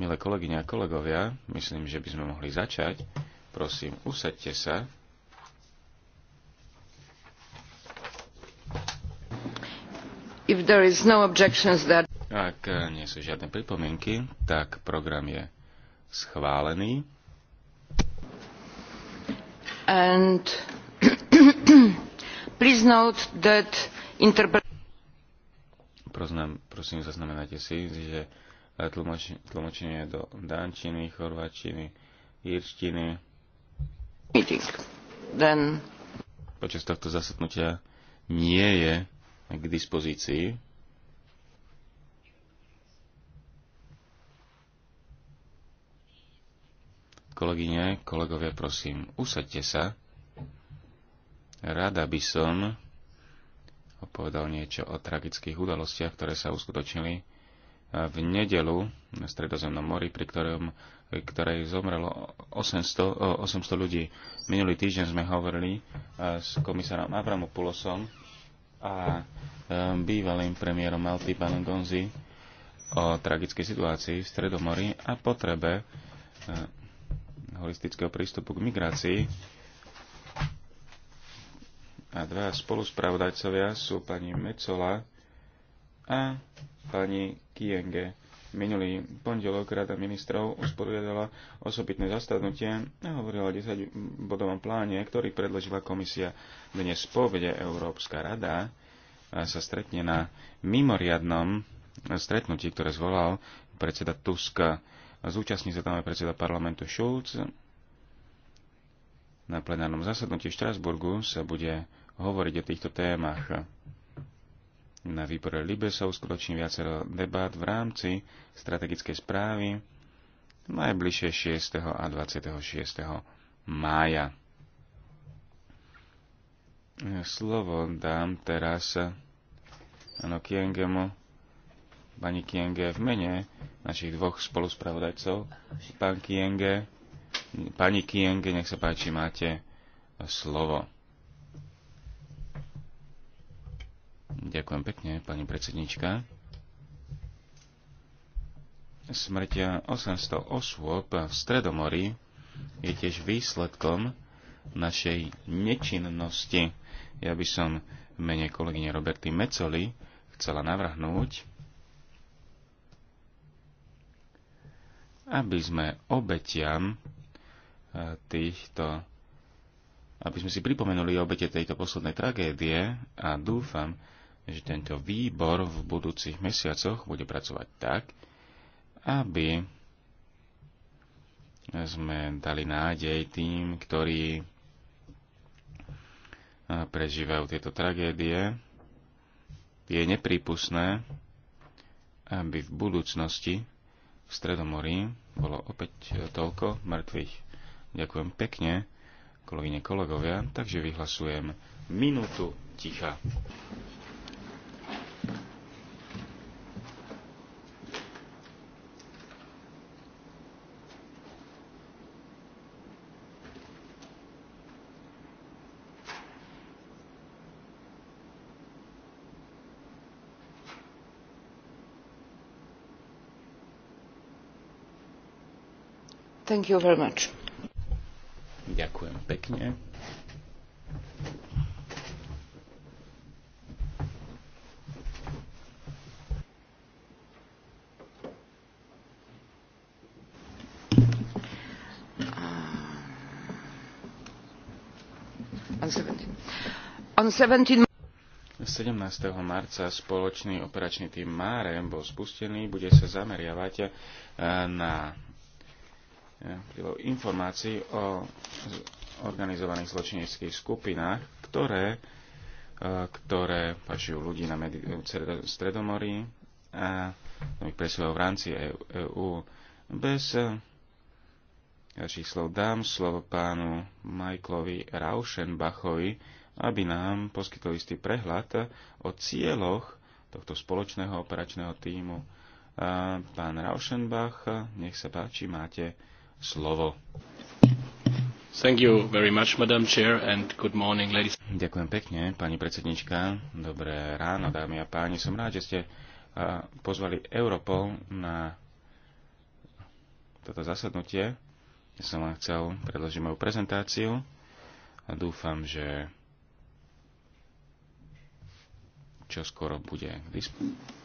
Milé kolegyne a kolegovia, myslím, že by sme mohli začať. Prosím, usaďte sa. If there is no objections that... Ak nie sú žiadne pripomienky, tak program je schválený. And please note that interpre- Zaznam, prosím, zaznamenajte si, že e, tlmoč, tlmočenie do dančiny, chorvačiny, írštiny. Then... Počas tohto zasadnutia nie je k dispozícii. Kolegyne, kolegovia, prosím, usaďte sa. Rada by som povedal niečo o tragických udalostiach, ktoré sa uskutočnili e, v nedelu na Stredozemnom mori, pri ktorom, ktorej zomrelo 800, 800 ľudí. Minulý týždeň sme hovorili e, s komisárom Abramopulosom a e, bývalým premiérom Malty, pánom Gonzi, o tragickej situácii v Stredomori a potrebe holistického prístupu k migrácii a dva spoluspravodajcovia sú pani Mecola a pani Kienge. Minulý pondelok Rada ministrov usporiadala osobitné zastavnutie a hovorila o 10-bodovom pláne, ktorý predložila komisia. Dnes povede Európska rada sa stretne na mimoriadnom stretnutí, ktoré zvolal predseda Tuska. Zúčastní sa tam aj predseda parlamentu Schulz. Na plenárnom zasadnutí v Štrasburgu sa bude hovoriť o týchto témach. Na výbore Libe sa uskutoční viacero debát v rámci strategickej správy najbližšie 6. a 26. mája. Slovo dám teraz Ano Kiengemu, pani Kienge v mene našich dvoch spoluspravodajcov. Pán Kienge, pani Kienge, nech sa páči, máte slovo. Ďakujem pekne, pani predsednička. Smrtia 800 osôb v Stredomori je tiež výsledkom našej nečinnosti. Ja by som mene kolegyne Roberty Mecoli chcela navrhnúť, aby sme obetiam eh, týchto aby sme si pripomenuli obete tejto poslednej tragédie a dúfam, že tento výbor v budúcich mesiacoch bude pracovať tak, aby sme dali nádej tým, ktorí eh, prežívajú tieto tragédie. Je neprípustné, aby v budúcnosti v Stredomorí bolo opäť eh, toľko mŕtvych. Ďakujem pekne, kolegyne, kolegovia, takže vyhlasujem minútu ticha. Thank you very much. Ďakujem pekne. Ah. On 17. marca spoločný operačný tým Márem bol spustený, bude sa zameriavať eh, na prílev informácií o organizovaných zločineckých skupinách, ktoré, e, ktoré pašujú ľudí na Medi- Stredomorí a ich presúvajú v rámci EÚ. E Bez e, ďalších slov dám slovo pánu Michaelovi Rauschenbachovi, aby nám poskytol istý prehľad o cieľoch tohto spoločného operačného týmu. Pán Rauschenbach, nech sa páči, máte slovo. Thank you very much, Madam Chair, and good morning, ladies. Ďakujem pekne, pani predsednička. Dobré ráno, dámy a páni. Som rád, že ste pozvali Europol na toto zasadnutie. Ja som vám chcel predložiť moju prezentáciu a dúfam, že čo skoro bude k dispozícii.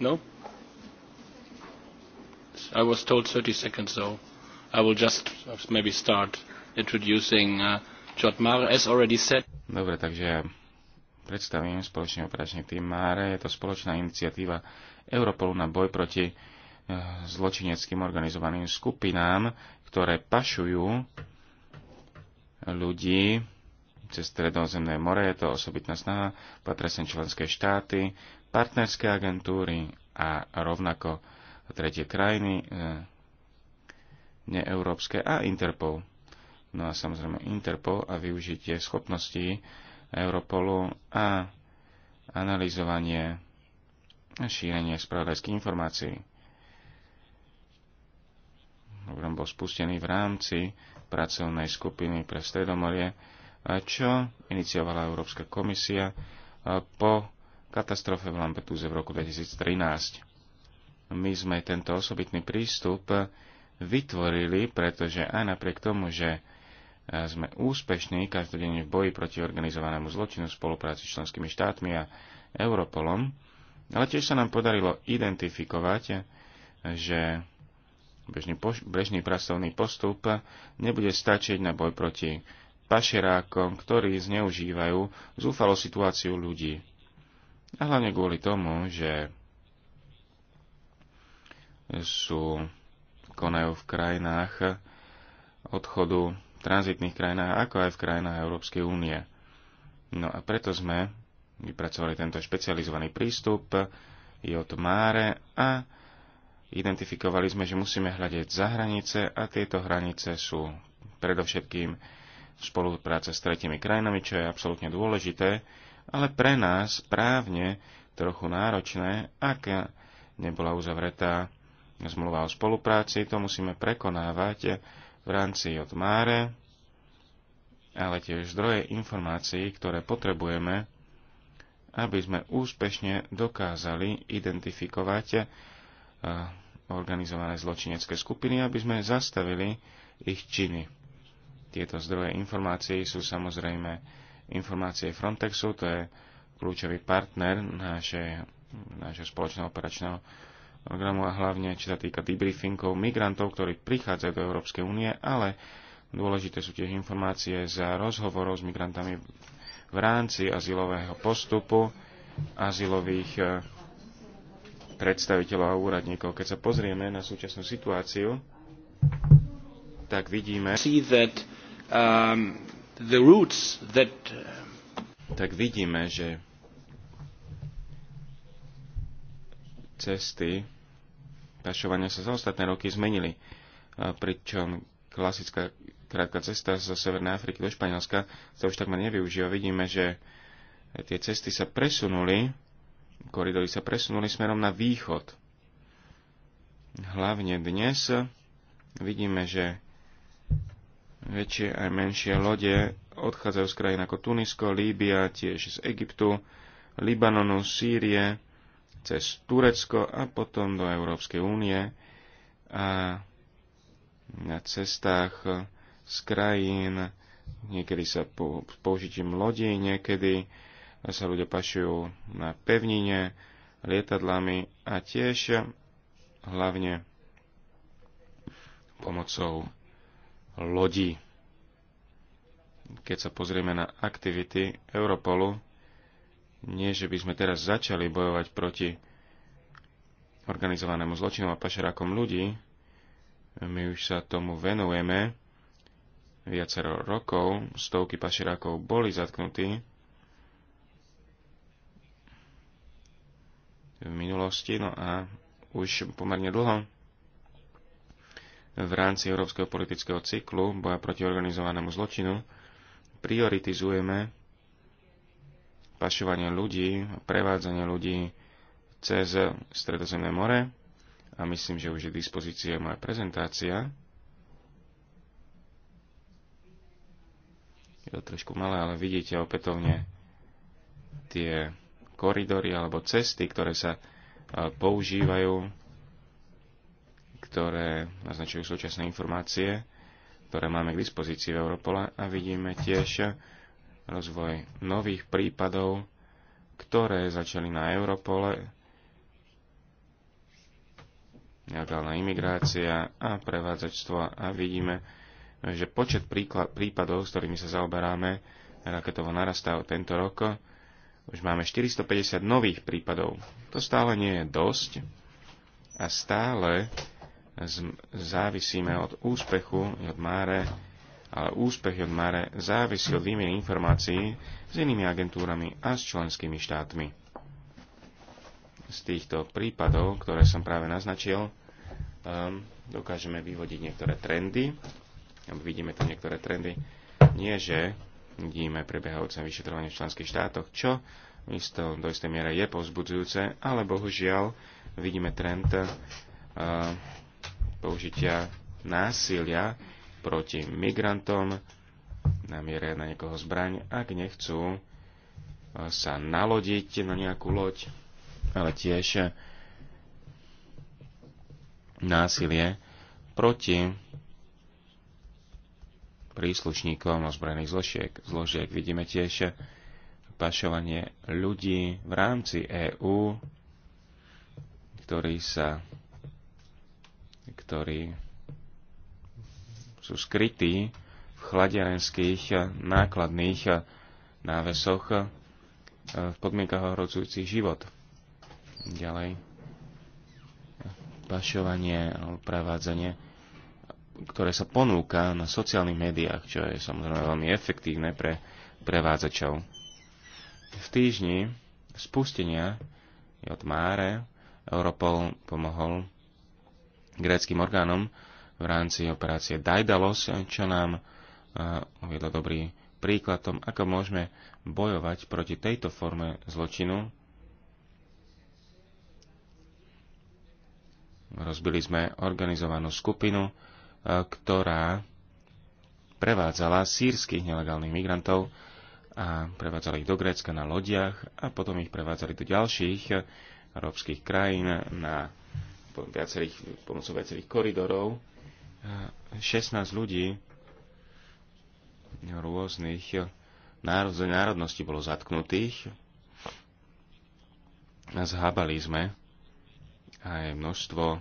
No? I was told 30 seconds, so I will just maybe start introducing uh, Jotmar, as already said. Dobre, takže ja predstavím spoločný operačný tým MARE. Je to spoločná iniciatíva Europolu na boj proti uh, zločineckým organizovaným skupinám, ktoré pašujú ľudí cez Stredozemné more, je to osobitná snaha, patria sem členské štáty, partnerské agentúry a rovnako tretie krajiny, e, neeurópske a Interpol. No a samozrejme Interpol a využitie schopností Europolu a analyzovanie a šírenie spravodajských informácií. Program bol spustený v rámci pracovnej skupiny pre Stredomorie čo iniciovala Európska komisia po katastrofe v Lampetúze v roku 2013. My sme tento osobitný prístup vytvorili, pretože aj napriek tomu, že sme úspešní každodenne v boji proti organizovanému zločinu v spolupráci s členskými štátmi a Europolom, ale tiež sa nám podarilo identifikovať, že bežný, bežný pracovný postup nebude stačiť na boj proti pašerákom, ktorí zneužívajú zúfalo situáciu ľudí. A hlavne kvôli tomu, že sú, konajú v krajinách odchodu, tranzitných krajinách, ako aj v krajinách Európskej únie. No a preto sme vypracovali tento špecializovaný prístup, je od Máre a identifikovali sme, že musíme hľadať za hranice a tieto hranice sú predovšetkým spolupráce s tretimi krajinami, čo je absolútne dôležité, ale pre nás právne trochu náročné, ak nebola uzavretá zmluva o spolupráci, to musíme prekonávať v rámci od Máre, ale tiež zdroje informácií, ktoré potrebujeme, aby sme úspešne dokázali identifikovať eh, organizované zločinecké skupiny, aby sme zastavili ich činy tieto zdroje informácií sú samozrejme informácie Frontexu, to je kľúčový partner nášho našeho spoločného operačného programu a hlavne čo sa týka debriefingov migrantov, ktorí prichádzajú do Európskej únie, ale dôležité sú tiež informácie za rozhovorov s migrantami v rámci azylového postupu, azylových e, predstaviteľov a úradníkov. Keď sa pozrieme na súčasnú situáciu, tak vidíme, see that Um, the roots that uh, tak vidíme, že cesty pašovania sa za ostatné roky zmenili. Pričom klasická krátka cesta zo Severnej Afriky do Španielska sa už takmer nevyužíva. Vidíme, že tie cesty sa presunuli, koridory sa presunuli smerom na východ. Hlavne dnes vidíme, že väčšie aj menšie lode odchádzajú z krajín ako Tunisko, Líbia, tiež z Egyptu, Libanonu, Sýrie, cez Turecko a potom do Európskej únie a na cestách z krajín niekedy sa po, použitím lodí, niekedy sa ľudia pašujú na pevnine, lietadlami a tiež hlavne pomocou lodí. Keď sa pozrieme na aktivity Europolu, nie že by sme teraz začali bojovať proti organizovanému zločinu a pašerákom ľudí, my už sa tomu venujeme viacero rokov, stovky pašerákov boli zatknutí v minulosti, no a už pomerne dlho v rámci Európskeho politického cyklu boja proti organizovanému zločinu prioritizujeme pašovanie ľudí, prevádzanie ľudí cez Stredozemné more a myslím, že už je v dispozícii moja prezentácia. Je to trošku malé, ale vidíte opätovne tie koridory alebo cesty, ktoré sa e, používajú ktoré naznačujú súčasné informácie, ktoré máme k dispozícii v Europole a vidíme tiež rozvoj nových prípadov, ktoré začali na Europole, nelegálna imigrácia a prevádzačstvo a vidíme, že počet príklad, prípadov, s ktorými sa zaoberáme, raketovo narastá tento rok. Už máme 450 nových prípadov. To stále nie je dosť a stále závisíme od úspechu Máre, ale úspech máre závisí od výmeny informácií s inými agentúrami a s členskými štátmi. Z týchto prípadov, ktoré som práve naznačil, um, dokážeme vyvodiť niektoré trendy, vidíme tu niektoré trendy. Nie, že vidíme prebiehajúce vyšetrovanie v členských štátoch, čo isto, do istej miere je povzbudzujúce, ale bohužiaľ vidíme trend uh, použitia násilia proti migrantom, namieria na niekoho zbraň, ak nechcú eh, sa nalodiť na nejakú loď, ale tiež eh, násilie proti príslušníkom ozbrojených zložiek. zložiek. Vidíme tiež eh, pašovanie ľudí v rámci EÚ, ktorí sa ktorí sú skrytí v chladiarenských nákladných návesoch eh, v podmienkach ohrozujúcich život. Ďalej pašovanie alebo prevádzanie, ktoré sa ponúka na sociálnych médiách, čo je samozrejme veľmi efektívne pre prevádzačov. V týždni spustenia od Máre Europol pomohol gréckým orgánom v rámci operácie Daidalos, čo nám eh, uviedlo dobrý príklad tom, ako môžeme bojovať proti tejto forme zločinu. Rozbili sme organizovanú skupinu, eh, ktorá prevádzala sírskych nelegálnych migrantov a prevádzali ich do Grécka na lodiach a potom ich prevádzali do ďalších európskych eh, krajín na viacerých, pomocou viacerých koridorov. 16 ľudí rôznych národností bolo zatknutých. Zhábali sme aj množstvo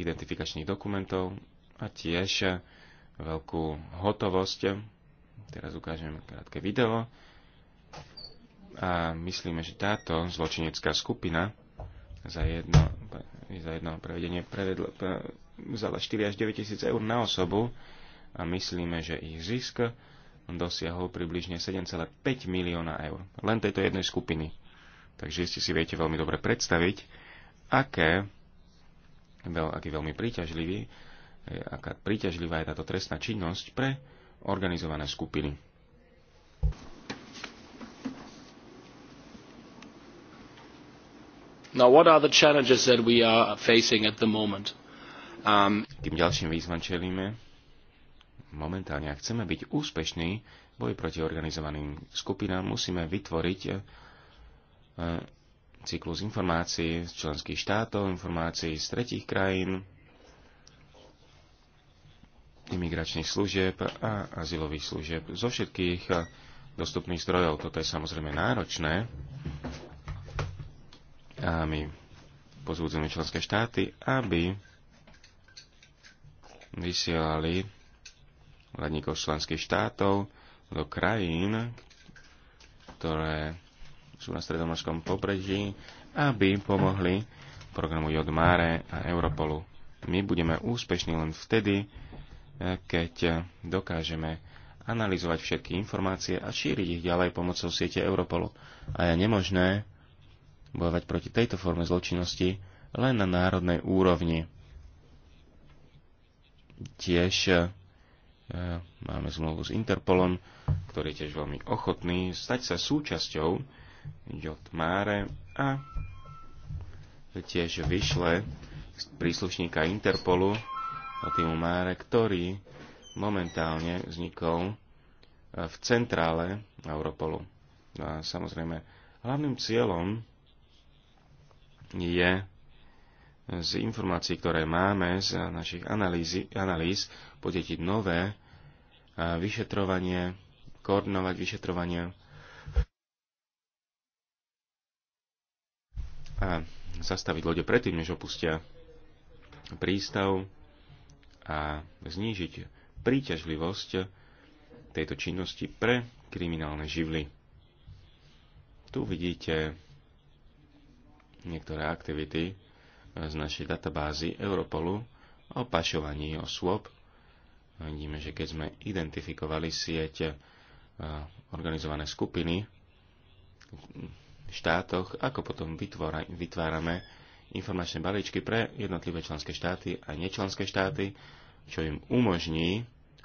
identifikačných dokumentov a tiež veľkú hotovosť. Teraz ukážeme krátke video. A myslíme, že táto zločinecká skupina za jedno, za jedno prevedenie prevedlo, pre, vzala 4 až 9 tisíc eur na osobu a myslíme, že ich zisk dosiahol približne 7,5 milióna eur. Len tejto jednej skupiny. Takže ste si viete veľmi dobre predstaviť, aké, veľ, aký veľmi príťažlivý, e, aká príťažlivá je táto trestná činnosť pre organizované skupiny. Now, what are the challenges that we are facing at the moment? Um, Tým ďalším výzvam čelíme momentálne, ak chceme byť úspešní v boji proti organizovaným skupinám, musíme vytvoriť eh, cyklus informácií z členských štátov, informácií z tretich krajín, imigračných služieb a azylových služieb zo všetkých eh, dostupných zdrojov. Toto je samozrejme náročné, a my pozúdzame členské štáty, aby vysielali hľadníkov členských štátov do krajín, ktoré sú na stredomorskom pobreží, aby pomohli programu Jodmáre a Europolu. My budeme úspešní len vtedy, keď dokážeme analyzovať všetky informácie a šíriť ich ďalej pomocou siete Europolu. A je nemožné bojovať proti tejto forme zločinnosti len na národnej úrovni. Tiež e, máme zmluvu s Interpolom, ktorý je tiež veľmi ochotný stať sa súčasťou Jotmáre a tiež vyšle príslušníka Interpolu týmu Máre, ktorý momentálne vznikol e, v centrále Europolu. No a samozrejme, hlavným cieľom je z informácií, ktoré máme, z našich analýzy, analýz, podetiť nové vyšetrovanie, koordinovať vyšetrovanie a zastaviť lode predtým, než opustia prístav a znížiť príťažlivosť tejto činnosti pre kriminálne živly. Tu vidíte niektoré aktivity e, z našej databázy Europolu o pašovaní osôb. Vidíme, že keď sme identifikovali sieť e, organizované skupiny v štátoch, ako potom vytvárame informačné balíčky pre jednotlivé členské štáty a nečlenské štáty, čo im umožní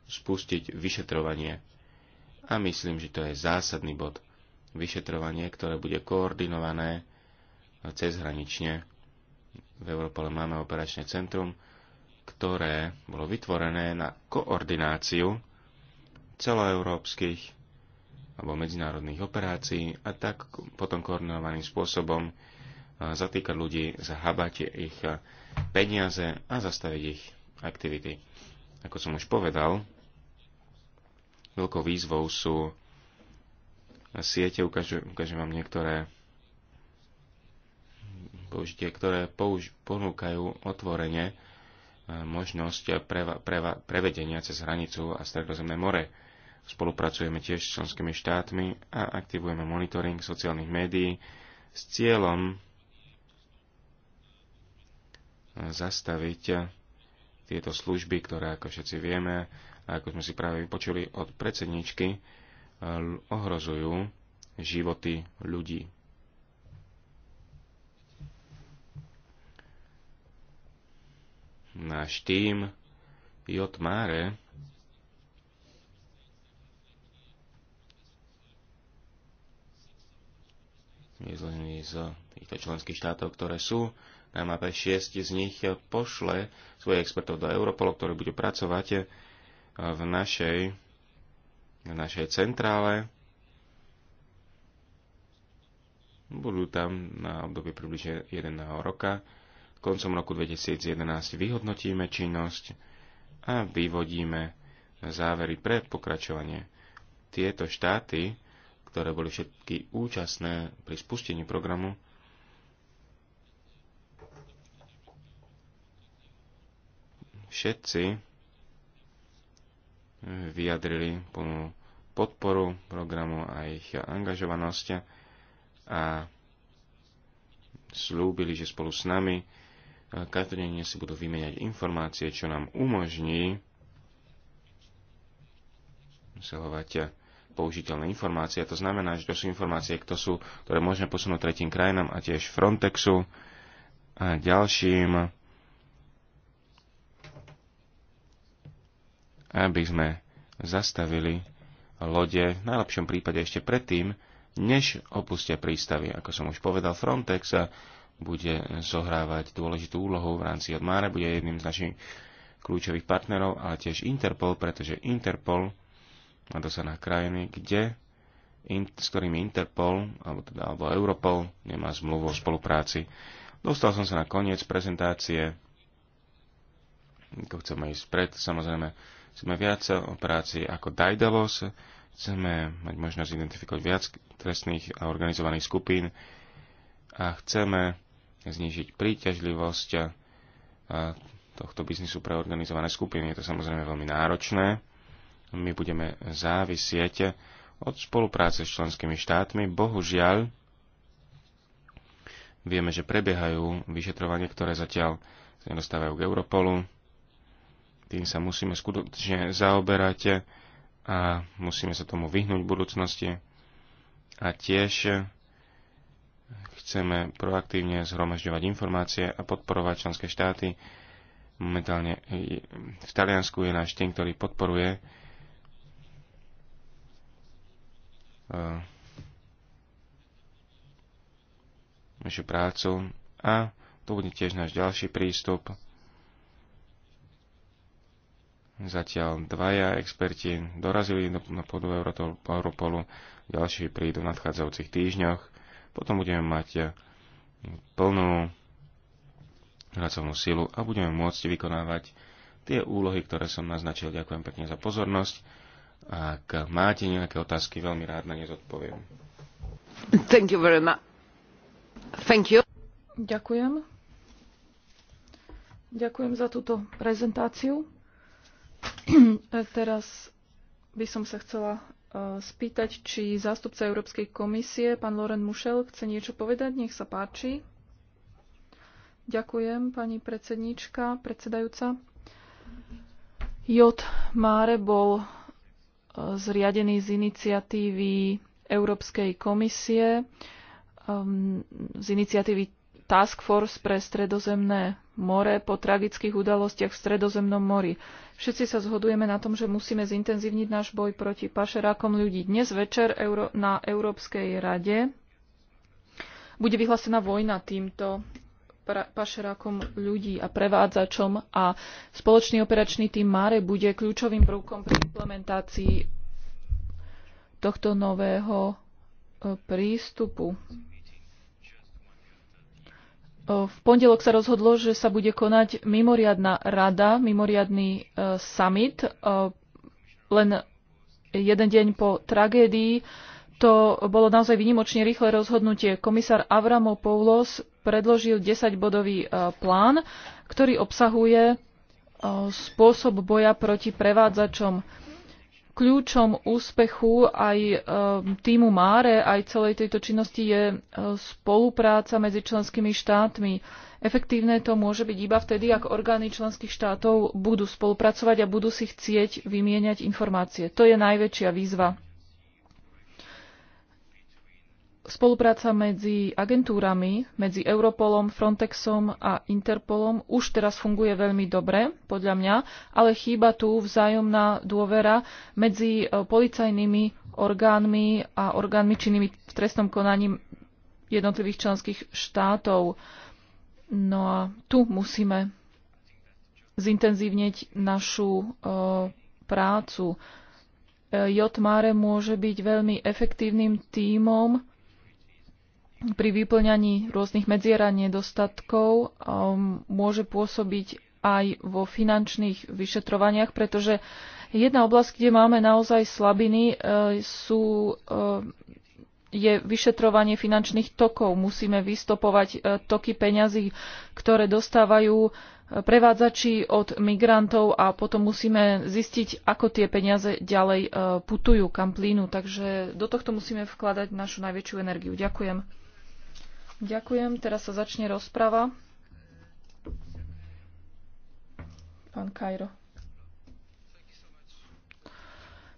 spustiť vyšetrovanie. A myslím, že to je zásadný bod. Vyšetrovanie, ktoré bude koordinované cezhranične. V Európole máme operačné centrum, ktoré bolo vytvorené na koordináciu celoeurópskych alebo medzinárodných operácií a tak potom koordinovaným spôsobom e, zatýkať ľudí, zahábať ich e, peniaze a zastaviť ich aktivity. Ako som už povedal, veľkou výzvou sú siete, ukážem, ukážem vám niektoré použitie, ktoré použ- ponúkajú otvorene e, možnosť preva- preva- prevedenia cez hranicu a stredozemné more. Spolupracujeme tiež s členskými štátmi a aktivujeme monitoring sociálnych médií s cieľom e, zastaviť tieto služby, ktoré, ako všetci vieme, a ako sme si práve vypočuli od predsedničky, e, ohrozujú životy ľudí. náš tým Jotmáre je zložený z týchto členských štátov, ktoré sú na mape 6 z nich pošle svojich expertov do Europolu, ktorí budú pracovať v našej, v našej centrále. Budú tam na obdobie približne 1 roka koncom roku 2011 vyhodnotíme činnosť a vyvodíme závery pre pokračovanie. Tieto štáty, ktoré boli všetky účastné pri spustení programu, všetci vyjadrili plnú podporu programu a ich angažovanosť a slúbili, že spolu s nami každodenne si budú vymeniať informácie, čo nám umožní zahovať použiteľné informácie. To znamená, že to sú informácie, kto sú, ktoré môžeme posunúť tretím krajinám a tiež Frontexu a ďalším, aby sme zastavili lode v najlepšom prípade ešte predtým, než opustia prístavy. Ako som už povedal, Frontex bude zohrávať dôležitú úlohu v rámci Odmára, bude jedným z našich kľúčových partnerov, ale tiež Interpol, pretože Interpol má dosah na krajiny, kde, in, s ktorými Interpol, alebo, teda, alebo Europol, nemá zmluvu o spolupráci. Dostal som sa na koniec prezentácie, ako chceme ísť pred, samozrejme, sme viac o práci ako Daidalos, chceme mať možnosť identifikovať viac trestných a organizovaných skupín a chceme znižiť príťažlivosť tohto biznisu pre organizované skupiny. Je to samozrejme veľmi náročné. My budeme závisieť od spolupráce s členskými štátmi. Bohužiaľ, vieme, že prebiehajú vyšetrovanie, ktoré zatiaľ sa nedostávajú k Europolu. Tým sa musíme skutočne zaoberať a musíme sa tomu vyhnúť v budúcnosti. A tiež Chceme proaktívne zhromažďovať informácie a podporovať členské štáty. Momentálne v Taliansku je náš ten, ktorý podporuje eh, našu prácu a to bude tiež náš ďalší prístup. Zatiaľ dvaja experti dorazili na pôdu Europolu, ďalší prídu v nadchádzajúcich týždňoch. Potom budeme mať eh, plnú pracovnú silu a budeme môcť vykonávať tie úlohy, ktoré som naznačil. Ďakujem pekne za pozornosť. Ak máte nejaké otázky, veľmi rád na ne zodpoviem. Thank you very much. Thank you. Ďakujem. Ďakujem za túto prezentáciu. Teraz by som sa chcela Eh, spýtať, či zástupca Európskej komisie, pán Loren Mušel, chce niečo povedať. Nech sa páči. Ďakujem, pani predsedníčka, predsedajúca. J. Máre bol eh, zriadený z iniciatívy Európskej komisie, ehm, z iniciatívy Task Force pre stredozemné more po tragických udalostiach v Stredozemnom mori. Všetci sa zhodujeme na tom, že musíme zintenzívniť náš boj proti pašerákom ľudí. Dnes večer na Európskej rade bude vyhlásená vojna týmto pašerákom ľudí a prevádzačom a spoločný operačný tým Mare bude kľúčovým prvkom pri implementácii tohto nového e, prístupu. V pondelok sa rozhodlo, že sa bude konať mimoriadná rada, mimoriadný e, summit. E, len jeden deň po tragédii to bolo naozaj vynimočne rýchle rozhodnutie. Komisár Avramopoulos predložil 10-bodový e, plán, ktorý obsahuje spôsob boja proti prevádzačom kľúčom úspechu aj e, týmu Máre, aj celej tejto činnosti je e, spolupráca medzi členskými štátmi. Efektívne to môže byť iba vtedy, ak orgány členských štátov budú spolupracovať a budú si chcieť vymieňať informácie. To je najväčšia výzva spolupráca medzi agentúrami, medzi Europolom, Frontexom a Interpolom už teraz funguje veľmi dobre, podľa mňa, ale chýba tu vzájomná dôvera medzi e, policajnými orgánmi a orgánmi činnými v trestnom konaní jednotlivých členských štátov. No a tu musíme zintenzívniť našu e, prácu. E, Mare môže byť veľmi efektívnym tímom, pri vyplňaní rôznych medzier a nedostatkov um, môže pôsobiť aj vo finančných vyšetrovaniach, pretože jedna oblasť, kde máme naozaj slabiny, e, sú, e, je vyšetrovanie finančných tokov. Musíme vystopovať e, toky peňazí, ktoré dostávajú prevádzači od migrantov a potom musíme zistiť, ako tie peniaze ďalej putujú, kam plínu. Takže do tohto musíme vkladať našu najväčšiu energiu. Ďakujem. Ďakujem. Teraz sa začne rozprava. Pán Kajro.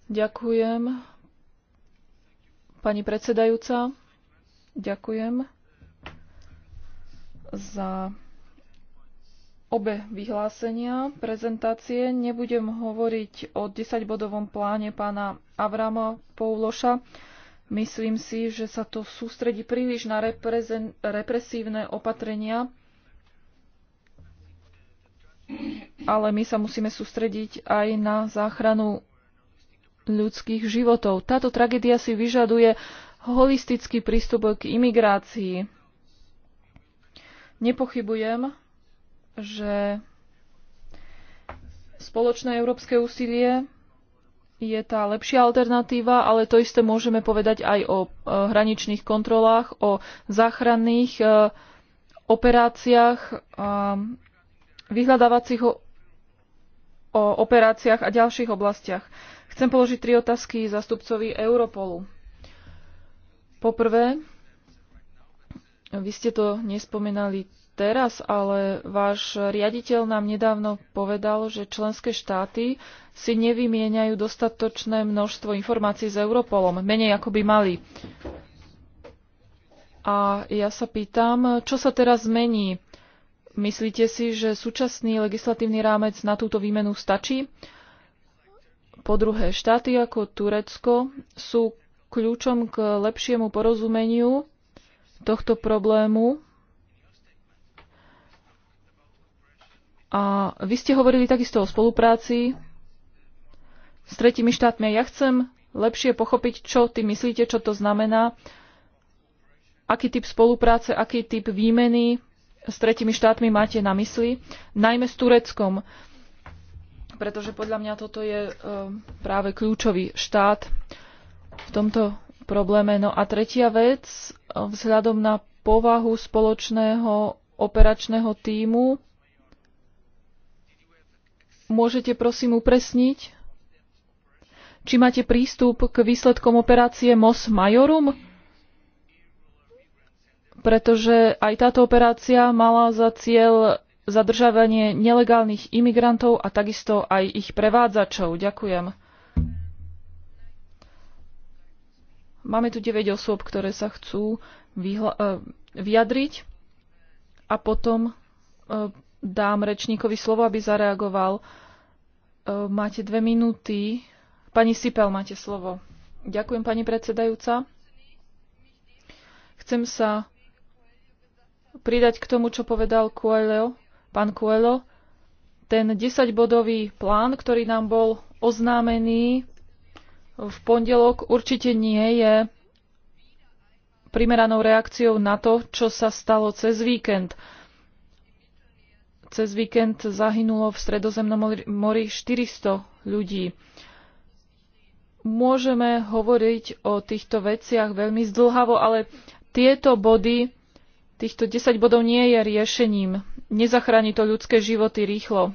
Ďakujem. Pani predsedajúca, ďakujem za obe vyhlásenia, prezentácie. Nebudem hovoriť o 10-bodovom pláne pána Avrama Pouloša. Myslím si, že sa to sústredí príliš na reprezen- represívne opatrenia, ale my sa musíme sústrediť aj na záchranu ľudských životov. Táto tragédia si vyžaduje holistický prístup k imigrácii. Nepochybujem, že spoločné európske úsilie je tá lepšia alternatíva, ale to isté môžeme povedať aj o e, hraničných kontrolách, o záchranných e, operáciách, e, vyhľadávacích o, operáciách a ďalších oblastiach. Chcem položiť tri otázky zastupcovi Europolu. Poprvé, vy ste to nespomenali teraz, ale váš riaditeľ nám nedávno povedal, že členské štáty si nevymieňajú dostatočné množstvo informácií s Europolom, menej ako by mali. A ja sa pýtam, čo sa teraz zmení? Myslíte si, že súčasný legislatívny rámec na túto výmenu stačí? Po druhé, štáty ako Turecko sú kľúčom k lepšiemu porozumeniu tohto problému A vy ste hovorili takisto o spolupráci s tretimi štátmi. Ja chcem lepšie pochopiť, čo ty myslíte, čo to znamená, aký typ spolupráce, aký typ výmeny s tretimi štátmi máte na mysli, najmä s Tureckom, pretože podľa mňa toto je eh, práve kľúčový štát v tomto probléme. No a tretia vec, eh, vzhľadom na povahu spoločného operačného týmu, Môžete prosím upresniť, či máte prístup k výsledkom operácie MOS Majorum? Pretože aj táto operácia mala za cieľ zadržávanie nelegálnych imigrantov a takisto aj ich prevádzačov. Ďakujem. Máme tu 9 osôb, ktoré sa chcú eh, vyjadriť a potom eh, dám rečníkovi slovo, aby zareagoval. E, máte dve minúty. Pani Sipel, máte slovo. Ďakujem, pani predsedajúca. Chcem sa pridať k tomu, čo povedal Coelho, pán Coelho. Ten 10-bodový plán, ktorý nám bol oznámený v pondelok, určite nie je primeranou reakciou na to, čo sa stalo cez víkend. Cez víkend zahynulo v Stredozemnom mori 400 ľudí. Môžeme hovoriť o týchto veciach veľmi zdlhavo, ale tieto body, týchto 10 bodov nie je riešením. Nezachráni to ľudské životy rýchlo.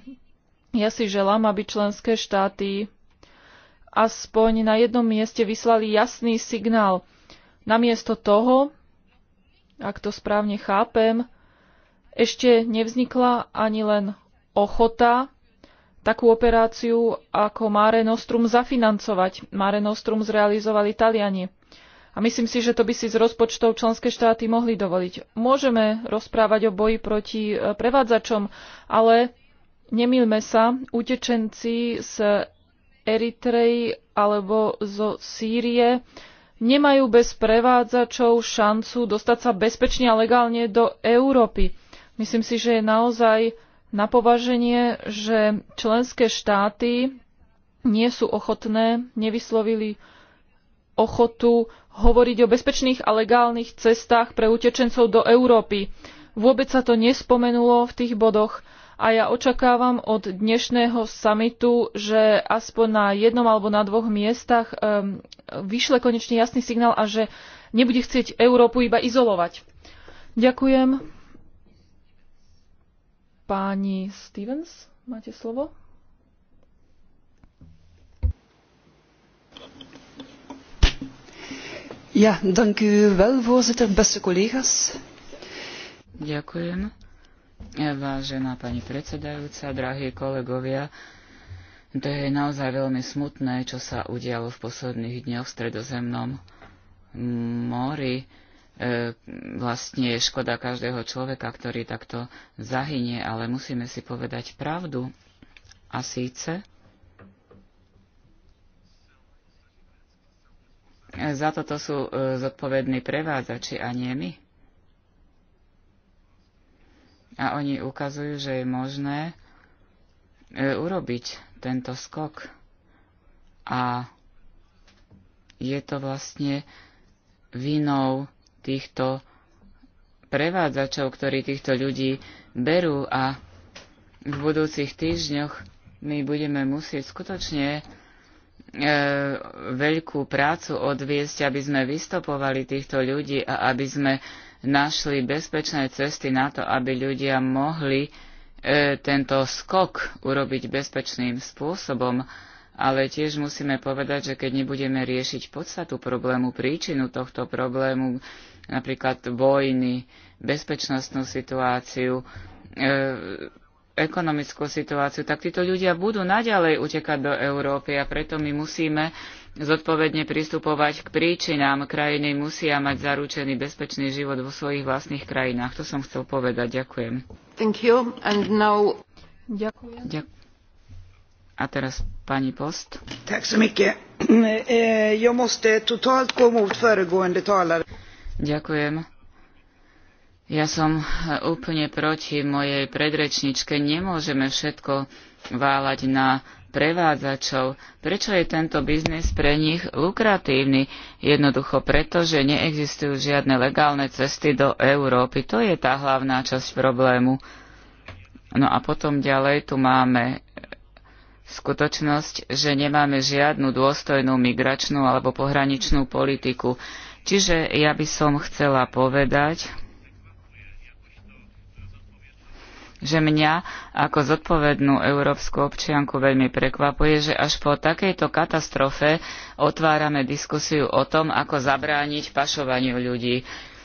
Ja si želám, aby členské štáty aspoň na jednom mieste vyslali jasný signál. Namiesto toho, ak to správne chápem, ešte nevznikla ani len ochota takú operáciu ako Mare Nostrum zafinancovať. Mare Nostrum zrealizovali Taliani. A myslím si, že to by si z rozpočtov členské štáty mohli dovoliť. Môžeme rozprávať o boji proti e, prevádzačom, ale nemilme sa, utečenci z Eritreji alebo zo Sýrie nemajú bez prevádzačov šancu dostať sa bezpečne a legálne do Európy. Myslím si, že je naozaj na považenie, že členské štáty nie sú ochotné, nevyslovili ochotu hovoriť o bezpečných a legálnych cestách pre utečencov do Európy. Vôbec sa to nespomenulo v tých bodoch a ja očakávam od dnešného samitu, že aspoň na jednom alebo na dvoch miestach um, vyšle konečne jasný signál a že nebude chcieť Európu iba izolovať. Ďakujem. Páni Stevens, máte slovo? Ja, dank u wel, voorzitter, beste collega's. Ďakujem. Vážená pani predsedajúca, drahí kolegovia, to je naozaj veľmi smutné, čo sa udialo v posledných dňoch v stredozemnom mori E, vlastne je škoda každého človeka, ktorý takto zahynie, ale musíme si povedať pravdu. A síce za toto sú e, zodpovední prevádzači a nie my. A oni ukazujú, že je možné e, urobiť tento skok. A je to vlastne vinou týchto prevádzačov, ktorí týchto ľudí berú a v budúcich týždňoch my budeme musieť skutočne e, veľkú prácu odviesť, aby sme vystopovali týchto ľudí a aby sme našli bezpečné cesty na to, aby ľudia mohli e, tento skok urobiť bezpečným spôsobom. Ale tiež musíme povedať, že keď nebudeme riešiť podstatu problému, príčinu tohto problému, napríklad vojny, bezpečnostnú situáciu, e, ekonomickú situáciu, tak títo ľudia budú naďalej utekať do Európy a preto my musíme zodpovedne pristupovať k príčinám. Krajiny musia mať zaručený bezpečný život vo svojich vlastných krajinách. To som chcel povedať. Ďakujem. Thank you. And now... Ďakujem. Ďak... A teraz pani Post. Tack så mycket. Eh, jag måste totalt föregående talare. Ďakujem. Ja som úplne proti mojej predrečničke. Nemôžeme všetko váľať na prevádzačov. Prečo je tento biznis pre nich lukratívny? Jednoducho preto, že neexistujú žiadne legálne cesty do Európy. To je tá hlavná časť problému. No a potom ďalej tu máme skutočnosť, že nemáme žiadnu dôstojnú migračnú alebo pohraničnú politiku. Čiže ja by som chcela povedať, že mňa ako zodpovednú európsku občianku veľmi prekvapuje, že až po takejto katastrofe otvárame diskusiu o tom, ako zabrániť pašovaniu ľudí.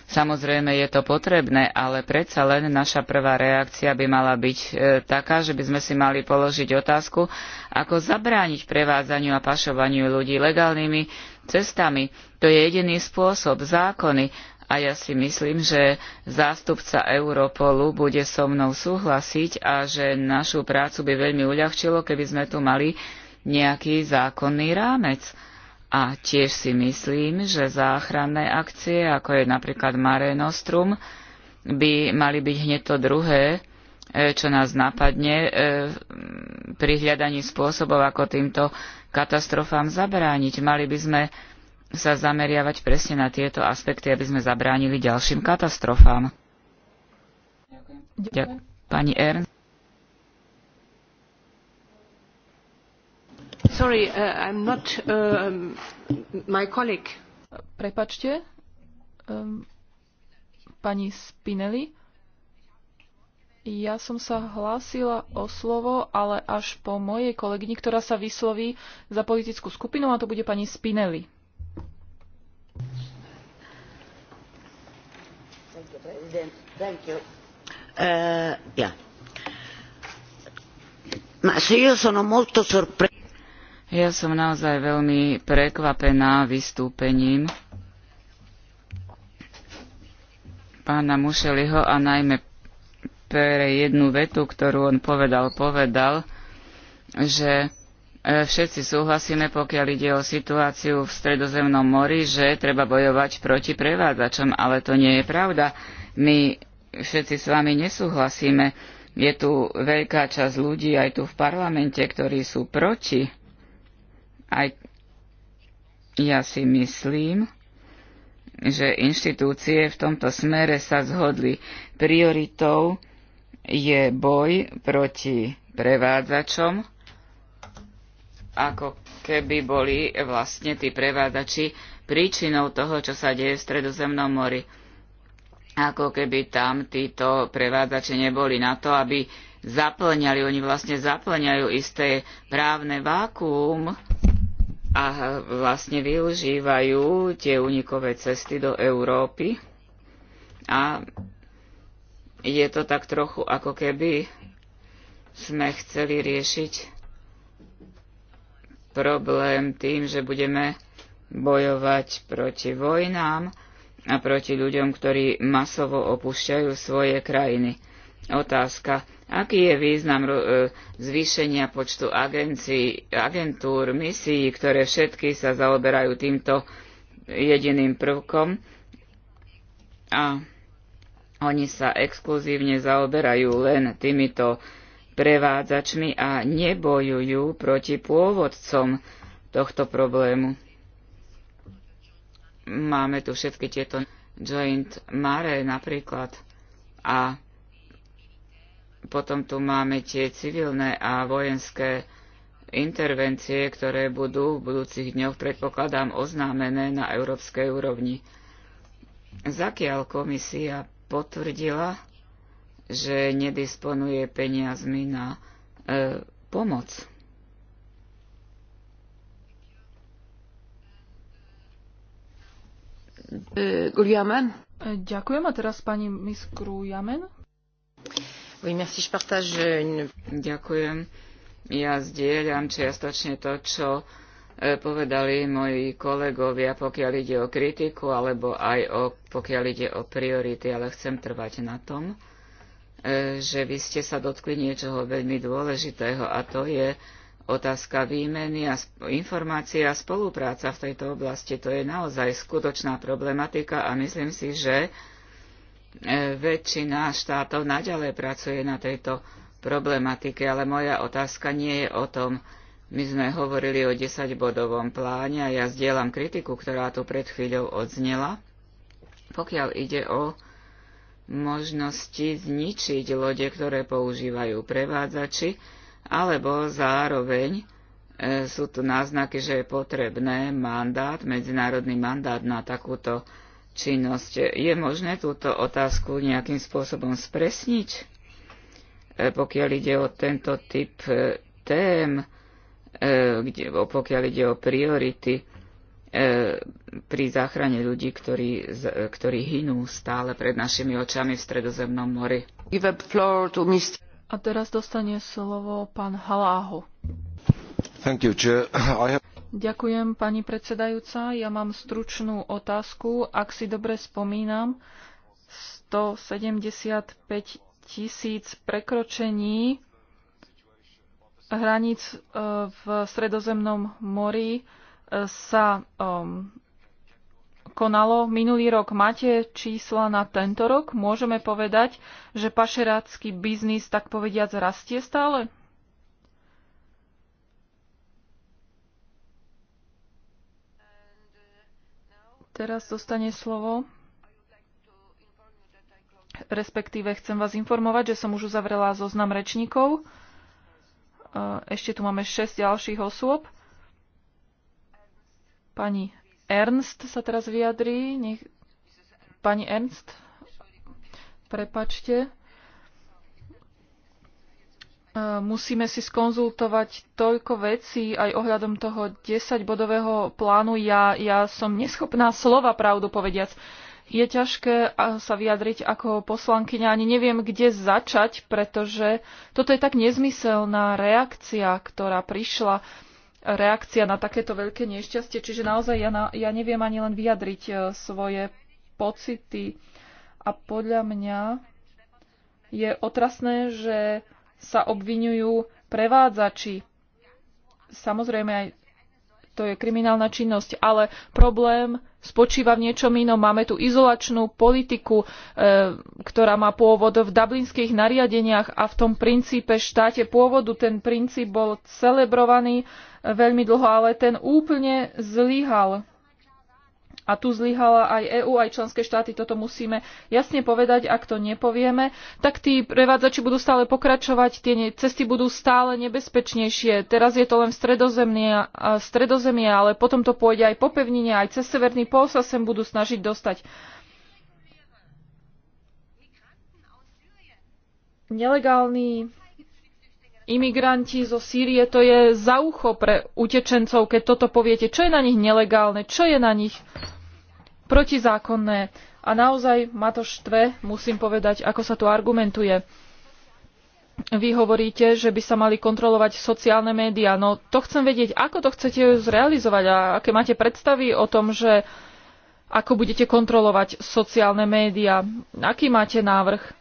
Samozrejme je to potrebné, ale predsa len naša prvá reakcia by mala byť e, taká, že by sme si mali položiť otázku, ako zabrániť prevádzaniu a pašovaniu ľudí legálnymi cestami. To je jediný spôsob, zákony. A ja si myslím, že zástupca Europolu bude so mnou súhlasiť a že našu prácu by veľmi uľahčilo, keby sme tu mali nejaký zákonný rámec. A tiež si myslím, že záchranné akcie, ako je napríklad Mare Nostrum, by mali byť hneď to druhé, e, čo nás napadne e, pri hľadaní spôsobov, ako týmto katastrofám zabrániť. Mali by sme sa zameriavať presne na tieto aspekty, aby sme zabránili ďalším katastrofám. Ďakujem. Ďakujem. Pani Ernst. sorry, uh, I'm not um, my colleague. Prepačte, um, pani Spinelli. Ja som sa hlásila o slovo, ale až po mojej kolegyni, ktorá sa vysloví za politickú skupinu, a to bude pani Spinelli. Uh, yeah. Ma se io sono molto sorpresa ja som naozaj veľmi prekvapená vystúpením pána Mušeliho a najmä pre jednu vetu, ktorú on povedal, povedal, že e, všetci súhlasíme, pokiaľ ide o situáciu v Stredozemnom mori, že treba bojovať proti prevádzačom, ale to nie je pravda. My všetci s vami nesúhlasíme. Je tu veľká časť ľudí aj tu v parlamente, ktorí sú proti aj ja si myslím, že inštitúcie v tomto smere sa zhodli. Prioritou je boj proti prevádzačom, ako keby boli vlastne tí prevádzači príčinou toho, čo sa deje v Stredozemnom mori. Ako keby tam títo prevádzači neboli na to, aby zaplňali, oni vlastne zaplňajú isté právne vákuum, a vlastne využívajú tie unikové cesty do Európy a je to tak trochu ako keby sme chceli riešiť problém tým, že budeme bojovať proti vojnám a proti ľuďom, ktorí masovo opúšťajú svoje krajiny. Otázka, Aký je význam e, zvýšenia počtu agencií, agentúr, misií, ktoré všetky sa zaoberajú týmto jediným prvkom a oni sa exkluzívne zaoberajú len týmito prevádzačmi a nebojujú proti pôvodcom tohto problému. Máme tu všetky tieto Joint Mare napríklad a potom tu máme tie civilné a vojenské intervencie, ktoré budú v budúcich dňoch, predpokladám, oznámené na európskej úrovni. Zakiaľ komisia potvrdila, že nedisponuje peniazmi na e, pomoc. E, e, ďakujem a teraz pani Miskru Jamen. Euh, Ďakujem. Ja zdieľam čiastočne to, čo e, povedali moji kolegovia, pokiaľ ide o kritiku, alebo aj o, pokiaľ ide o priority, ale chcem trvať na tom, e, že vy ste sa dotkli niečoho veľmi dôležitého a to je otázka výmeny a informácie a spolupráca v tejto oblasti. To je naozaj skutočná problematika a myslím si, že E, väčšina štátov naďalej pracuje na tejto problematike, ale moja otázka nie je o tom. My sme hovorili o 10-bodovom pláne a ja zdieľam kritiku, ktorá tu pred chvíľou odznela. Pokiaľ ide o možnosti zničiť lode, ktoré používajú prevádzači, alebo zároveň e, sú tu náznaky, že je potrebné mandát, medzinárodný mandát na takúto činnosť. Je možné túto otázku nejakým spôsobom spresniť, e, pokiaľ ide o tento typ e, tém, e, kde, pokiaľ ide o priority pri záchrane ľudí, ktorí, ktorí hynú stále pred našimi očami v Stredozemnom mori. A teraz dostane slovo pán Haláho. You, have... Ďakujem, pani predsedajúca. Ja mám stručnú otázku. Ak si dobre spomínam, 175 tisíc prekročení hraníc e, v Stredozemnom mori e, sa um, konalo minulý rok. Máte čísla na tento rok? Môžeme povedať, že pašerácky biznis, tak povediac, rastie stále? Teraz dostane slovo. Respektíve chcem vás informovať, že som už uzavrela zoznam rečníkov. E, ešte tu máme 6 ďalších osôb. Pani Ernst sa teraz vyjadrí. Nech... Pani Ernst, prepačte. Musíme si skonzultovať toľko vecí aj ohľadom toho 10-bodového plánu. Ja, ja som neschopná slova, pravdu povediac. Je ťažké sa vyjadriť ako poslankyňa, ani neviem, kde začať, pretože toto je tak nezmyselná reakcia, ktorá prišla reakcia na takéto veľké nešťastie. Čiže naozaj ja, na, ja neviem ani len vyjadriť e, svoje pocity. A podľa mňa je otrasné, že sa obvinujú prevádzači. Samozrejme, aj to je kriminálna činnosť, ale problém spočíva v niečom inom. Máme tu izolačnú politiku, e, ktorá má pôvod v dublinských nariadeniach a v tom princípe štáte pôvodu ten princíp bol celebrovaný e, veľmi dlho, ale ten úplne zlyhal. A tu zlyhala aj EÚ, aj členské štáty, toto musíme jasne povedať, ak to nepovieme, tak tí prevádzači budú stále pokračovať, tie cesty budú stále nebezpečnejšie. Teraz je to len stredozemie, stredozemie ale potom to pôjde aj po pevnine, aj cez severný pol sa sem budú snažiť dostať. Nelegálni imigranti zo Sýrie, to je za ucho pre utečencov, keď toto poviete. Čo je na nich nelegálne? Čo je na nich protizákonné. A naozaj ma to štve, musím povedať, ako sa tu argumentuje. Vy hovoríte, že by sa mali kontrolovať sociálne médiá. No to chcem vedieť, ako to chcete zrealizovať a aké máte predstavy o tom, že ako budete kontrolovať sociálne médiá. Aký máte návrh?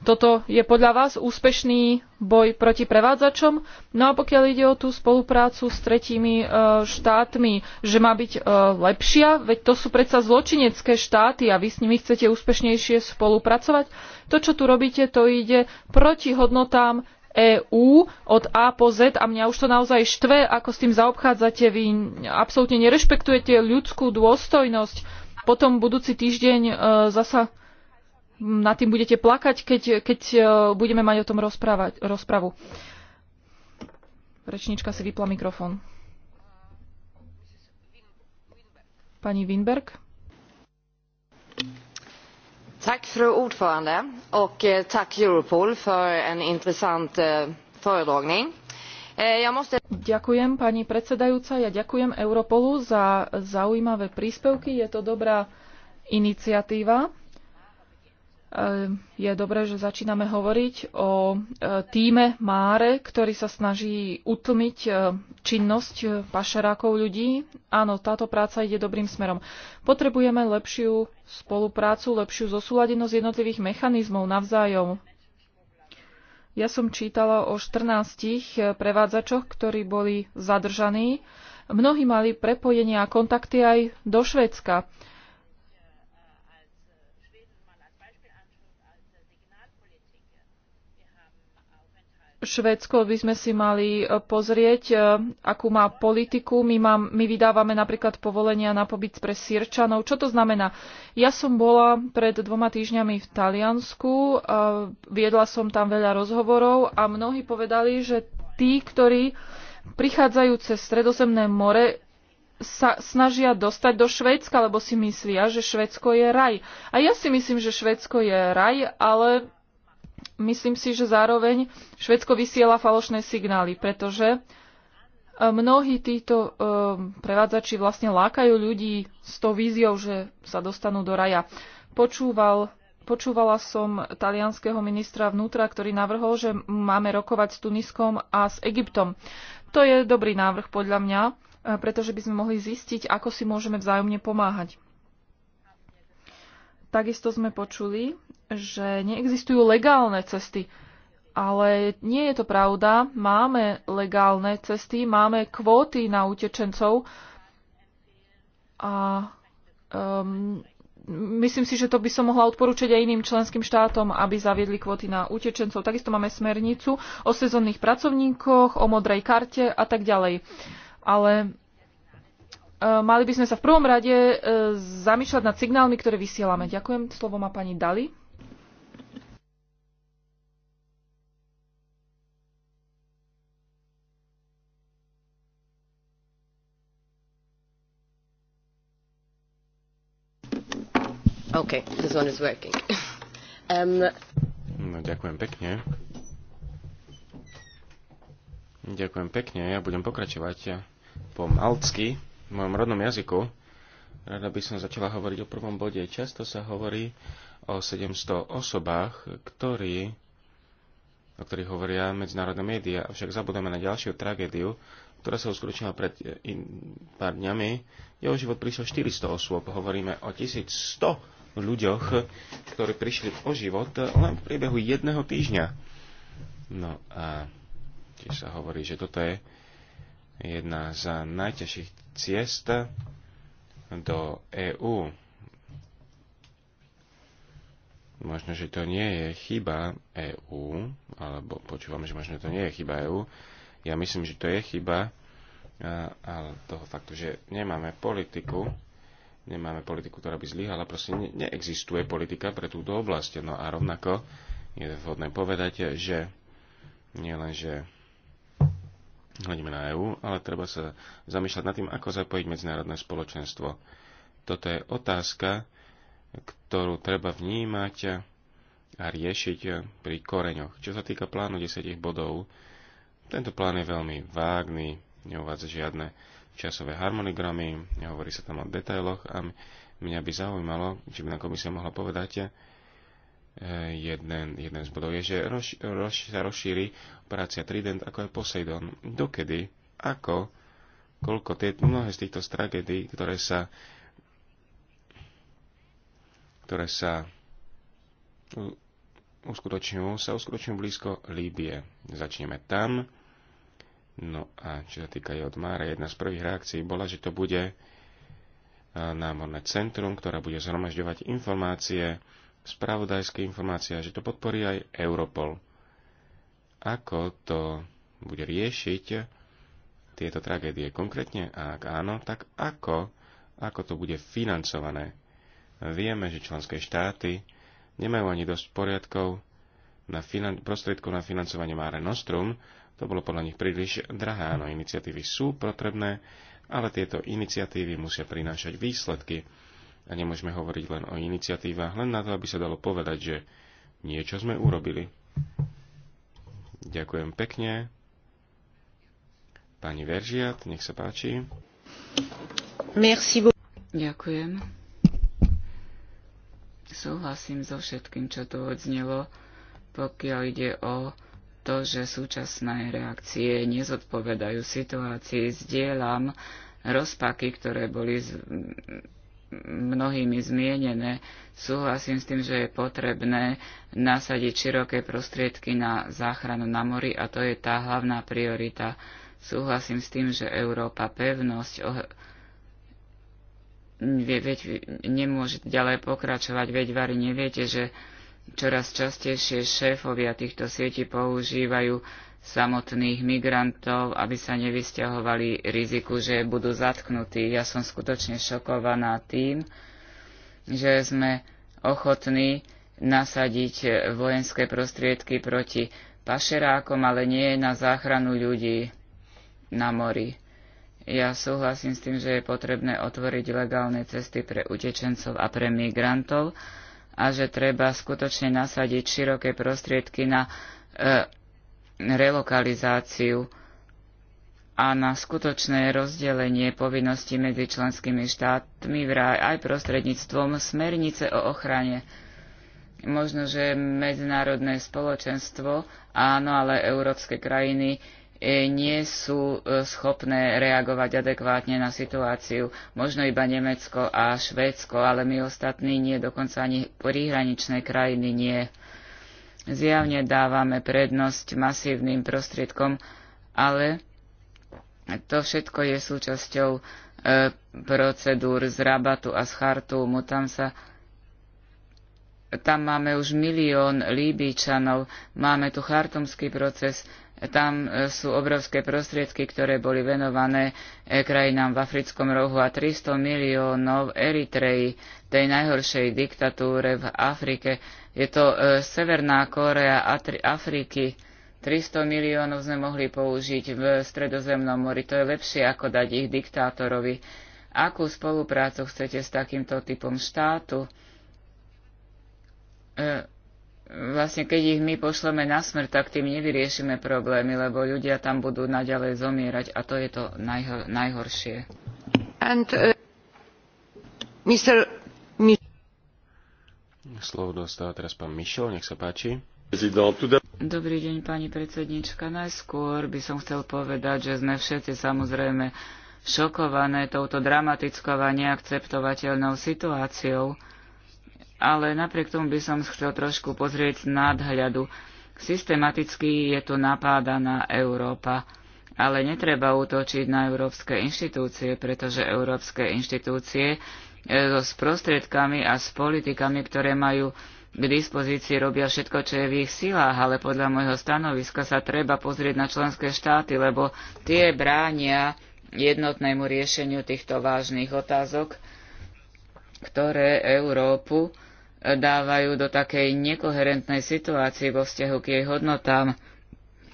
Toto je podľa vás úspešný boj proti prevádzačom? No a pokiaľ ide o tú spoluprácu s tretími e, štátmi, že má byť e, lepšia, veď to sú predsa zločinecké štáty a vy s nimi chcete úspešnejšie spolupracovať. To, čo tu robíte, to ide proti hodnotám EÚ od A po Z a mňa už to naozaj štve, ako s tým zaobchádzate. Vy absolútne nerešpektujete ľudskú dôstojnosť. Potom budúci týždeň e, zasa nad tým budete plakať, keď, keď e, budeme mať o tom rozprávať, rozpravu. Rečnička si vypla mikrofón. Pani Winberg. Tack fru ordförande och eh, tack Europol för en intressant eh, föredragning. Eh, ďakujem pani predsedajúca, ja ďakujem Europolu za zaujímavé príspevky, je to dobrá iniciatíva. Eh, je dobré, že začíname hovoriť o eh, týme Máre, ktorý sa snaží utlmiť eh, činnosť pašerákov ľudí. Áno, táto práca ide dobrým smerom. Potrebujeme lepšiu spoluprácu, lepšiu zosúladenosť jednotlivých mechanizmov navzájom. Ja som čítala o 14 prevádzačoch, ktorí boli zadržaní. Mnohí mali prepojenia a kontakty aj do Švedska. Švédsko by sme si mali e, pozrieť, e, akú má politiku. My, mám, my vydávame napríklad povolenia na pobyt pre Sirčanov. Čo to znamená? Ja som bola pred dvoma týždňami v Taliansku, e, viedla som tam veľa rozhovorov a mnohí povedali, že tí, ktorí prichádzajú cez Stredozemné more, sa snažia dostať do Švédska, lebo si myslia, že Švédsko je raj. A ja si myslím, že Švédsko je raj, ale myslím si, že zároveň Švedsko vysiela falošné signály, pretože e, mnohí títo e, prevádzači vlastne lákajú ľudí s tou víziou, že sa dostanú do raja. Počúval počúvala som talianského ministra vnútra, ktorý navrhol, že máme rokovať s Tuniskom a s Egyptom. To je dobrý návrh podľa mňa, e, pretože by sme mohli zistiť, ako si môžeme vzájomne pomáhať. Takisto sme počuli, že neexistujú legálne cesty. Ale nie je to pravda. Máme legálne cesty, máme kvóty na utečencov a um, myslím si, že to by som mohla odporúčať aj iným členským štátom, aby zaviedli kvóty na utečencov. Takisto máme smernicu o sezónnych pracovníkoch, o modrej karte a tak ďalej. Ale e, mali by sme sa v prvom rade e, zamýšľať nad signálmi, ktoré vysielame. Ďakujem. Slovo má pani Dali. this one is working. Um... No, ďakujem pekne. Ďakujem pekne. Ja budem pokračovať po maltsky, v mojom rodnom jazyku. Rada by som začala hovoriť o prvom bode. Často sa hovorí o 700 osobách, ktorí, o ktorých hovoria medzinárodné médiá, avšak zabudeme na ďalšiu tragédiu, ktorá sa uskutočnila pred in, pár dňami, je o život prišlo 400 osôb. Hovoríme o 1100 ľuďoch, ktorí prišli o život len v priebehu jedného týždňa. No a tiež sa hovorí, že toto je jedna z najťažších ciest do EÚ. Možno, že to nie je chyba EÚ, alebo počúvame, že možno to nie je chyba EÚ. Ja myslím, že to je chyba ale toho faktu, že nemáme politiku, nemáme politiku, ktorá by zlyhala. Proste ne- neexistuje politika pre túto oblasť. No a rovnako je vhodné povedať, že nielen, že hľadíme na EÚ, ale treba sa zamýšľať nad tým, ako zapojiť medzinárodné spoločenstvo. Toto je otázka, ktorú treba vnímať a riešiť pri koreňoch. Čo sa týka plánu 10 bodov, tento plán je veľmi vágný, neuvádza žiadne časové harmonogramy, hovorí sa tam o detailoch a mňa by zaujímalo, či by na komisia mohla povedať, e, jeden, jeden z bodov je, že roz, roz, sa rozšíri operácia Trident ako aj Poseidon. Dokedy? Ako? Koľko? Tie, mnohé z týchto tragédií, ktoré sa ktoré sa uskutočňujú, sa uskutočňujú blízko Líbie. Začneme tam No a čo sa týka od Mára, jedna z prvých reakcií bola, že to bude e, námorné centrum, ktoré bude zhromažďovať informácie, spravodajské informácie a že to podporí aj Europol. Ako to bude riešiť tieto tragédie konkrétne a ak áno, tak ako, ako to bude financované. Vieme, že členské štáty nemajú ani dosť poriadkov na finan- prostriedkov na financovanie Mare Nostrum, to bolo podľa nich príliš drahé, áno, iniciatívy sú potrebné, ale tieto iniciatívy musia prinášať výsledky. A nemôžeme hovoriť len o iniciatívach, len na to, aby sa dalo povedať, že niečo sme urobili. Ďakujem pekne. Pani Veržiat, nech sa páči. Merci beaucoup. Ďakujem. Súhlasím so všetkým, čo tu odznelo, pokiaľ ide o to, že súčasné reakcie nezodpovedajú situácii. Zdieľam rozpaky, ktoré boli z, mnohými zmienené. Súhlasím s tým, že je potrebné nasadiť široké prostriedky na záchranu na mori a to je tá hlavná priorita. Súhlasím s tým, že Európa pevnosť oh, veď, nemôže ďalej pokračovať, veď Vary neviete, že Čoraz častejšie šéfovia týchto sietí používajú samotných migrantov, aby sa nevysťahovali riziku, že budú zatknutí. Ja som skutočne šokovaná tým, že sme ochotní nasadiť vojenské prostriedky proti pašerákom, ale nie na záchranu ľudí na mori. Ja súhlasím s tým, že je potrebné otvoriť legálne cesty pre utečencov a pre migrantov, a že treba skutočne nasadiť široké prostriedky na e, relokalizáciu a na skutočné rozdelenie povinností medzi členskými štátmi vraj aj prostredníctvom smernice o ochrane. Možno, že medzinárodné spoločenstvo, áno, ale európske krajiny E, nie sú e, schopné reagovať adekvátne na situáciu. Možno iba Nemecko a Švédsko, ale my ostatní nie, dokonca ani príhraničné krajiny nie. Zjavne dávame prednosť masívnym prostriedkom, ale to všetko je súčasťou e, procedúr z Rabatu a z Chartúmu. Tam sa tam máme už milión Líbíčanov, máme tu chartumský proces, tam e, sú obrovské prostriedky, ktoré boli venované e, krajinám v africkom rohu a 300 miliónov Eritreji, tej najhoršej diktatúre v Afrike. Je to e, Severná Kórea Afriky. 300 miliónov sme mohli použiť v Stredozemnom mori. To je lepšie, ako dať ich diktátorovi. Akú spoluprácu chcete s takýmto typom štátu? E vlastne keď ich my pošleme na smrť, tak tým nevyriešime problémy, lebo ľudia tam budú naďalej zomierať a to je to najhor- najhoršie. And, uh, Slovo dostáva teraz pán Mišel, nech sa páči. Dobrý deň, pani predsednička. Najskôr by som chcel povedať, že sme všetci samozrejme šokované touto dramatickou a neakceptovateľnou situáciou ale napriek tomu by som chcel trošku pozrieť z nadhľadu. Systematicky je tu napádaná Európa, ale netreba útočiť na európske inštitúcie, pretože európske inštitúcie e, so prostriedkami a s politikami, ktoré majú k dispozícii, robia všetko, čo je v ich silách, ale podľa môjho stanoviska sa treba pozrieť na členské štáty, lebo tie bránia jednotnému riešeniu týchto vážnych otázok, ktoré Európu dávajú do takej nekoherentnej situácii vo vzťahu k jej hodnotám.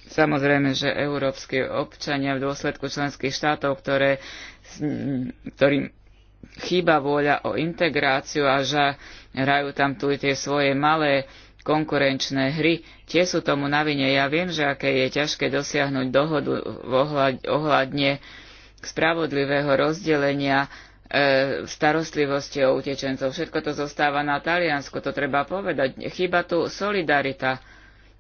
Samozrejme, že európske občania v dôsledku členských štátov, ktoré, ktorým chýba vôľa o integráciu a že hrajú tam tu tie svoje malé konkurenčné hry, tie sú tomu na vine. Ja viem, že aké je ťažké dosiahnuť dohodu ohľadne spravodlivého rozdelenia E, starostlivosti o utečencov. Všetko to zostáva na Taliansku, to treba povedať. Chyba tu solidarita.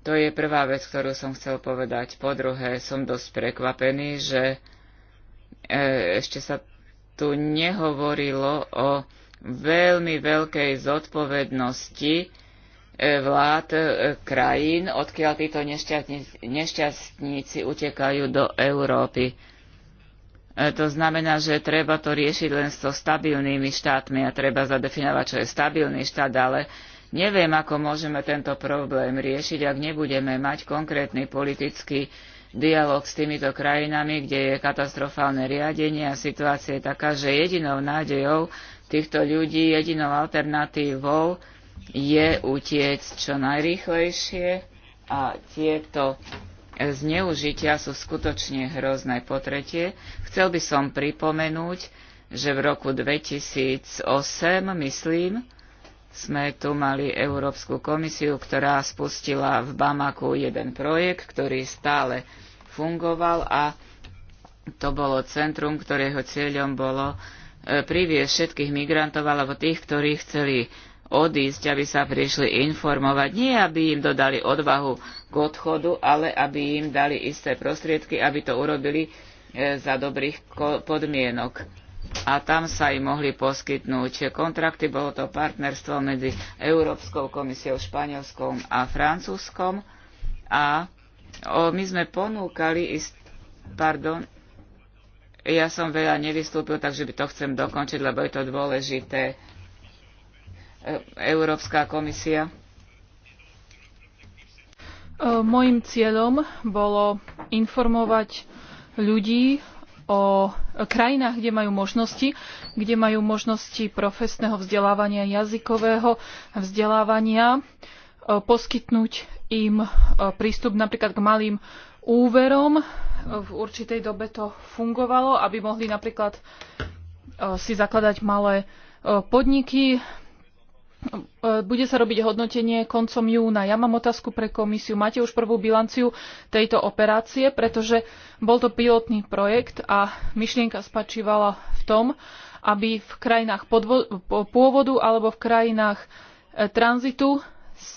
To je prvá vec, ktorú som chcel povedať. Po druhé, som dosť prekvapený, že e, ešte sa tu nehovorilo o veľmi veľkej zodpovednosti e, vlád krajín, odkiaľ títo nešťastníci utekajú do Európy E, to znamená, že treba to riešiť len so stabilnými štátmi a treba zadefinovať, čo je stabilný štát, ale neviem, ako môžeme tento problém riešiť, ak nebudeme mať konkrétny politický dialog s týmito krajinami, kde je katastrofálne riadenie a situácia je taká, že jedinou nádejou týchto ľudí, jedinou alternatívou je utiec čo najrýchlejšie a tieto zneužitia sú skutočne hrozné. Po tretie, chcel by som pripomenúť, že v roku 2008, myslím, sme tu mali Európsku komisiu, ktorá spustila v Bamaku jeden projekt, ktorý stále fungoval a to bolo centrum, ktorého cieľom bolo eh, priviesť všetkých migrantov alebo tých, ktorí chceli odísť, aby sa prišli informovať. Nie, aby im dodali odvahu k odchodu, ale aby im dali isté prostriedky, aby to urobili e, za dobrých podmienok. A tam sa im mohli poskytnúť kontrakty. Bolo to partnerstvo medzi Európskou komisiou, Španielskom a Francúzskom. A my sme ponúkali, ist, pardon, ja som veľa nevystúpil, takže by to chcem dokončiť, lebo je to dôležité Európska komisia? E, mojím cieľom bolo informovať ľudí o krajinách, kde majú možnosti, kde majú možnosti profesného vzdelávania, jazykového vzdelávania, e, poskytnúť im e, prístup napríklad k malým úverom. V určitej dobe to fungovalo, aby mohli napríklad si zakladať malé podniky, E, bude sa robiť hodnotenie koncom júna. Ja mám otázku pre komisiu. Máte už prvú bilanciu tejto operácie, pretože bol to pilotný projekt a myšlienka spačívala v tom, aby v krajinách pôvodu alebo v krajinách e, tranzitu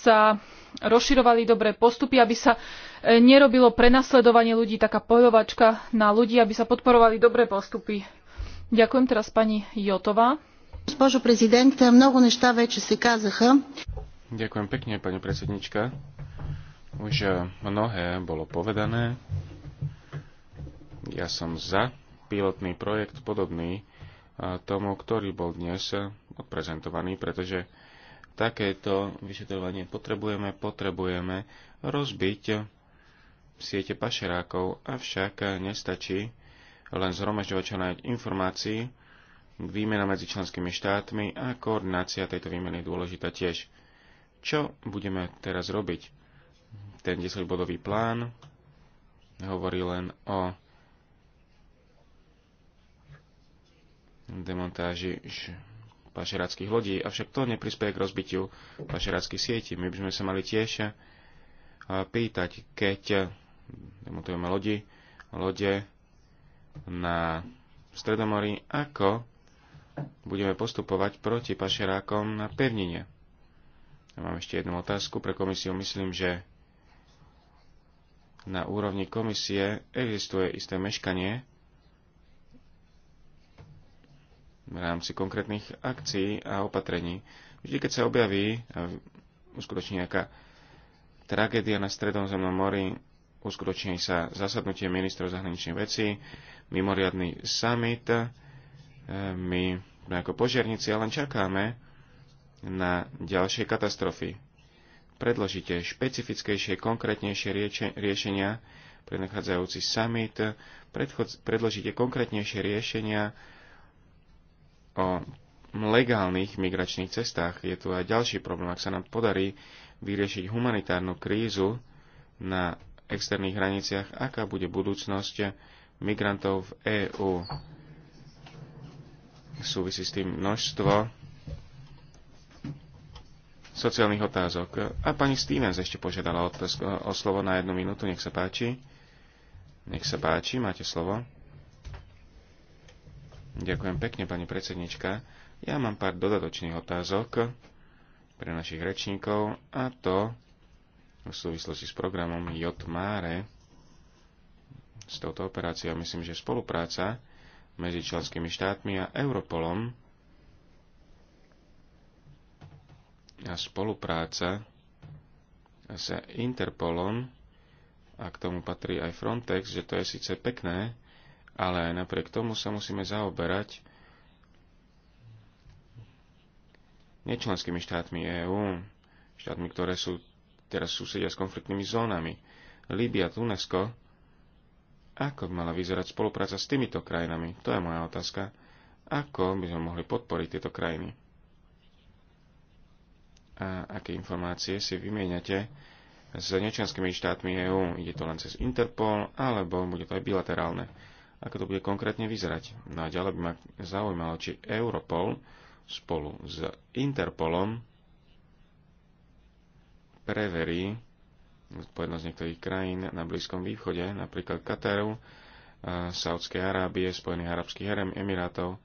sa rozširovali dobré postupy, aby sa e, nerobilo prenasledovanie ľudí, taká pojovačka na ľudí, aby sa podporovali dobré postupy. Ďakujem teraz pani Jotová. Госпожо президент, много неща вече се казаха. Ďakujem pekne, pani predsednička. Už mnohé bolo povedané. Ja som za pilotný projekt podobný tomu, ktorý bol dnes odprezentovaný, pretože takéto vyšetrovanie potrebujeme, potrebujeme rozbiť siete pašerákov, avšak nestačí len zhromažďovať čo najviac informácií, Výmena medzi členskými štátmi a koordinácia tejto výmeny je dôležitá tiež. Čo budeme teraz robiť? Ten 10-bodový plán hovorí len o demontáži pašeráckých lodí, avšak to neprispieje k rozbitiu pašeráckých sietí. My by sme sa mali tiež pýtať, keď demontujeme lodi, lode na Stredomorí, ako budeme postupovať proti pašerákom na pevnine. Ja mám ešte jednu otázku pre komisiu. Myslím, že na úrovni komisie existuje isté meškanie v rámci konkrétnych akcií a opatrení. Vždy, keď sa objaví uskutoční nejaká tragédia na zemnom mori, uskutoční sa zasadnutie ministrov zahraničných vecí, mimoriadný summit, e, my sme ako požiarníci a len čakáme na ďalšie katastrofy. Predložite špecifickejšie, konkrétnejšie riešenia pre nachádzajúci summit, predložite konkrétnejšie riešenia o legálnych migračných cestách. Je tu aj ďalší problém, ak sa nám podarí vyriešiť humanitárnu krízu na externých hraniciach, aká bude budúcnosť migrantov v EÚ súvisí s tým množstvo sociálnych otázok. A pani Stevens ešte požiadala o, o slovo na jednu minútu, nech sa páči. Nech sa páči, máte slovo. Ďakujem pekne, pani predsednička. Ja mám pár dodatočných otázok pre našich rečníkov a to v súvislosti s programom Mare. S touto operáciou myslím, že spolupráca medzi členskými štátmi a Europolom a spolupráca s Interpolom a k tomu patrí aj Frontex, že to je síce pekné, ale aj napriek tomu sa musíme zaoberať nečlenskými štátmi EÚ, štátmi, ktoré sú teraz susedia s konfliktnými zónami. Líbia, Tunesko, ako by mala vyzerať spolupráca s týmito krajinami? To je moja otázka. Ako by sme mohli podporiť tieto krajiny? A aké informácie si vymieňate s nečlenskými štátmi EÚ? Ide to len cez Interpol, alebo bude to aj bilaterálne? Ako to bude konkrétne vyzerať? No a ďalej by ma zaujímalo, či Europol spolu s Interpolom preverí zodpovednosť niektorých krajín na Blízkom východe, napríklad Kataru, eh, Saudskej Arábie, Spojených Arabských Emirátov.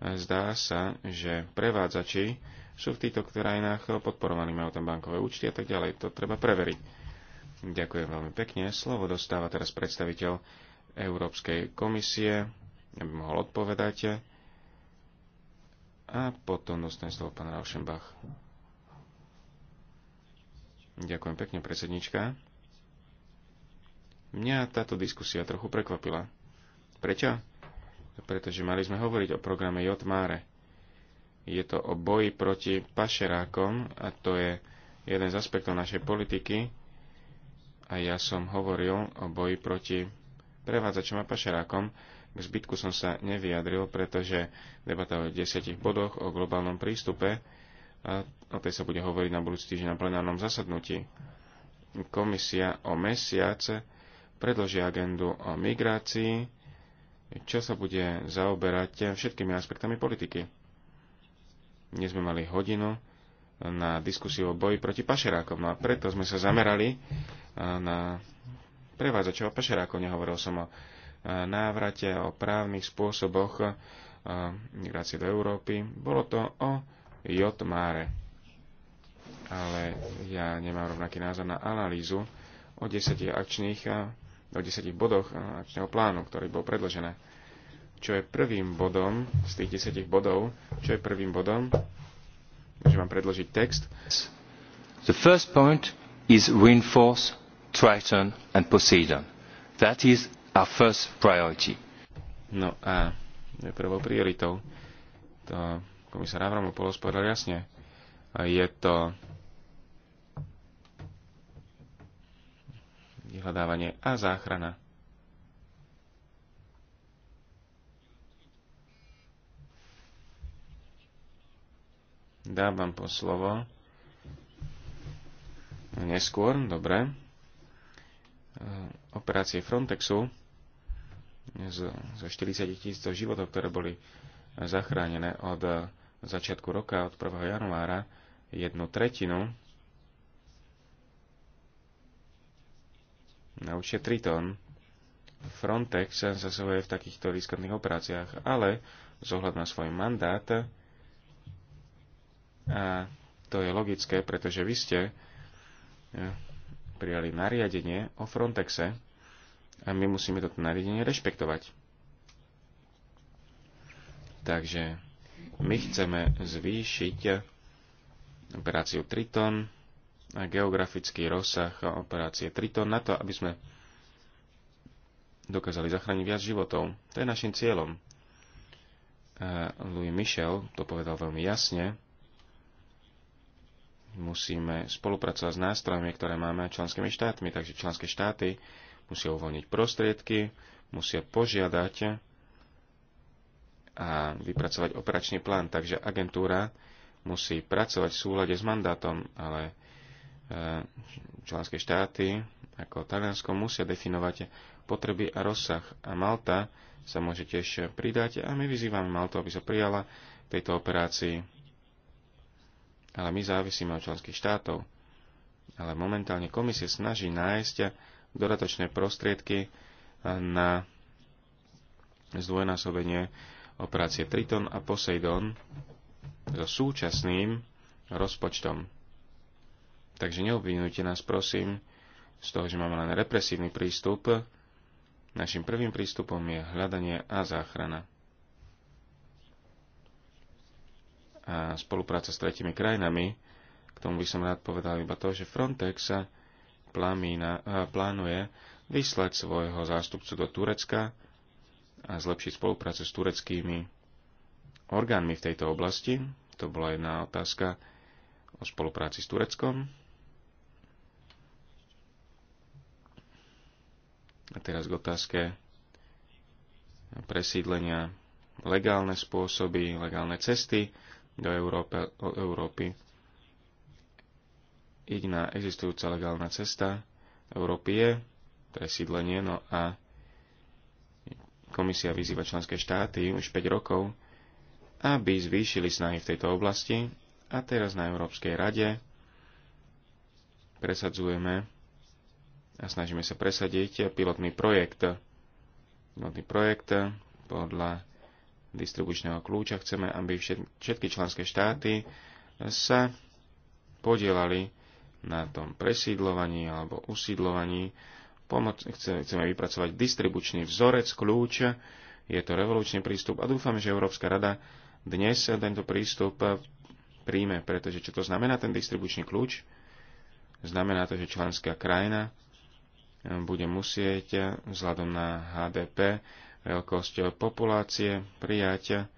Eh, zdá sa, že prevádzači sú v týchto krajinách podporovaní, majú tam bankové účty a tak ďalej. To treba preveriť. Ďakujem veľmi pekne. Slovo dostáva teraz predstaviteľ Európskej komisie, aby mohol odpovedať. A potom dostane slovo pán Rauschenbach. Ďakujem pekne, predsednička. Mňa táto diskusia trochu prekvapila. Prečo? Pretože mali sme hovoriť o programe Jotmáre. Je to o boji proti pašerákom a to je jeden z aspektov našej politiky. A ja som hovoril o boji proti prevádzačom a pašerákom. K zbytku som sa nevyjadril, pretože debata o desiatich bodoch, o globálnom prístupe, a o tej sa bude hovoriť na budúci týždeň na plenárnom zasadnutí. Komisia o mesiac predloží agendu o migrácii, čo sa bude zaoberať všetkými aspektami politiky. Dnes sme mali hodinu na diskusiu o boji proti pašerákom, no a preto sme sa zamerali na prevádzačov a pašerákov. Nehovoril som o návrate, o právnych spôsoboch migrácie do Európy. Bolo to o J. Máre. Ale ja nemám rovnaký názor na analýzu o 10 akčných a o 10 bodoch akčného plánu, ktorý bol predložené. Čo je prvým bodom z tých 10 bodov, čo je prvým bodom, môžem vám predložiť text. The first point is reinforce Triton and Poseidon. That is our first priority. No a prvou prioritou. To komisár Avramopoulos povedal jasne. Je to vyhľadávanie a záchrana. Dávam po slovo. Neskôr, dobre. E, operácie Frontexu zo 40 tisíc životov, ktoré boli zachránené od začiatku roka od 1. januára jednu tretinu na účte Triton. Frontex sa zasahuje v takýchto riskantných operáciách, ale zohľad na svoj mandát a to je logické, pretože vy ste e, prijali nariadenie o Frontexe a my musíme toto nariadenie rešpektovať. Takže my chceme zvýšiť operáciu Triton a geografický rozsah operácie Triton na to, aby sme dokázali zachrániť viac životov. To je našim cieľom. Louis Michel to povedal veľmi jasne. Musíme spolupracovať s nástrojmi, ktoré máme členskými štátmi, takže členské štáty musia uvoľniť prostriedky, musia požiadať a vypracovať operačný plán. Takže agentúra musí pracovať v súlade s mandátom, ale e, členské štáty ako Taliansko musia definovať potreby a rozsah. A Malta sa môže tiež pridať a my vyzývame Maltu, aby sa prijala tejto operácii. Ale my závisíme od členských štátov. Ale momentálne komisie snaží nájsť dodatočné prostriedky na zdvojnásobenie operácie Triton a Poseidon so súčasným rozpočtom. Takže neobvinujte nás, prosím, z toho, že máme len represívny prístup. Našim prvým prístupom je hľadanie a záchrana. A spolupráca s tretimi krajinami, k tomu by som rád povedal iba to, že Frontex sa plánuje vyslať svojho zástupcu do Turecka a zlepšiť spoluprácu s tureckými orgánmi v tejto oblasti. To bola jedna otázka o spolupráci s Tureckom. A teraz k otázke presídlenia legálne spôsoby, legálne cesty do Európe, Európy. Jediná existujúca legálna cesta Európy je presídlenie, no a Komisia vyzýva členské štáty už 5 rokov, aby zvýšili snahy v tejto oblasti a teraz na Európskej rade presadzujeme a snažíme sa presadiť pilotný projekt. Pilotný projekt podľa distribučného kľúča chceme, aby všetky členské štáty sa podielali na tom presídlovaní alebo usídlovaní Pomoc, chceme vypracovať distribučný vzorec, kľúč. Je to revolučný prístup a dúfam, že Európska rada dnes tento prístup príjme, pretože čo to znamená ten distribučný kľúč? Znamená to, že členská krajina bude musieť vzhľadom na HDP veľkosť populácie prijať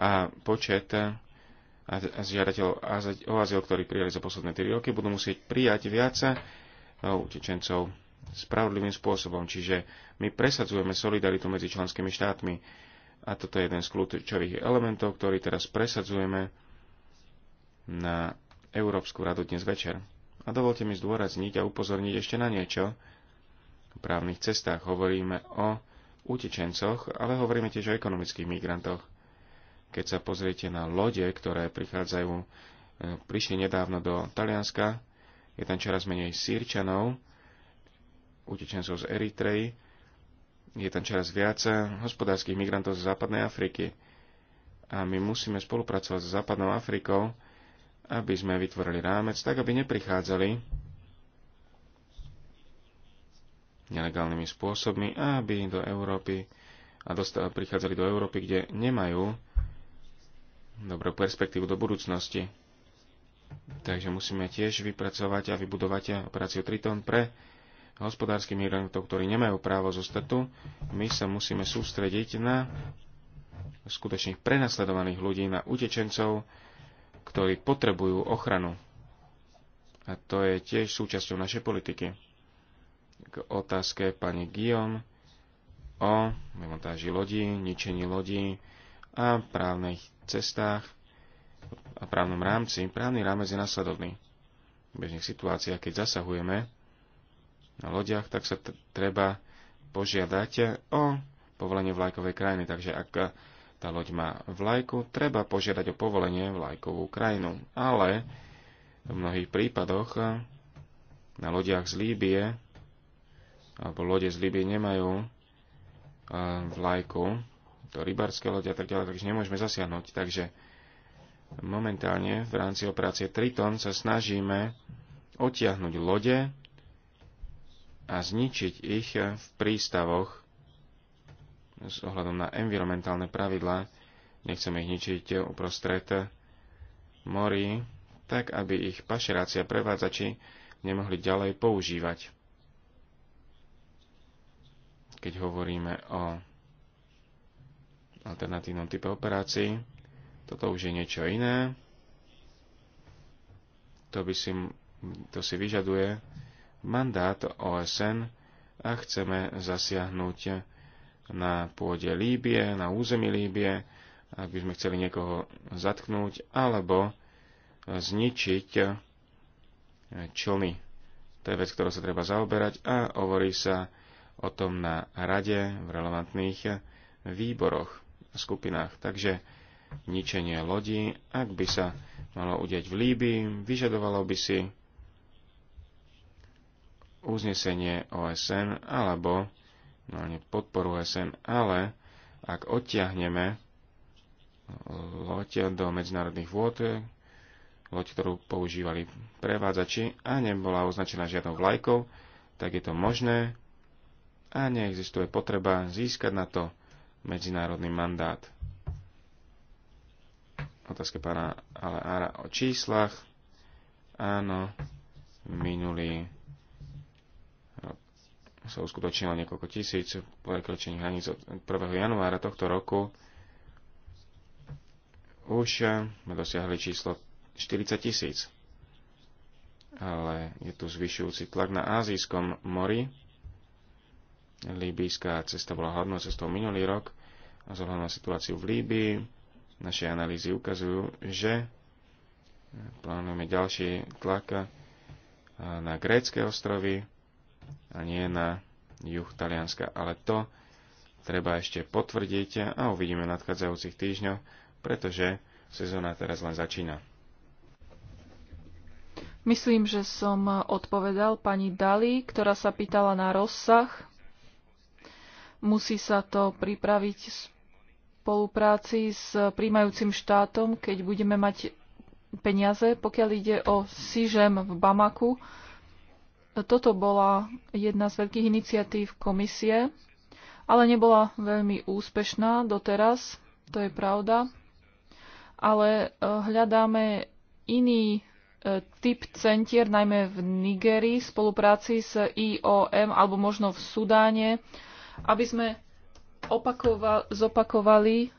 a počet a žiadateľov o azyl, ktorí prijali za posledné 3 roky, budú musieť prijať viac no, utečencov spravodlivým spôsobom. Čiže my presadzujeme solidaritu medzi členskými štátmi a toto je jeden z kľúčových elementov, ktorý teraz presadzujeme na Európsku radu dnes večer. A dovolte mi zdôrazniť a upozorniť ešte na niečo. V právnych cestách hovoríme o utečencoch, ale hovoríme tiež o ekonomických migrantoch. Keď sa pozriete na lode, ktoré prichádzajú, e, prišli nedávno do Talianska, je tam čoraz menej sírčanov, utečencov z Eritreji. Je tam čoraz viac hospodárskych migrantov z západnej Afriky. A my musíme spolupracovať s západnou Afrikou, aby sme vytvorili rámec, tak aby neprichádzali nelegálnymi spôsobmi, aby do Európy a prichádzali do Európy, kde nemajú dobrú perspektívu do budúcnosti. Takže musíme tiež vypracovať a vybudovať operáciu Triton pre hospodárskych migrantov, ktorí nemajú právo zostať tu, my sa musíme sústrediť na skutočných prenasledovaných ľudí, na utečencov, ktorí potrebujú ochranu. A to je tiež súčasťou našej politiky. K otázke pani Guillaume o demontáži lodí, ničení lodí a právnych cestách a právnom rámci. Právny rámec je nasledovný. V bežných situáciách, keď zasahujeme na lodiach, tak sa treba požiadať o povolenie vlajkovej krajiny. Takže ak tá loď má vlajku, treba požiadať o povolenie vlajkovú krajinu. Ale v mnohých prípadoch na lodiach z Líbie alebo lode z Líbie nemajú vlajku, to rybárske lode a tak ďalej, takže nemôžeme zasiahnuť. Takže momentálne v rámci operácie Triton sa snažíme otiahnuť lode, a zničiť ich v prístavoch s ohľadom na environmentálne pravidlá. Nechceme ich ničiť uprostred morí, tak aby ich pašerácia prevádzači nemohli ďalej používať. Keď hovoríme o alternatívnom type operácií, toto už je niečo iné. To, by si, to si vyžaduje mandát OSN a chceme zasiahnuť na pôde Líbie, na území Líbie, ak by sme chceli niekoho zatknúť alebo zničiť člny. To je vec, ktorou sa treba zaoberať a hovorí sa o tom na rade v relevantných výboroch a skupinách. Takže ničenie lodí, ak by sa malo udeť v Líbii, vyžadovalo by si uznesenie OSN alebo no, podporu OSN, ale ak odtiahneme loď do medzinárodných vôd, loď, ktorú používali prevádzači a nebola označená žiadnou vlajkou, tak je to možné a neexistuje potreba získať na to medzinárodný mandát. Otázka pána Aleára o číslach. Áno, minulý sa uskutočnilo niekoľko tisíc prekročení hraníc od 1. januára tohto roku. Už eh, sme dosiahli číslo 40 tisíc. Ale je tu zvyšujúci tlak na Ázijskom mori. Líbijská cesta bola hlavnou cestou minulý rok a zohľadom na situáciu v Líbii naše analýzy ukazujú, že eh, plánujeme ďalší tlak eh, na grécké ostrovy, a nie na juh Talianska. Ale to treba ešte potvrdiť a uvidíme v nadchádzajúcich týždňoch, pretože sezóna teraz len začína. Myslím, že som odpovedal pani Dali, ktorá sa pýtala na rozsah. Musí sa to pripraviť v spolupráci s príjmajúcim štátom, keď budeme mať peniaze, pokiaľ ide o SIŽEM v Bamaku toto bola jedna z veľkých iniciatív komisie, ale nebola veľmi úspešná doteraz, to je pravda. Ale e, hľadáme iný e, typ centier, najmä v Nigerii, v spolupráci s IOM alebo možno v Sudáne, aby sme zopakovali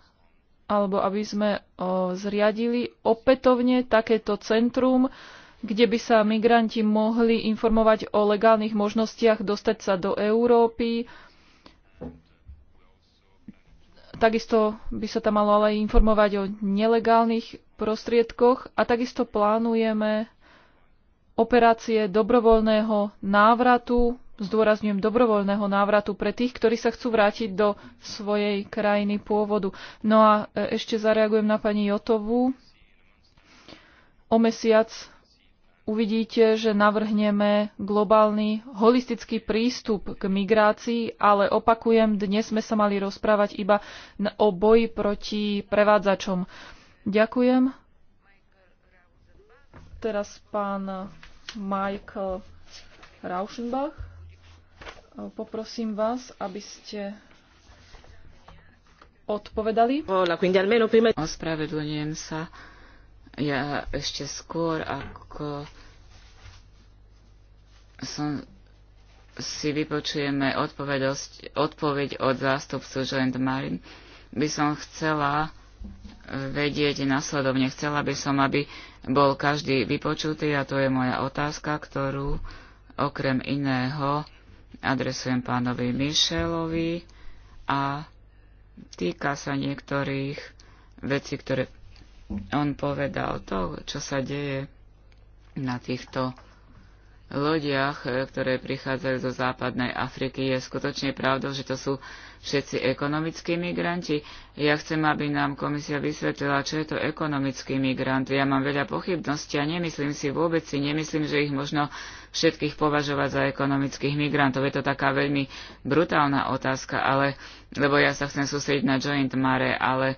alebo aby sme o, e, zriadili opätovne takéto centrum, kde by sa migranti mohli informovať o legálnych možnostiach dostať sa do Európy. Takisto by sa tam malo ale informovať o nelegálnych prostriedkoch a takisto plánujeme operácie dobrovoľného návratu, zdôrazňujem dobrovoľného návratu pre tých, ktorí sa chcú vrátiť do svojej krajiny pôvodu. No a e, ešte zareagujem na pani Jotovu O mesiac uvidíte, že navrhneme globálny holistický prístup k migrácii, ale opakujem, dnes sme sa mali rozprávať iba o boji proti prevádzačom. Ďakujem. Teraz pán Michael Rauschenbach. Poprosím vás, aby ste odpovedali. Ospravedlňujem sa ja ešte skôr, ako som si vypočujeme odpoveď od zástupcu Joint Marin, by som chcela vedieť nasledovne. Chcela by som, aby bol každý vypočutý a to je moja otázka, ktorú okrem iného adresujem pánovi Michelovi a týka sa niektorých vecí, ktoré on povedal to, čo sa deje na týchto lodiach, e, ktoré prichádzajú zo západnej Afriky. Je skutočne pravdou, že to sú všetci ekonomickí migranti. Ja chcem, aby nám komisia vysvetlila, čo je to ekonomický migrant. Ja mám veľa pochybností a nemyslím si vôbec si, nemyslím, že ich možno všetkých považovať za ekonomických migrantov. Je to taká veľmi brutálna otázka, ale, lebo ja sa chcem sústrediť na joint mare, ale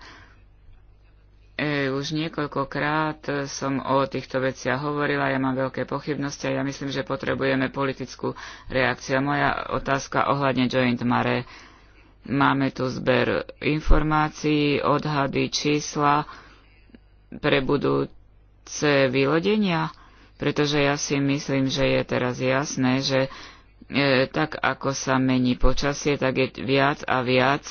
E, už niekoľkokrát e, som o týchto veciach hovorila, ja mám veľké pochybnosti a ja myslím, že potrebujeme politickú reakciu. Moja otázka ohľadne Joint Mare. Máme tu zber informácií, odhady, čísla pre budúce vylodenia, pretože ja si myslím, že je teraz jasné, že e, tak ako sa mení počasie, tak je viac a viac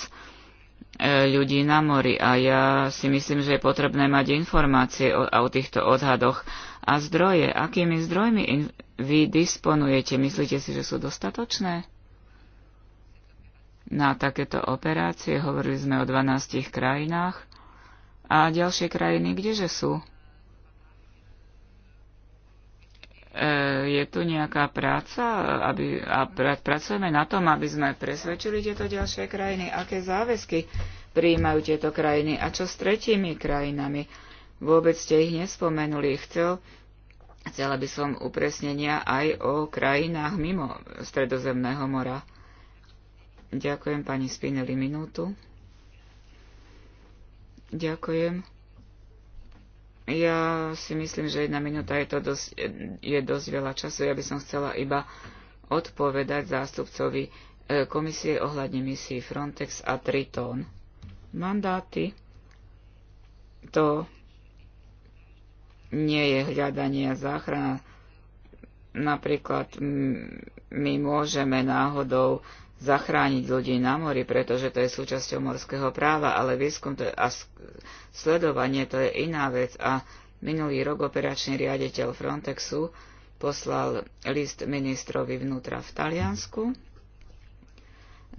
E, ľudí na mori a ja si myslím, že je potrebné mať informácie o, o týchto odhadoch a zdroje. Akými zdrojmi in, vy disponujete? Myslíte si, že sú dostatočné? Na takéto operácie hovorili sme o 12 krajinách. A ďalšie krajiny kdeže sú? E, je tu nejaká práca aby, a pr- pracujeme na tom, aby sme presvedčili tieto ďalšie krajiny, aké záväzky prijímajú tieto krajiny a čo s tretími krajinami. Vôbec ste ich nespomenuli. Chcel, chcela by som upresnenia aj o krajinách mimo Stredozemného mora. Ďakujem pani Spinelli minútu. Ďakujem. Ja si myslím, že jedna minúta je, to dosť, je dosť veľa času. Ja by som chcela iba odpovedať zástupcovi e, komisie ohľadne misií Frontex a Triton. Mandáty to nie je hľadanie a záchrana. Napríklad my môžeme náhodou zachrániť ľudí na mori, pretože to je súčasťou morského práva, ale výskum to je, a sledovanie to je iná vec. A minulý rok operačný riaditeľ Frontexu poslal list ministrovi vnútra v Taliansku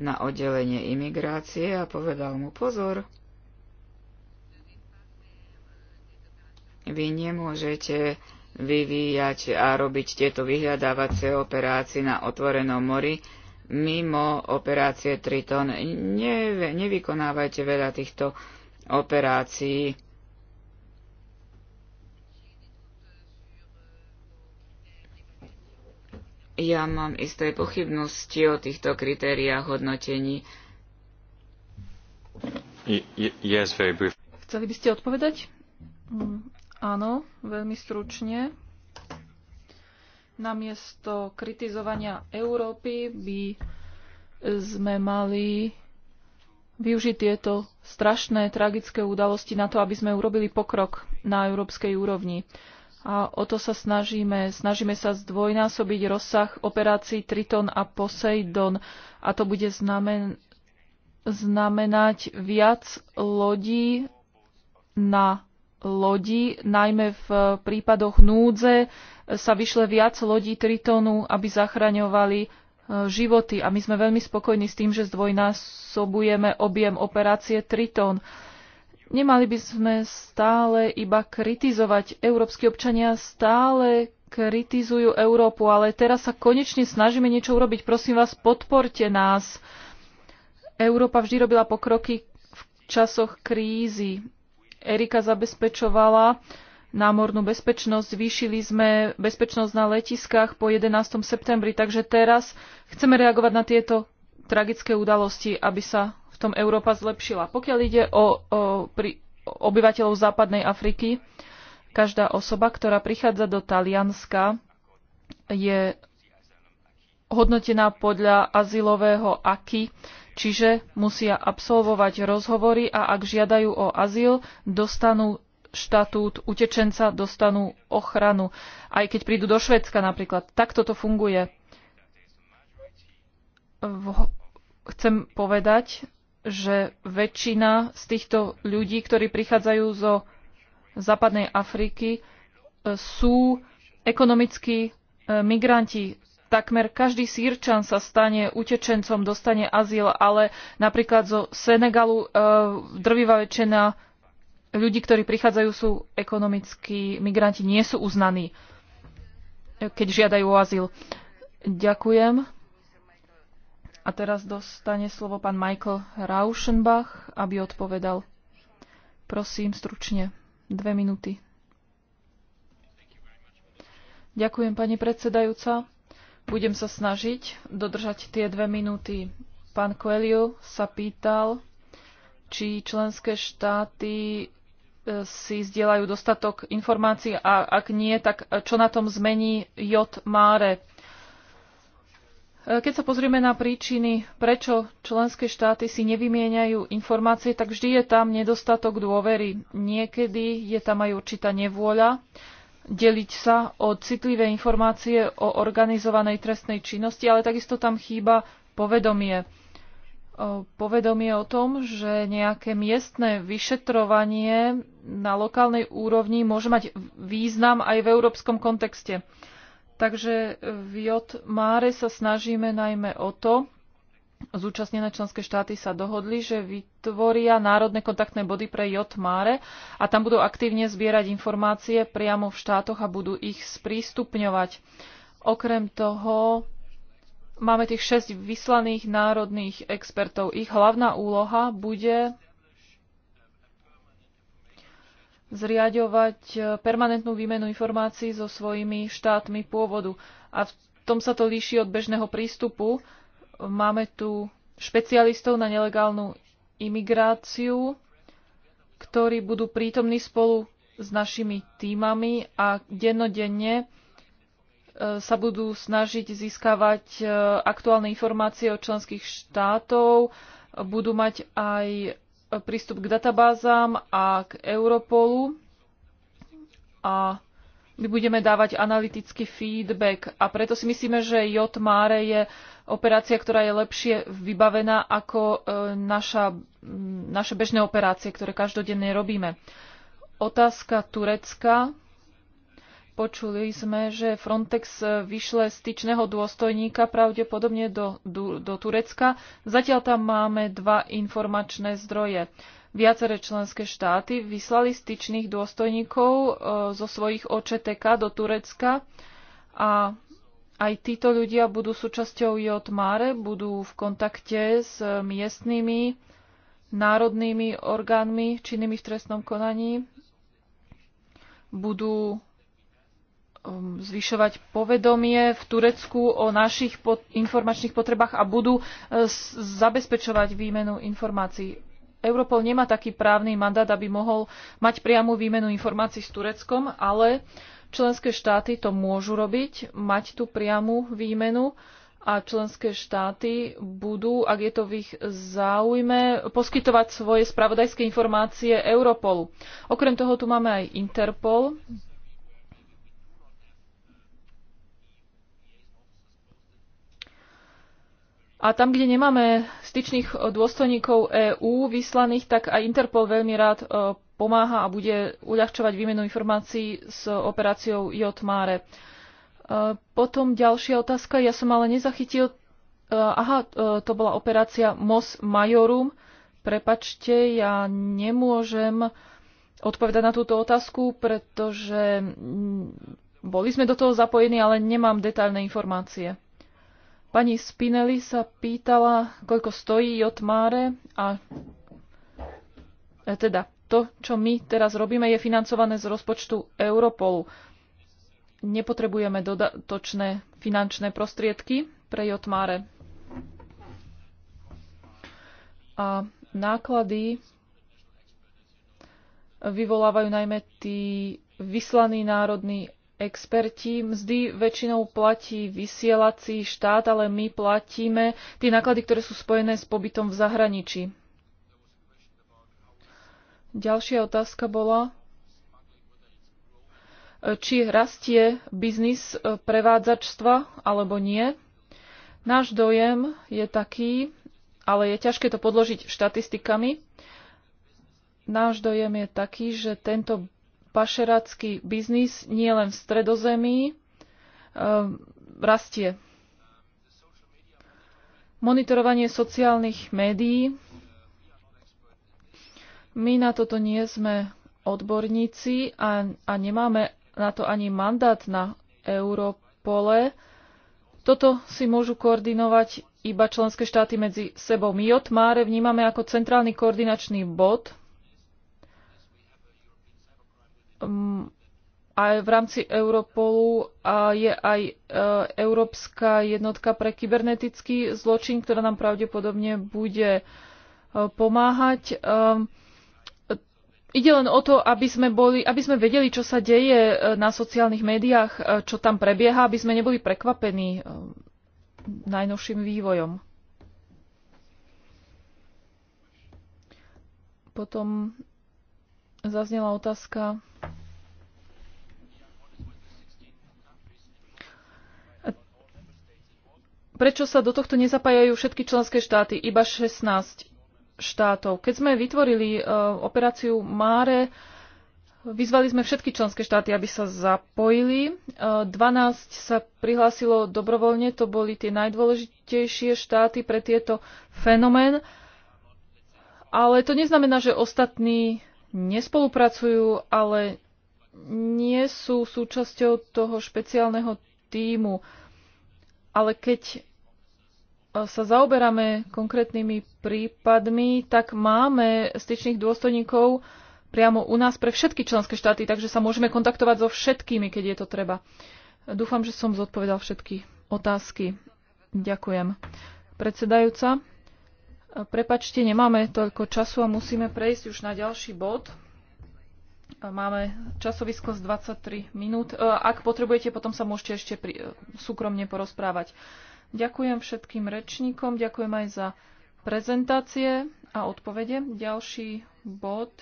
na oddelenie imigrácie a povedal mu pozor, vy nemôžete vyvíjať a robiť tieto vyhľadávacie operácie na otvorenom mori, mimo operácie Triton. Ne, nevykonávajte veľa týchto operácií. Ja mám isté pochybnosti o týchto kritériách hodnotení. Yes, Chceli by ste odpovedať? Mm, áno, veľmi stručne namiesto kritizovania Európy by sme mali využiť tieto strašné, tragické udalosti na to, aby sme urobili pokrok na európskej úrovni. A o to sa snažíme. Snažíme sa zdvojnásobiť rozsah operácií Triton a Poseidon. A to bude znamen- znamenať viac lodí na lodí, najmä v prípadoch núdze sa vyšle viac lodí Tritonu, aby zachraňovali e, životy. A my sme veľmi spokojní s tým, že zdvojnásobujeme objem operácie Triton. Nemali by sme stále iba kritizovať. Európsky občania stále kritizujú Európu, ale teraz sa konečne snažíme niečo urobiť. Prosím vás, podporte nás. Európa vždy robila pokroky v časoch krízy Erika zabezpečovala námornú bezpečnosť. Zvýšili sme bezpečnosť na letiskách po 11. septembri, takže teraz chceme reagovať na tieto tragické udalosti, aby sa v tom Európa zlepšila. Pokiaľ ide o, o pri, obyvateľov západnej Afriky, každá osoba, ktorá prichádza do Talianska, je hodnotená podľa azylového aky čiže musia absolvovať rozhovory a ak žiadajú o azyl, dostanú štatút utečenca, dostanú ochranu, aj keď prídu do Švedska napríklad. Takto to funguje. Chcem povedať, že väčšina z týchto ľudí, ktorí prichádzajú zo západnej Afriky, e, sú ekonomickí e, migranti, Takmer každý sírčan sa stane utečencom, dostane azyl, ale napríklad zo Senegalu e, drvivá väčšina ľudí, ktorí prichádzajú, sú ekonomickí migranti, nie sú uznaní, e, keď žiadajú o azyl. Ďakujem. A teraz dostane slovo pán Michael Rauschenbach, aby odpovedal. Prosím, stručne. Dve minúty. Ďakujem, pani predsedajúca. Budem sa snažiť dodržať tie dve minúty. Pán Coelho sa pýtal, či členské štáty e, si zdieľajú dostatok informácií a ak nie, tak e, čo na tom zmení J. Máre. E, keď sa pozrieme na príčiny, prečo členské štáty si nevymieňajú informácie, tak vždy je tam nedostatok dôvery. Niekedy je tam aj určitá nevôľa deliť sa o citlivé informácie o organizovanej trestnej činnosti, ale takisto tam chýba povedomie. Povedomie o tom, že nejaké miestne vyšetrovanie na lokálnej úrovni môže mať význam aj v európskom kontexte. Takže eh, v J. Máre sa snažíme najmä o to, zúčastnené členské štáty sa dohodli, že vytvoria národné kontaktné body pre Jotmáre a tam budú aktívne zbierať informácie priamo v štátoch a budú ich sprístupňovať. Okrem toho máme tých 6 vyslaných národných expertov. Ich hlavná úloha bude zriadovať e, permanentnú výmenu informácií so svojimi štátmi pôvodu. A v tom sa to líši od bežného prístupu, máme tu špecialistov na nelegálnu imigráciu, ktorí budú prítomní spolu s našimi týmami a dennodenne e, sa budú snažiť získavať e, aktuálne informácie od členských štátov, budú mať aj prístup k databázám a k Europolu a my budeme dávať analytický feedback. A preto si myslíme, že J. Mare je operácia, ktorá je lepšie vybavená ako e, naša, naše bežné operácie, ktoré každodenne robíme. Otázka Turecka. Počuli sme, že Frontex e, vyšle styčného dôstojníka pravdepodobne do, do, do Turecka. Zatiaľ tam máme dva informačné zdroje. Viaceré členské štáty vyslali styčných dôstojníkov e, zo svojich OČTK do Turecka a aj títo ľudia budú súčasťou JOTMARE, budú v kontakte s miestnymi národnými orgánmi činnými v trestnom konaní, budú um, zvyšovať povedomie v Turecku o našich informačných potrebách a budú e, zabezpečovať výmenu informácií. Europol nemá taký právny mandát, aby mohol mať priamu výmenu informácií s Tureckom, ale členské štáty to môžu robiť, mať tú priamu výmenu a členské štáty budú, ak je to v ich záujme, poskytovať svoje spravodajské informácie Europolu. Okrem toho tu máme aj Interpol, A tam, kde nemáme styčných eh, dôstojníkov EÚ vyslaných, tak aj Interpol veľmi rád eh, pomáha a bude uľahčovať výmenu informácií s operáciou Jotmáre. Eh, potom ďalšia otázka. Ja som ale nezachytil. Aha, to bola operácia Mos Majorum. Prepačte, ja nemôžem odpovedať na túto otázku, pretože mm, boli sme do toho zapojení, ale nemám detailné informácie. Pani Spinelli sa pýtala, koľko stojí Jotmáre a e, teda to, čo my teraz robíme, je financované z rozpočtu Europolu. Nepotrebujeme dodatočné finančné prostriedky pre Jotmáre. A náklady vyvolávajú najmä tí vyslaní národní experti. Mzdy väčšinou platí vysielací štát, ale my platíme tie náklady, ktoré sú spojené s pobytom v zahraničí. Ďalšia otázka bola, či rastie biznis prevádzačstva alebo nie. Náš dojem je taký, ale je ťažké to podložiť štatistikami. Náš dojem je taký, že tento pašerácky biznis nielen v stredozemí e, rastie. Monitorovanie sociálnych médií. My na toto nie sme odborníci a, a nemáme na to ani mandát na Europole. Toto si môžu koordinovať iba členské štáty medzi sebou. My Máre vnímame ako centrálny koordinačný bod Ehm, aj v rámci Europolu a je aj eh, Európska jednotka pre kybernetický zločin, ktorá nám pravdepodobne bude eh, pomáhať. Ehm, ide len o to, aby sme, boli, aby sme vedeli, čo sa deje eh, na sociálnych médiách, čo tam prebieha, aby sme neboli prekvapení najnovším vývojom. Potom zaznela otázka prečo sa do tohto nezapájajú všetky členské štáty, iba 16 štátov. Keď sme vytvorili uh, operáciu Máre, vyzvali sme všetky členské štáty, aby sa zapojili. Uh, e, 12 sa prihlásilo dobrovoľne, to boli tie najdôležitejšie štáty pre tieto fenomén. Ale to neznamená, že ostatní nespolupracujú, ale nie sú súčasťou toho špeciálneho týmu. Ale keď e, sa zaoberáme konkrétnymi prípadmi, tak máme styčných dôstojníkov priamo u nás pre všetky členské štáty, takže sa môžeme kontaktovať so všetkými, keď je to treba. Dúfam, že som zodpovedal všetky otázky. Ďakujem. Predsedajúca, Prepačte, nemáme toľko času a musíme prejsť už na ďalší bod. Máme časovisko z 23 minút. E, ak potrebujete, potom sa môžete ešte pri, e, súkromne porozprávať. Ďakujem všetkým rečníkom, ďakujem aj za prezentácie a odpovede. Ďalší bod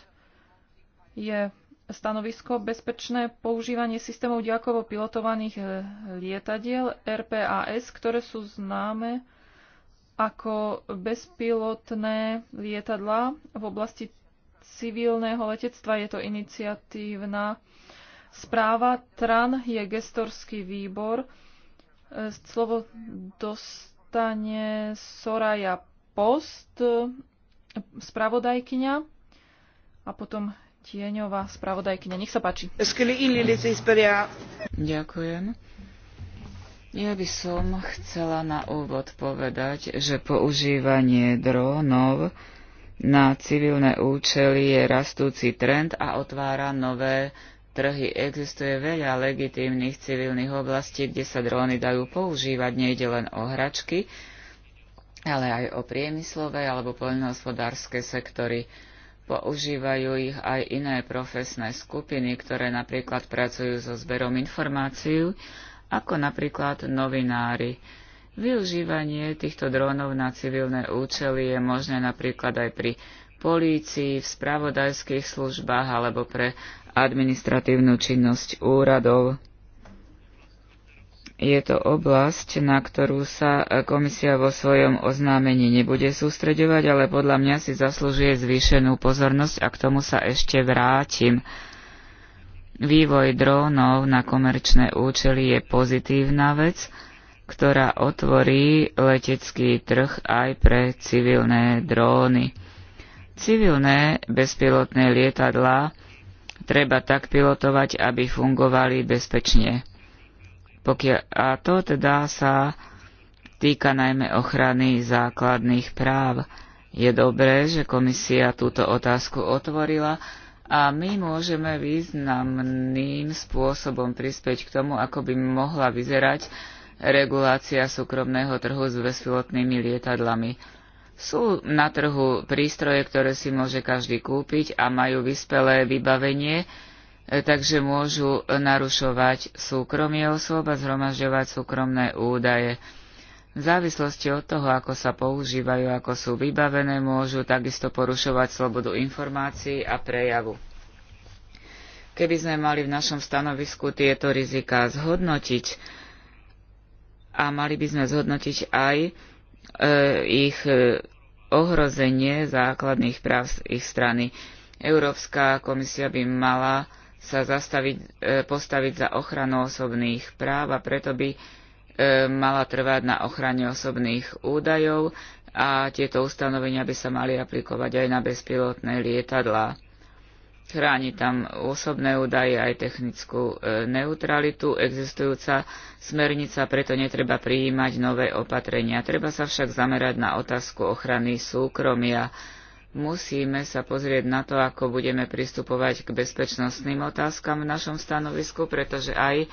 je stanovisko bezpečné používanie systémov diakovo pilotovaných e, lietadiel RPAS, ktoré sú známe ako bezpilotné lietadla v oblasti civilného letectva. Je to iniciatívna správa. TRAN je gestorský výbor. E, slovo dostane Soraya Post, e, spravodajkyňa a potom tieňová spravodajkyňa. Nech sa páči. Ďakujem. Ja by som chcela na úvod povedať, že používanie drónov na civilné účely je rastúci trend a otvára nové trhy. Existuje veľa legitímnych civilných oblastí, kde sa dróny dajú používať. Nejde len o hračky, ale aj o priemyslové alebo poľnohospodárske sektory. Používajú ich aj iné profesné skupiny, ktoré napríklad pracujú so zberom informácií ako napríklad novinári. Využívanie týchto drónov na civilné účely je možné napríklad aj pri polícii, v spravodajských službách alebo pre administratívnu činnosť úradov. Je to oblasť, na ktorú sa komisia vo svojom oznámení nebude sústreďovať, ale podľa mňa si zaslúžuje zvýšenú pozornosť a k tomu sa ešte vrátim. Vývoj drónov na komerčné účely je pozitívna vec, ktorá otvorí letecký trh aj pre civilné dróny. Civilné bezpilotné lietadlá treba tak pilotovať, aby fungovali bezpečne. Pokiaľ, a to teda sa týka najmä ochrany základných práv. Je dobré, že komisia túto otázku otvorila a my môžeme významným spôsobom prispäť k tomu, ako by mohla vyzerať regulácia súkromného trhu s bezpilotnými lietadlami. Sú na trhu prístroje, ktoré si môže každý kúpiť a majú vyspelé vybavenie, e, takže môžu narušovať súkromie osôb a zhromažďovať súkromné údaje. V závislosti od toho, ako sa používajú, ako sú vybavené, môžu takisto porušovať slobodu informácií a prejavu. Keby sme mali v našom stanovisku tieto rizika zhodnotiť a mali by sme zhodnotiť aj e, ich e, ohrozenie základných práv z ich strany. Európska komisia by mala sa zastaviť, e, postaviť za ochranu osobných práv a preto by E, mala trvať na ochrane osobných údajov a tieto ustanovenia by sa mali aplikovať aj na bezpilotné lietadlá. Chráni tam osobné údaje aj technickú e, neutralitu. Existujúca smernica preto netreba prijímať nové opatrenia. Treba sa však zamerať na otázku ochrany súkromia. Musíme sa pozrieť na to, ako budeme pristupovať k bezpečnostným otázkam v našom stanovisku, pretože aj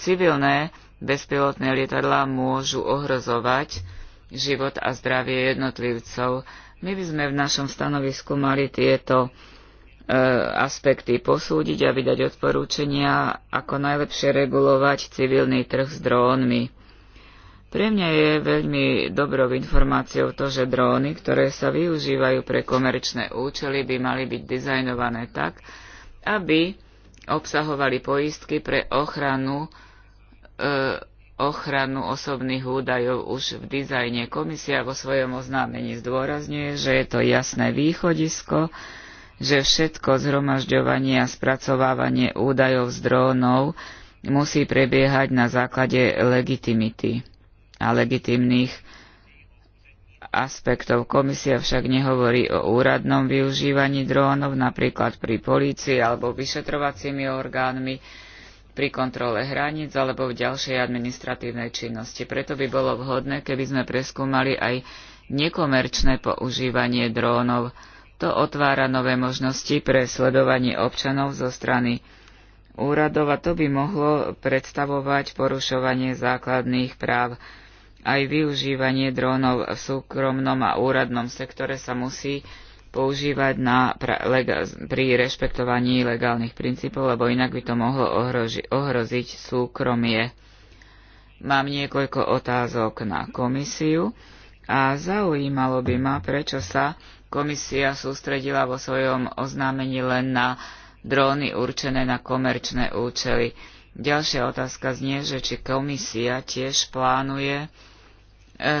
civilné bezpilotné lietadlá môžu ohrozovať život a zdravie jednotlivcov. My by sme v našom stanovisku mali tieto e, aspekty posúdiť a vydať odporúčania, ako najlepšie regulovať civilný trh s drónmi. Pre mňa je veľmi dobrou informáciou to, že dróny, ktoré sa využívajú pre komerčné účely, by mali byť dizajnované tak, aby obsahovali poistky pre ochranu E, ochranu osobných údajov už v dizajne. Komisia vo svojom oznámení zdôrazňuje, že je to jasné východisko, že všetko zhromažďovanie a spracovávanie údajov z drónov musí prebiehať na základe legitimity a legitimných aspektov. Komisia však nehovorí o úradnom využívaní drónov, napríklad pri polícii alebo vyšetrovacími orgánmi, pri kontrole hraníc alebo v ďalšej administratívnej činnosti. Preto by bolo vhodné, keby sme preskúmali aj nekomerčné používanie drónov. To otvára nové možnosti pre sledovanie občanov zo strany úradov a to by mohlo predstavovať porušovanie základných práv. Aj využívanie drónov v súkromnom a úradnom sektore sa musí používať na, pra, lega, pri rešpektovaní legálnych princípov, lebo inak by to mohlo ohroži, ohroziť súkromie. Mám niekoľko otázok na komisiu a zaujímalo by ma, prečo sa komisia sústredila vo svojom oznámení len na dróny určené na komerčné účely. Ďalšia otázka znie, že či komisia tiež plánuje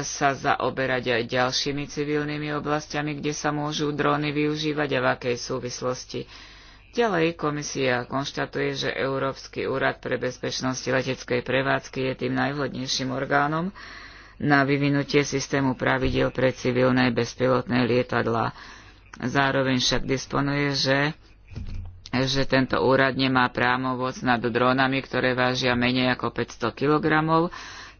sa zaoberať aj ďalšími civilnými oblastiami, kde sa môžu dróny využívať a v akej súvislosti. Ďalej komisia konštatuje, že Európsky úrad pre bezpečnosť leteckej prevádzky je tým najvhodnejším orgánom na vyvinutie systému pravidel pre civilné bezpilotné lietadlá. Zároveň však disponuje, že, že tento úrad nemá právomoc nad drónami, ktoré vážia menej ako 500 kilogramov,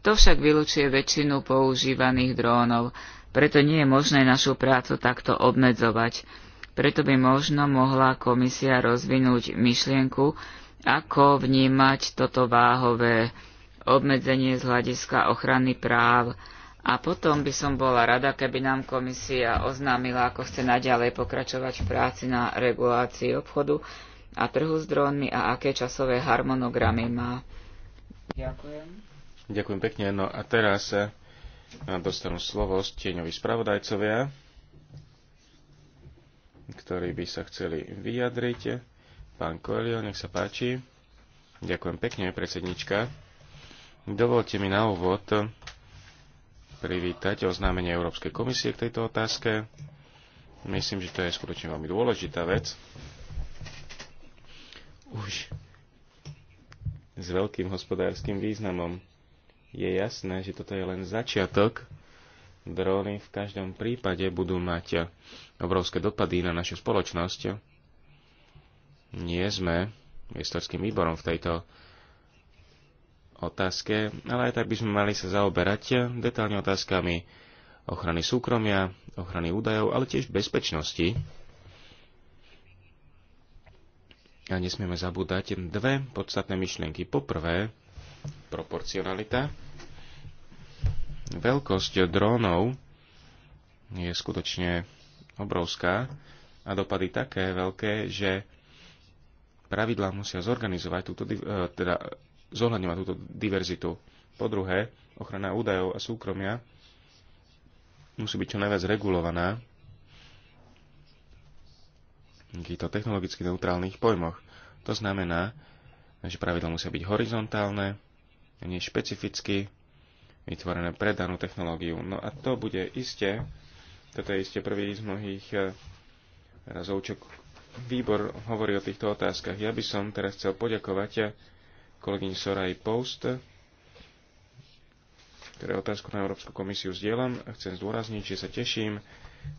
to však vylučuje väčšinu používaných drónov, preto nie je možné našu prácu takto obmedzovať. Preto by možno mohla komisia rozvinúť myšlienku, ako vnímať toto váhové obmedzenie z hľadiska ochrany práv. A potom by som bola rada, keby nám komisia oznámila, ako chce naďalej pokračovať v práci na regulácii obchodu a trhu s drónmi a aké časové harmonogramy má. Ďakujem. Ďakujem pekne. No a teraz eh, dostanú slovo stieňoví spravodajcovia, ktorí by sa chceli vyjadriť. Pán Koelio, nech sa páči. Ďakujem pekne, predsednička. Dovolte mi na úvod privítať oznámenie Európskej komisie k tejto otázke. Myslím, že to je skutočne veľmi dôležitá vec. Už s veľkým hospodárskym významom je jasné, že toto je len začiatok. Dróny v každom prípade budú mať obrovské dopady na našu spoločnosť. Nie sme historickým výborom v tejto otázke, ale aj tak by sme mali sa zaoberať detálne otázkami ochrany súkromia, ochrany údajov, ale tiež bezpečnosti. A nesmieme zabúdať dve podstatné myšlienky. Poprvé, proporcionalita. Veľkosť drónov je skutočne obrovská a dopady také veľké, že pravidlá musia zorganizovať túto, e, teda zohľadňovať túto diverzitu. Po druhé, ochrana údajov a súkromia musí byť čo najviac regulovaná v týchto technologicky neutrálnych pojmoch. To znamená, že pravidla musia byť horizontálne, nie špecificky vytvorené pre danú technológiu. No a to bude iste, toto je iste prvý z mnohých eh, razov, čo výbor hovorí o týchto otázkach. Ja by som teraz chcel poďakovať eh, kolegyni Soraj Post, ktoré otázku na Európsku komisiu zdieľam a chcem zdôrazniť, že sa teším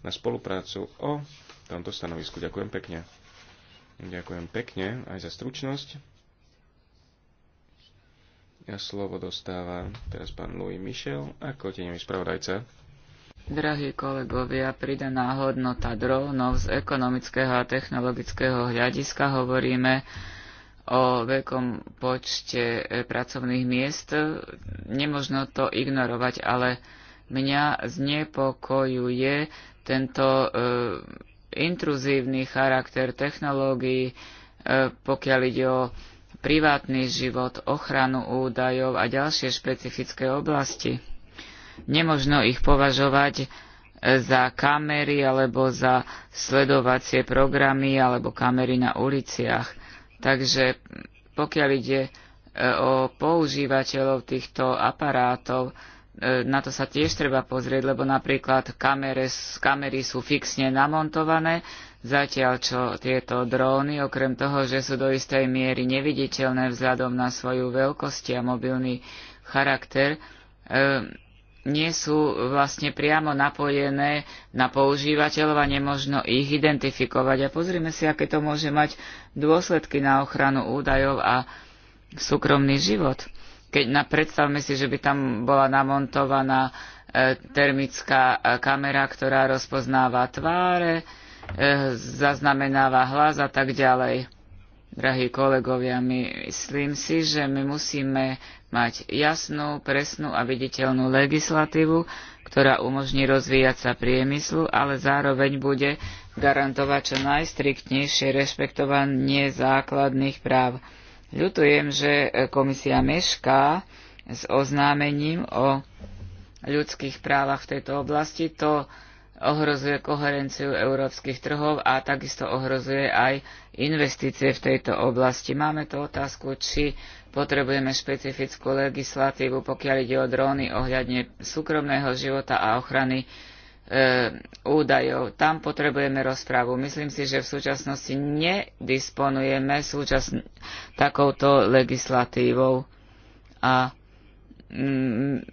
na spoluprácu o tomto stanovisku. Ďakujem pekne. Ďakujem pekne aj za stručnosť. Ja slovo dostáva teraz pán Louis Michel ako tieňový spravodajca. Drahí kolegovia, pridaná hodnota drónov z ekonomického a technologického hľadiska hovoríme o veľkom počte e, pracovných miest. Nemožno to ignorovať, ale mňa znepokojuje tento e, intruzívny charakter technológií, e, pokiaľ ide o privátny život, ochranu údajov a ďalšie špecifické oblasti. Nemožno ich považovať e, za kamery alebo za sledovacie programy alebo kamery na uliciach. Takže pokiaľ ide e, o používateľov týchto aparátov, e, na to sa tiež treba pozrieť, lebo napríklad kamere, kamery sú fixne namontované, Zatiaľ čo tieto dróny, okrem toho, že sú do istej miery neviditeľné vzhľadom na svoju veľkosť a mobilný charakter, e, nie sú vlastne priamo napojené na používateľov a nemožno ich identifikovať. A pozrime si, aké to môže mať dôsledky na ochranu údajov a súkromný život. Keď na, predstavme si, že by tam bola namontovaná e, termická eh, kamera, ktorá rozpoznáva tváre, Eh, zaznamenáva hlas a tak ďalej. Drahí kolegovia, my myslím si, že my musíme mať jasnú, presnú a viditeľnú legislatívu, ktorá umožní rozvíjať sa priemyslu, ale zároveň bude garantovať čo najstriktnejšie rešpektovanie základných práv. Ľutujem, že komisia mešká s oznámením o ľudských právach v tejto oblasti. To ohrozuje koherenciu európskych trhov a takisto ohrozuje aj investície v tejto oblasti. Máme tu otázku, či potrebujeme špecifickú legislatívu, pokiaľ ide o dróny ohľadne súkromného života a ochrany e, údajov. Tam potrebujeme rozprávu. Myslím si, že v súčasnosti nedisponujeme súčasn- takouto legislatívou. A Mm,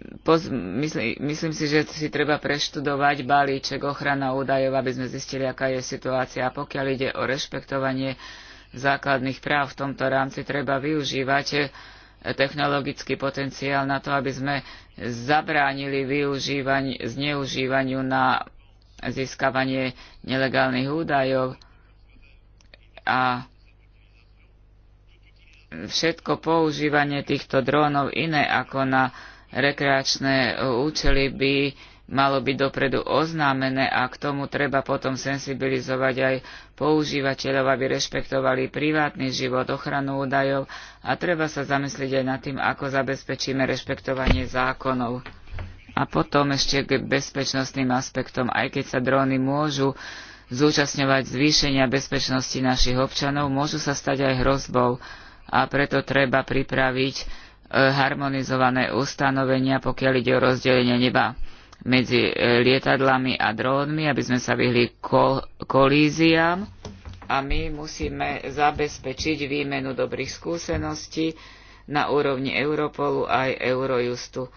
myslí, myslím si, že si treba preštudovať balíček ochrana údajov, aby sme zistili, aká je situácia. A pokiaľ ide o rešpektovanie základných práv v tomto rámci, treba využívať eh, technologický potenciál na to, aby sme zabránili využívaň, zneužívaniu na získavanie nelegálnych údajov a všetko používanie týchto drónov iné ako na rekreačné účely by malo byť dopredu oznámené a k tomu treba potom sensibilizovať aj používateľov, aby rešpektovali privátny život, ochranu údajov a treba sa zamyslieť aj nad tým, ako zabezpečíme rešpektovanie zákonov. A potom ešte k bezpečnostným aspektom, aj keď sa dróny môžu zúčastňovať zvýšenia bezpečnosti našich občanov, môžu sa stať aj hrozbou a preto treba pripraviť e, harmonizované ustanovenia, pokiaľ ide o rozdelenie neba medzi e, lietadlami a drónmi, aby sme sa vyhli kol- kolíziám. A my musíme zabezpečiť výmenu dobrých skúseností na úrovni Europolu aj Eurojustu.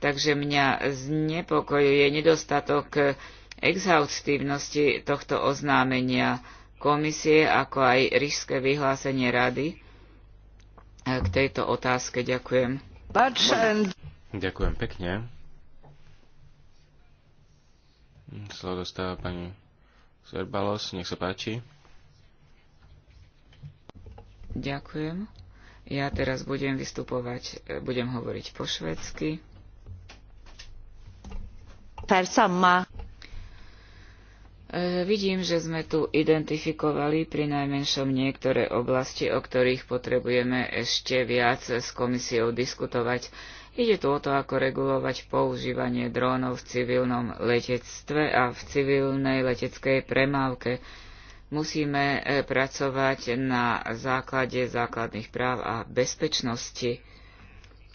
Takže mňa znepokojuje nedostatok exhaustívnosti tohto oznámenia komisie, ako aj rížské vyhlásenie rady k tejto otázke. Ďakujem. Ďakujem pekne. Slovo dostáva pani Zerbalos. nech sa páči. Ďakujem. Ja teraz budem vystupovať, e, budem hovoriť po švedsky. Per sama. E, vidím, že sme tu identifikovali pri najmenšom niektoré oblasti, o ktorých potrebujeme ešte viac s komisiou diskutovať. Ide tu o to, ako regulovať používanie drónov v civilnom letectve a v civilnej leteckej premávke. Musíme e, pracovať na základe základných práv a bezpečnosti,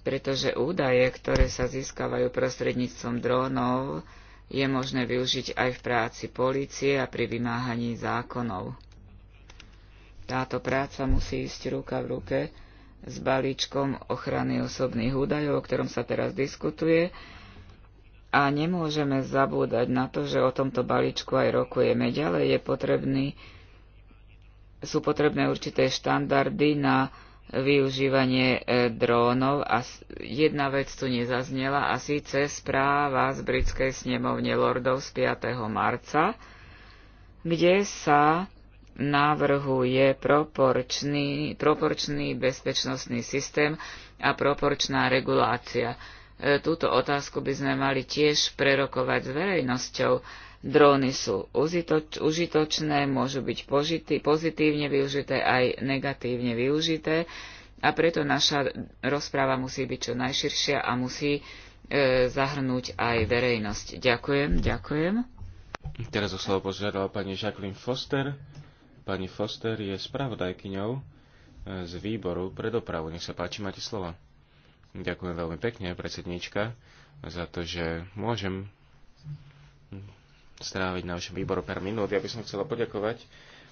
pretože údaje, ktoré sa získavajú prostredníctvom drónov, je možné využiť aj v práci polície a pri vymáhaní zákonov. Táto práca musí ísť ruka v ruke s balíčkom ochrany osobných údajov, o ktorom sa teraz diskutuje, a nemôžeme zabúdať na to, že o tomto balíčku aj rokujeme ďalej, je potrebný, sú potrebné určité štandardy na využívanie e, drónov a jedna vec tu nezaznela a síce správa z britskej snemovne lordov z 5. marca, kde sa navrhuje proporčný, proporčný bezpečnostný systém a proporčná regulácia. E, túto otázku by sme mali tiež prerokovať s verejnosťou, Dróny sú užitočné, môžu byť pozitívne využité aj negatívne využité a preto naša rozpráva musí byť čo najširšia a musí e, zahrnúť aj verejnosť. Ďakujem, ďakujem. Teraz o slovo požiadala pani Jacqueline Foster. Pani Foster je spravodajkyňou e, z výboru pre dopravu. Nech sa páči, máte slovo. Ďakujem veľmi pekne, predsednička, za to, že môžem stráviť na vašom výboru pár minút. Ja by som chcela poďakovať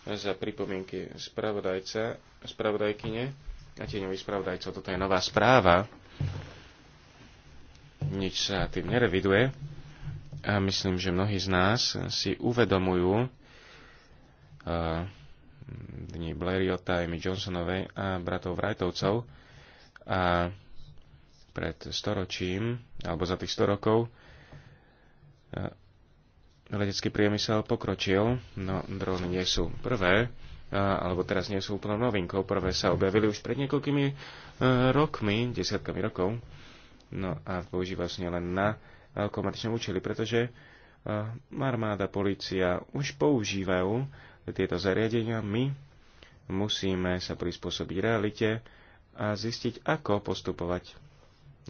za pripomienky spravodajca, spravodajkyne a tieňových spravodajcov. Toto je nová správa. Nič sa tým nereviduje. A myslím, že mnohí z nás si uvedomujú uh, dni Blériota, Amy Johnsonovej a bratov Wrightovcov. A pred storočím, alebo za tých 100 rokov, uh, letecký priemysel pokročil, no dróny nie sú prvé, eh, alebo teraz nie sú úplne novinkou, prvé sa objavili už pred niekoľkými eh, rokmi, desiatkami rokov, no a používa sa nielen na eh, komerčné účely, pretože armáda, policia už používajú tieto zariadenia, my musíme sa prispôsobiť realite a zistiť, ako postupovať.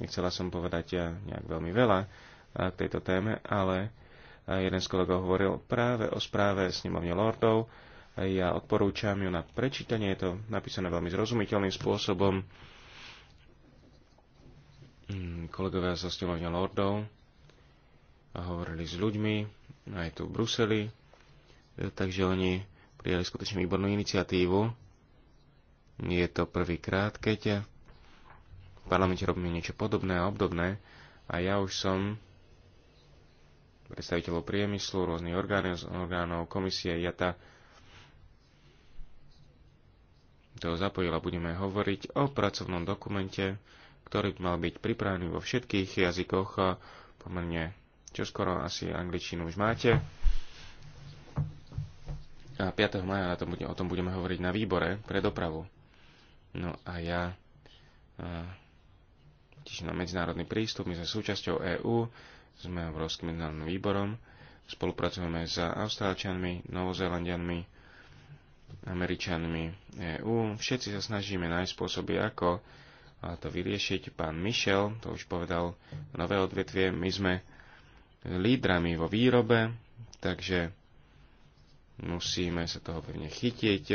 Nechcela som povedať ja nejak veľmi veľa k tejto téme, ale a jeden z kolegov hovoril práve o správe snemovne lordov. A ja odporúčam ju na prečítanie, je to napísané veľmi zrozumiteľným spôsobom. Mm, kolegovia zo snemovne lordov a hovorili s ľuďmi, aj tu v Bruseli, takže oni prijali skutočne výbornú iniciatívu. Nie Je to prvýkrát, keď v parlamente robíme niečo podobné a obdobné a ja už som predstaviteľov priemyslu, rôznych orgánov, orgánov komisie JATA To zapojila budeme hovoriť o pracovnom dokumente, ktorý by mal byť pripravený vo všetkých jazykoch, pomerne čoskoro asi angličtinu už máte. A 5. maja na tom, o tom budeme hovoriť na výbore pre dopravu. No a ja, tiež na medzinárodný prístup, my sme súčasťou EÚ, sme v medzinárodným výborom, spolupracujeme s Austrálčanmi, Novozelandianmi, Američanmi EU Všetci sa snažíme nájsť spôsoby, ako to vyriešiť. Pán Michel to už povedal, nové odvetvie, my sme lídrami vo výrobe, takže musíme sa toho pevne chytiť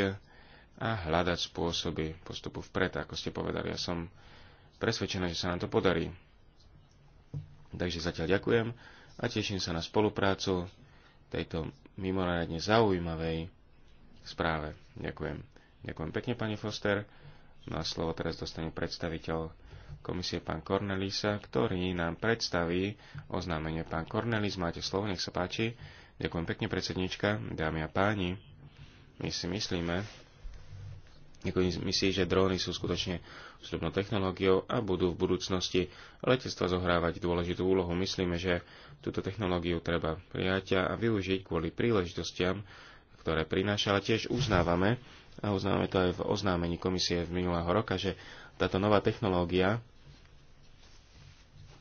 a hľadať spôsoby postupu vpred, ako ste povedali. Ja som presvedčený, že sa nám to podarí. Takže zatiaľ ďakujem a teším sa na spoluprácu tejto mimoriadne zaujímavej správe. Ďakujem. Ďakujem pekne, pani Foster. Na no slovo teraz dostane predstaviteľ komisie pán Cornelisa, ktorý nám predstaví oznámenie. Pán Cornelis, máte slovo, nech sa páči. Ďakujem pekne, predsednička, dámy a páni. My si myslíme, myslí, že dróny sú skutočne vstupnou technológiou a budú v budúcnosti letectva zohrávať dôležitú úlohu. Myslíme, že túto technológiu treba prijať a využiť kvôli príležitostiam, ktoré prináša, ale tiež uznávame, a uznávame to aj v oznámení komisie v minulého roka, že táto nová technológia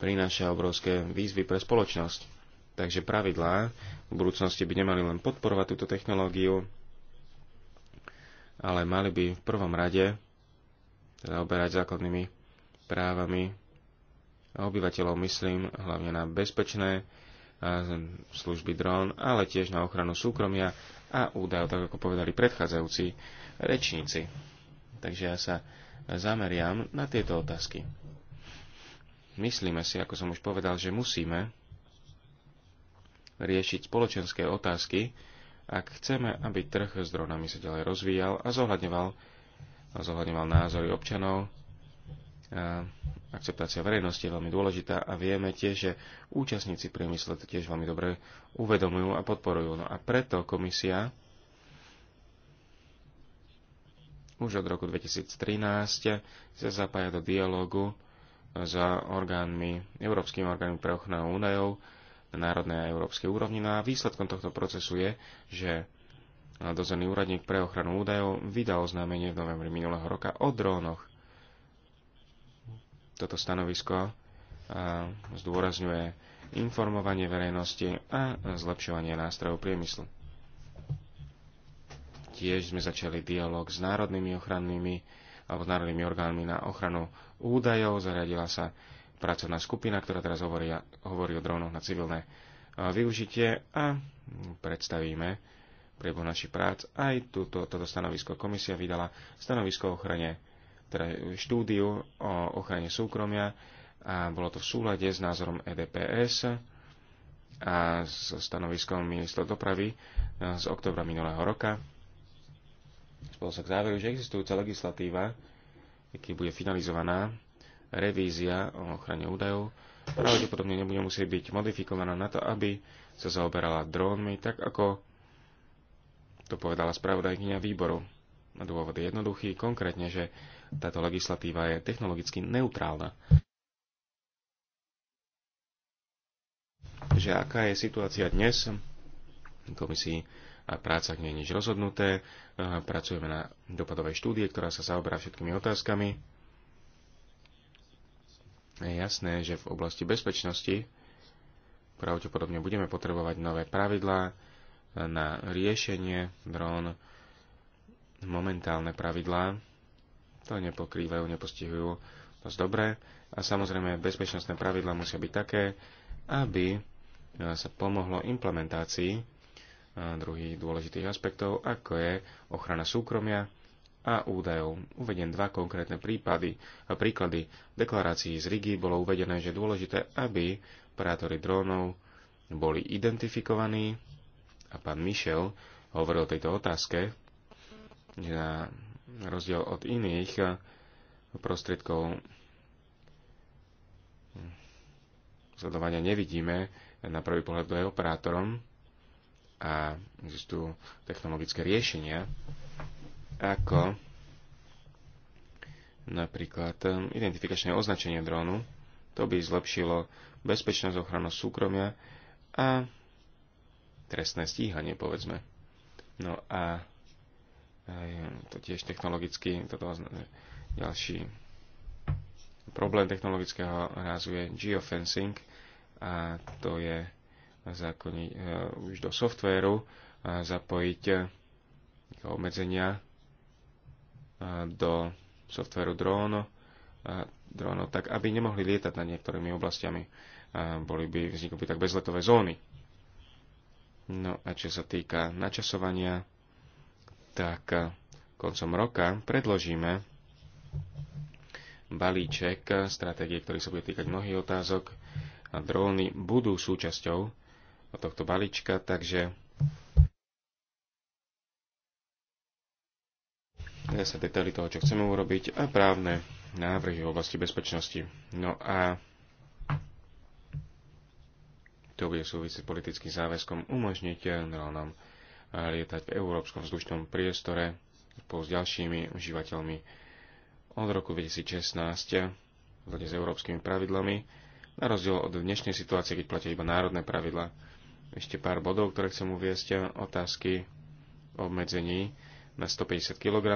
prináša obrovské výzvy pre spoločnosť. Takže pravidlá v budúcnosti by nemali len podporovať túto technológiu, ale mali by v prvom rade zaoberať teda základnými právami obyvateľov, myslím hlavne na bezpečné služby dron, ale tiež na ochranu súkromia a údajov, tak ako povedali predchádzajúci rečníci. Takže ja sa zameriam na tieto otázky. Myslíme si, ako som už povedal, že musíme riešiť spoločenské otázky, ak chceme, aby trh s dronami sa ďalej rozvíjal a zohľadňoval, a zohľadňoval názory občanov, a akceptácia verejnosti je veľmi dôležitá a vieme tiež, že účastníci priemysle to tiež veľmi dobre uvedomujú a podporujú. No a preto komisia už od roku 2013 sa zapája do dialogu za orgánmi, Európskym orgánmi pre ochranu údajov, na národnej a európskej úrovni. No a výsledkom tohto procesu je, že dozorný úradník pre ochranu údajov vydal oznámenie v novembri minulého roka o drónoch. Toto stanovisko zdôrazňuje informovanie verejnosti a zlepšovanie nástrojov priemyslu. Tiež sme začali dialog s národnými ochrannými alebo s národnými orgánmi na ochranu údajov. Zariadila sa pracovná skupina, ktorá teraz hovorí, hovorí o dronoch na civilné eh, využitie a predstavíme priebo našich prác. Aj túto, toto stanovisko komisia vydala stanovisko o ochrane, teda štúdiu o ochrane súkromia a bolo to v súlade s názorom EDPS a so stanoviskom ministra dopravy eh, z oktobra minulého roka. Spolu sa k záveru, že existujúca legislatíva, keď bude finalizovaná revízia o ochrane údajov pravdepodobne nebude musieť byť modifikovaná na to, aby sa zaoberala drónmi, tak ako to povedala spravodajkynia výboru. Na dôvod je jednoduchý, konkrétne, že táto legislatíva je technologicky neutrálna. Že aká je situácia dnes, komisii a práca nie je nič rozhodnuté, pracujeme na dopadovej štúdie, ktorá sa zaoberá všetkými otázkami je jasné, že v oblasti bezpečnosti pravdepodobne budeme potrebovať nové pravidlá na riešenie dron. Momentálne pravidlá to nepokrývajú, nepostihujú dosť dobre a samozrejme bezpečnostné pravidlá musia byť také, aby e, sa pomohlo implementácii e, druhých dôležitých aspektov, ako je ochrana súkromia a údajov. Uvediem dva konkrétne prípady a príklady. V deklarácii z Rigi bolo uvedené, že dôležité, aby operátori drónov boli identifikovaní a pán Michel hovoril o tejto otázke, že na rozdiel od iných prostriedkov sledovania nevidíme na prvý pohľad, kto je operátorom a existujú technologické riešenia, ako napríklad um, identifikačné označenie drónu. To by zlepšilo bezpečnosť, ochranu súkromia a trestné stíhanie, povedzme. No a to tiež technologicky, toto ďalší problém technologického rázu je geofencing a to je zákony, e, už do softvéru zapojiť e, obmedzenia do softveru drónov, drónov, tak aby nemohli lietať nad niektorými oblastiami. Boli by, vznikli by tak bezletové zóny. No a čo sa týka načasovania, tak koncom roka predložíme balíček stratégie, ktorý sa bude týkať mnohých otázok a dróny budú súčasťou tohto balíčka, takže sa detaily toho, čo chceme urobiť a právne návrhy v oblasti bezpečnosti. No a to bude súvisieť s politickým záväzkom umožniť dronom eh, lietať v európskom vzdušnom priestore spolu s ďalšími užívateľmi od roku 2016 vzhľade s európskymi pravidlami, na rozdiel od dnešnej situácie, keď platia iba národné pravidla. Ešte pár bodov, ktoré chcem uviesť, eh, otázky obmedzení na 150 kg.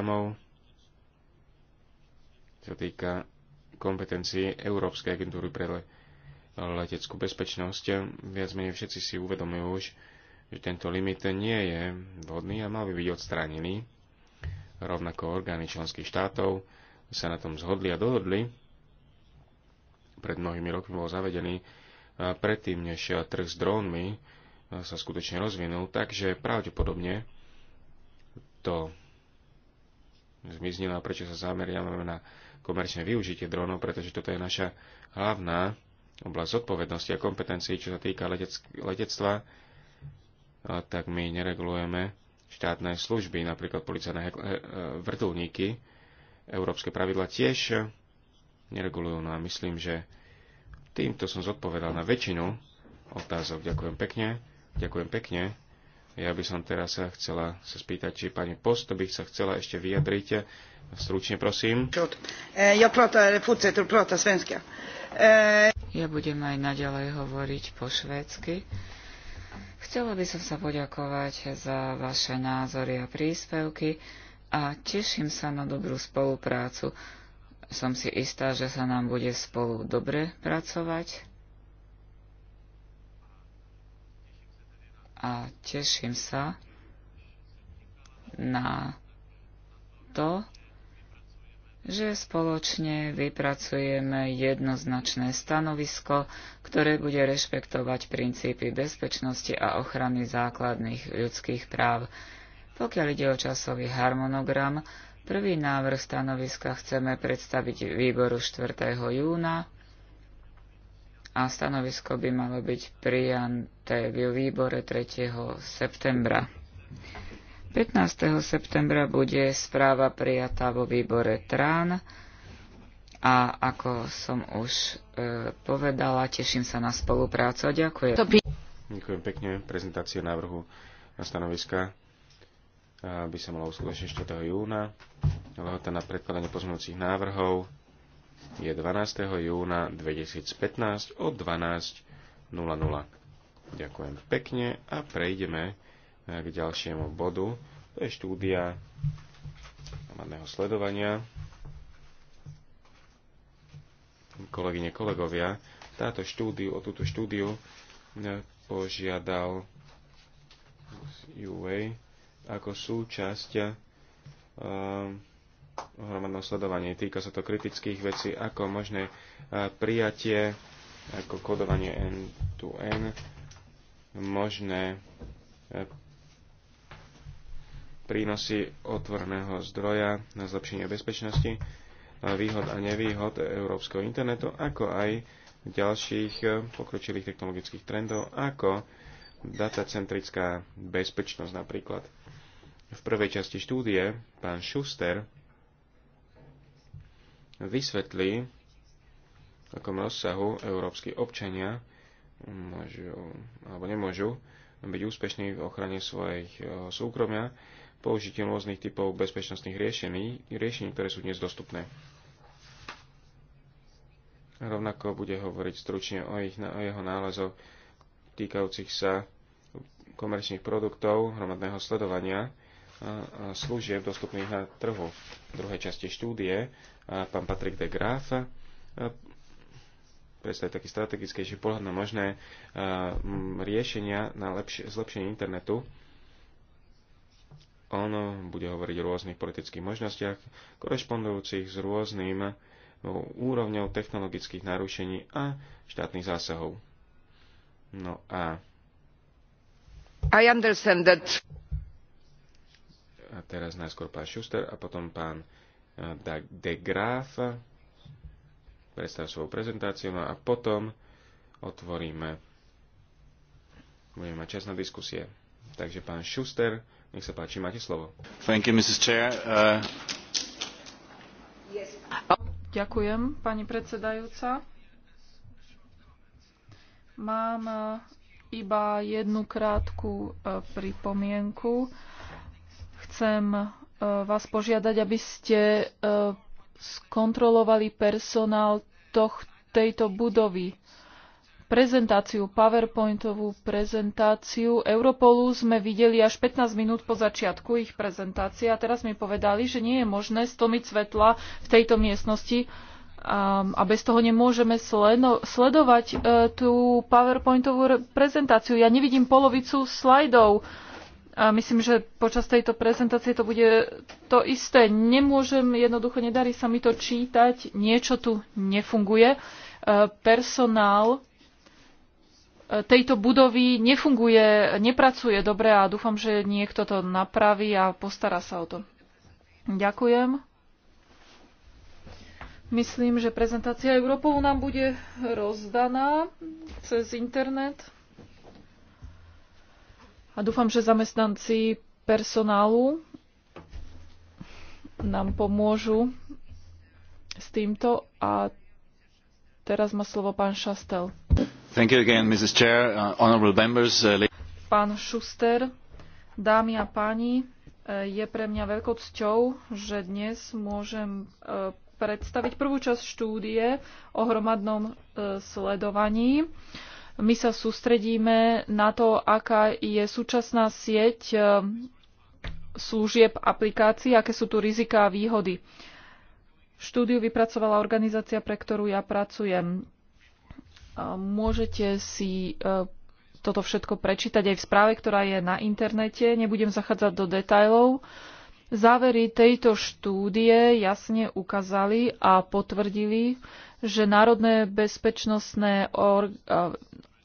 čo týka kompetencií Európskej agentúry pre leteckú bezpečnosť. Viac menej všetci si uvedomujú už, že tento limit nie je vhodný a mal by byť odstránený. Rovnako orgány členských štátov sa na tom zhodli a dohodli. Pred mnohými rokmi bol zavedený predtým, než trh s drónmi sa skutočne rozvinul, takže pravdepodobne to zmiznilo a prečo sa zameriavame na komerčné využitie drónov, pretože toto je naša hlavná oblasť zodpovednosti a kompetencií, čo sa týka letec- letectva, tak my neregulujeme štátne služby, napríklad policajné vrtulníky. Európske pravidla tiež neregulujú. No a myslím, že týmto som zodpovedal na väčšinu otázok. Ďakujem pekne. Ďakujem pekne ja by som teraz sa chcela sa spýtať, či pani Post by sa chcela ešte vyjadriť. Stručne prosím. Eh, eh, ja budem aj naďalej hovoriť po švédsky. Chcela by som sa poďakovať za vaše názory a príspevky a teším sa na dobrú spoluprácu. Som si istá, že sa nám bude spolu dobre pracovať a teším sa na to, že spoločne vypracujeme jednoznačné stanovisko, ktoré bude rešpektovať princípy bezpečnosti a ochrany základných ľudských práv. Pokiaľ ide o časový harmonogram, prvý návrh stanoviska chceme predstaviť výboru 4. júna a stanovisko by malo byť prijaté v výbore 3. septembra. 15. septembra bude správa prijatá vo výbore TRAN a ako som už e, povedala, teším sa na spoluprácu a ďakujem. Ďakujem pekne. Prezentácia návrhu na stanoviska e, by sa mala uskutočniť 4. júna. Lehota na predkladanie pozmeňujúcich návrhov je 12. júna 2015 o 12.00. Ďakujem pekne a prejdeme eh, k ďalšiemu bodu. To je štúdia hromadného sledovania. Kolegyne, kolegovia, táto štúdiu, o túto štúdiu eh, požiadal UA ako súčasť eh, v hromadnom sledovaní. Týka sa to kritických vecí ako možné e, prijatie, ako kodovanie N2N, možné e, prínosy otvorného zdroja na zlepšenie bezpečnosti, e, výhod a nevýhod európskeho internetu, ako aj ďalších pokročilých technologických trendov, ako datacentrická bezpečnosť napríklad. V prvej časti štúdie pán Schuster vysvetlí, v akom rozsahu európsky občania môžu alebo nemôžu byť úspešní v ochrane svojich eh, súkromia použitím rôznych typov bezpečnostných riešení, riešení, ktoré sú dnes dostupné. Rovnako bude hovoriť stručne o, ich, o jeho nálezoch týkajúcich sa komerčných produktov hromadného sledovania, služieb dostupných na trhu. V druhej časti štúdie pán Patrik de Graaf predstaviť taký strategickejší pohľad na možné riešenia na lepšie, zlepšenie internetu. On bude hovoriť o rôznych politických možnostiach, korešpondujúcich s rôznym úrovňou technologických narušení a štátnych zásahov. No a I understand that a teraz najskôr pán Schuster a potom pán eh, De Graaf predstav svoju prezentáciu no a potom otvoríme budeme mať čas na diskusie. Takže pán Schuster, nech sa páči, máte slovo. Thank you, Mrs. Chair. Uh... Ďakujem, pani predsedajúca. Mám eh, iba jednu krátku eh, pripomienku chcem e, vás požiadať, aby ste e, skontrolovali personál toh, tejto budovy. Prezentáciu, PowerPointovú prezentáciu Europolu sme videli až 15 minút po začiatku ich prezentácie a teraz mi povedali, že nie je možné stomiť svetla v tejto miestnosti a bez toho nemôžeme sledovať e, tú PowerPointovú prezentáciu. Ja nevidím polovicu slajdov a myslím, že počas tejto prezentácie to bude to isté. Nemôžem, jednoducho nedarí sa mi to čítať, niečo tu nefunguje. E, personál e, tejto budovy nefunguje, nepracuje dobre a dúfam, že niekto to napraví a postará sa o to. Ďakujem. Myslím, že prezentácia Európou nám bude rozdaná cez internet. A dúfam, že zamestnanci personálu nám pomôžu s týmto. A teraz má slovo pán Šastel. Thank you again, Mrs. Chair, uh, honorable members. Uh, pán Šuster, dámy a páni, uh, je pre mňa veľkou cťou, že dnes môžem uh, predstaviť prvú časť štúdie o hromadnom uh, sledovaní my sa sústredíme na to, aká je súčasná sieť eh, služieb aplikácií, aké sú tu rizika a výhody. Štúdiu vypracovala organizácia, pre ktorú ja pracujem. Môžete si eh, toto všetko prečítať aj v správe, ktorá je na internete. Nebudem zachádzať do detajlov. Závery tejto štúdie jasne ukázali a potvrdili, že národné bezpečnostné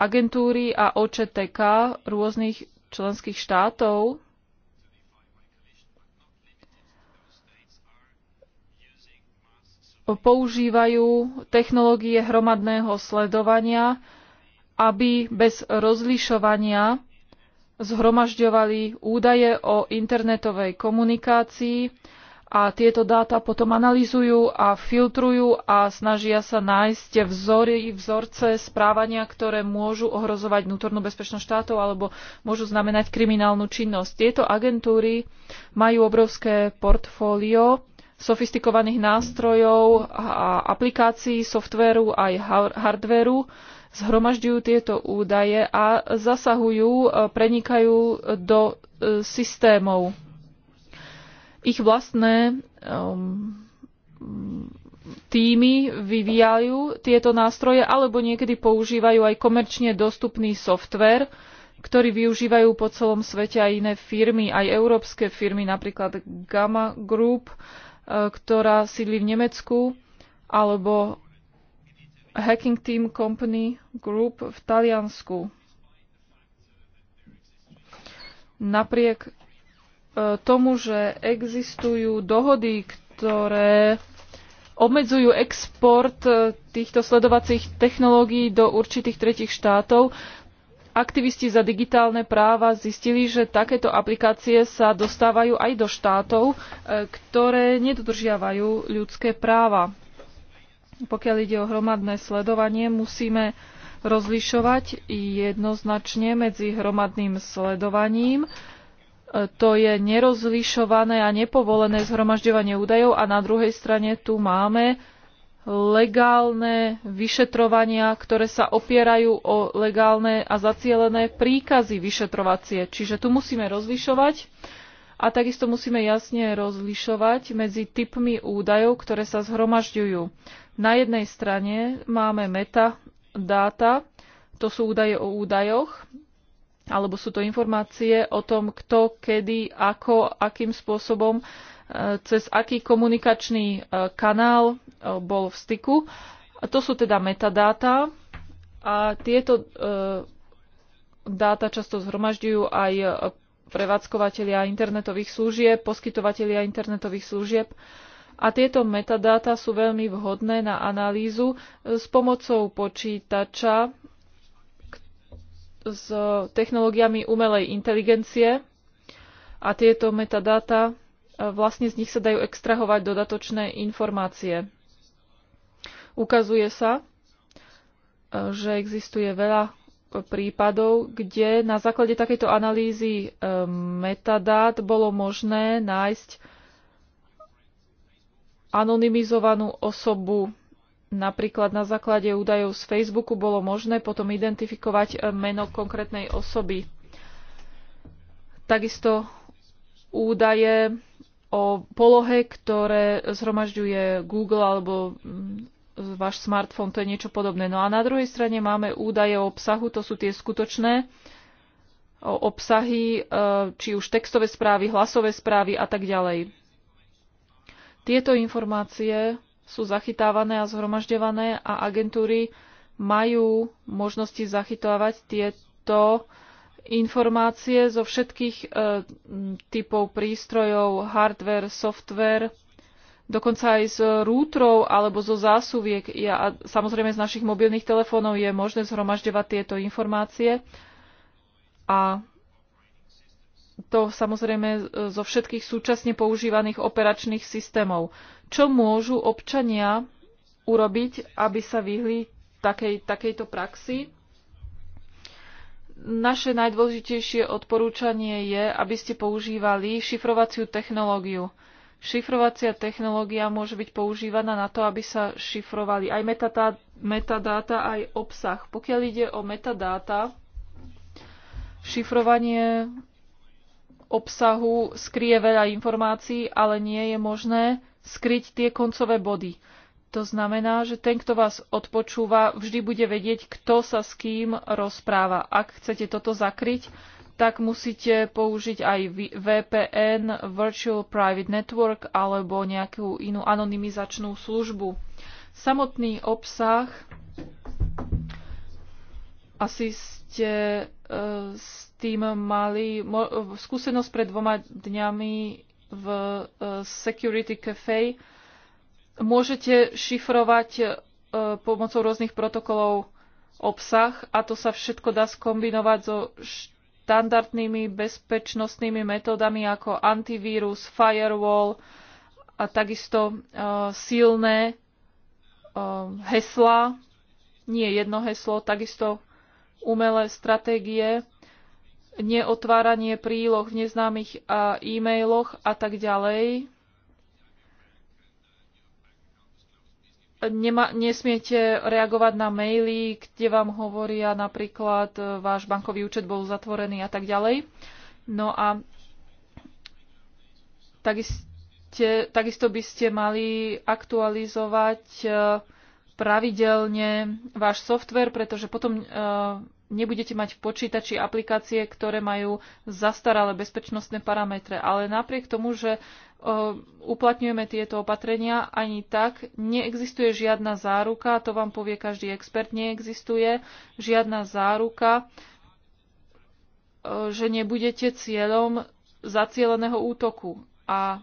agentúry a OČTK rôznych členských štátov používajú technológie hromadného sledovania, aby bez rozlišovania zhromažďovali údaje o internetovej komunikácii a tieto dáta potom analýzujú a filtrujú a snažia sa nájsť vzory, vzorce správania, ktoré môžu ohrozovať vnútornú bezpečnosť štátov alebo môžu znamenať kriminálnu činnosť. Tieto agentúry majú obrovské portfólio sofistikovaných nástrojov a aplikácií, softvéru aj hardvéru, zhromažďujú tieto údaje a zasahujú, e, prenikajú do e, systémov ich vlastné um, týmy vyvíjajú tieto nástroje, alebo niekedy používajú aj komerčne dostupný software, ktorý využívajú po celom svete aj iné firmy, aj európske firmy, napríklad Gamma Group, uh, ktorá sídli v Nemecku, alebo Hacking Team Company Group v Taliansku. Napriek tomu, že existujú dohody, ktoré obmedzujú export e, týchto sledovacích technológií do určitých tretich štátov. Aktivisti za digitálne práva zistili, že takéto aplikácie sa dostávajú aj do štátov, e, ktoré nedodržiavajú ľudské práva. Pokiaľ ide o hromadné sledovanie, musíme rozlišovať jednoznačne medzi hromadným sledovaním, to je nerozlišované a nepovolené zhromažďovanie údajov a na druhej strane tu máme legálne vyšetrovania, ktoré sa opierajú o legálne a zacielené príkazy vyšetrovacie. Čiže tu musíme rozlišovať a takisto musíme jasne rozlišovať medzi typmi údajov, ktoré sa zhromažďujú. Na jednej strane máme metadáta, to sú údaje o údajoch, alebo sú to informácie o tom, kto, kedy, ako, akým spôsobom, e, cez aký komunikačný e, kanál e, bol v styku. To sú teda metadáta a tieto dáta často zhromažďujú aj prevádzkovateľia internetových služieb, poskytovateľia internetových služieb a tieto metadáta sú veľmi vhodné na analýzu s pomocou počítača s technológiami umelej inteligencie a tieto metadáta, e, vlastne z nich sa dajú extrahovať dodatočné informácie. Ukazuje sa, e, že existuje veľa prípadov, kde na základe takejto analýzy e, metadát bolo možné nájsť anonymizovanú osobu Napríklad na základe údajov z Facebooku bolo možné potom identifikovať e, meno konkrétnej osoby. Takisto údaje o polohe, ktoré zhromažďuje Google alebo mm, váš smartfón, to je niečo podobné. No a na druhej strane máme údaje o obsahu, to sú tie skutočné o obsahy, e, či už textové správy, hlasové správy a tak ďalej. Tieto informácie sú zachytávané a zhromažďované a agentúry majú možnosti zachytávať tieto informácie zo všetkých e, typov prístrojov, hardware, software, dokonca aj z rútrov alebo zo zásuviek. Ja, a samozrejme z našich mobilných telefónov je možné zhromažďovať tieto informácie a to samozrejme e, zo všetkých súčasne používaných operačných systémov. Čo môžu občania urobiť, aby sa vyhli takej, takejto praxi? Naše najdôležitejšie odporúčanie je, aby ste používali šifrovaciu technológiu. Šifrovacia technológia môže byť používaná na to, aby sa šifrovali aj metadáta, aj obsah. Pokiaľ ide o metadáta, šifrovanie obsahu skrie veľa informácií, ale nie je možné skryť tie koncové body. To znamená, že ten, kto vás odpočúva, vždy bude vedieť, kto sa s kým rozpráva. Ak chcete toto zakryť, tak musíte použiť aj VPN, Virtual Private Network alebo nejakú inú anonymizačnú službu. Samotný obsah asi ste e, s tým mali skúsenosť pred dvoma dňami v e, Security Cafe. Môžete šifrovať e, pomocou rôznych protokolov obsah a to sa všetko dá skombinovať so štandardnými bezpečnostnými metódami ako antivírus, firewall a takisto silné heslá, nie jedno heslo, takisto umelé stratégie, neotváranie príloh v neznámych e-mailoch a tak ďalej. Nema, nesmiete reagovať na maily, kde vám hovoria napríklad e, váš bankový účet bol zatvorený a tak ďalej. No a takisto, takisto by ste mali aktualizovať uh, pravidelne váš software, pretože potom e, nebudete mať v počítači aplikácie, ktoré majú zastaralé bezpečnostné parametre. Ale napriek tomu, že e, uplatňujeme tieto opatrenia, ani tak neexistuje žiadna záruka, to vám povie každý expert, neexistuje žiadna záruka, e, že nebudete cieľom zacieleného útoku. A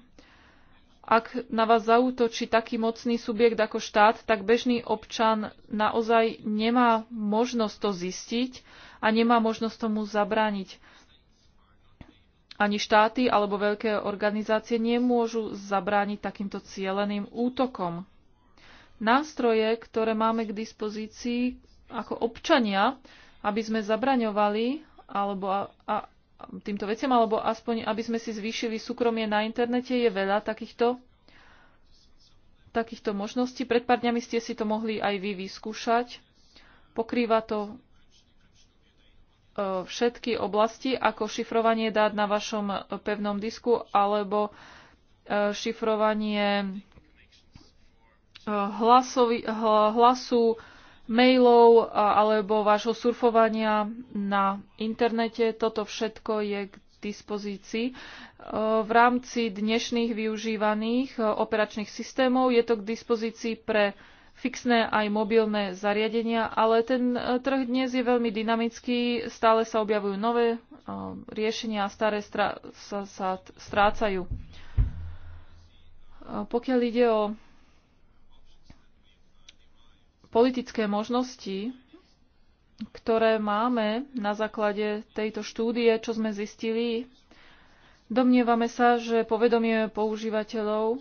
ak na vás zautočí taký mocný subjekt ako štát, tak bežný občan naozaj nemá možnosť to zistiť a nemá možnosť tomu zabrániť. Ani štáty alebo veľké organizácie nemôžu zabrániť takýmto cieleným útokom. Nástroje, ktoré máme k dispozícii ako občania, aby sme zabraňovali alebo a, a, týmto veciam, alebo aspoň, aby sme si zvýšili súkromie na internete. Je veľa takýchto, takýchto možností. Pred pár dňami ste si to mohli aj vy vyskúšať. Pokrýva to e, všetky oblasti, ako šifrovanie dát na vašom e, pevnom disku alebo e, šifrovanie hlasovi, hlasu, mailov alebo vášho surfovania na internete. Toto všetko je k dispozícii. E, v rámci dnešných využívaných e, operačných systémov je to k dispozícii pre fixné aj mobilné zariadenia, ale ten e, trh dnes je veľmi dynamický, stále sa objavujú nové riešenia a staré sa, sa strácajú. Pokiaľ ide o politické možnosti, ktoré máme na základe tejto štúdie, čo sme zistili, domnievame sa, že povedomie používateľov e,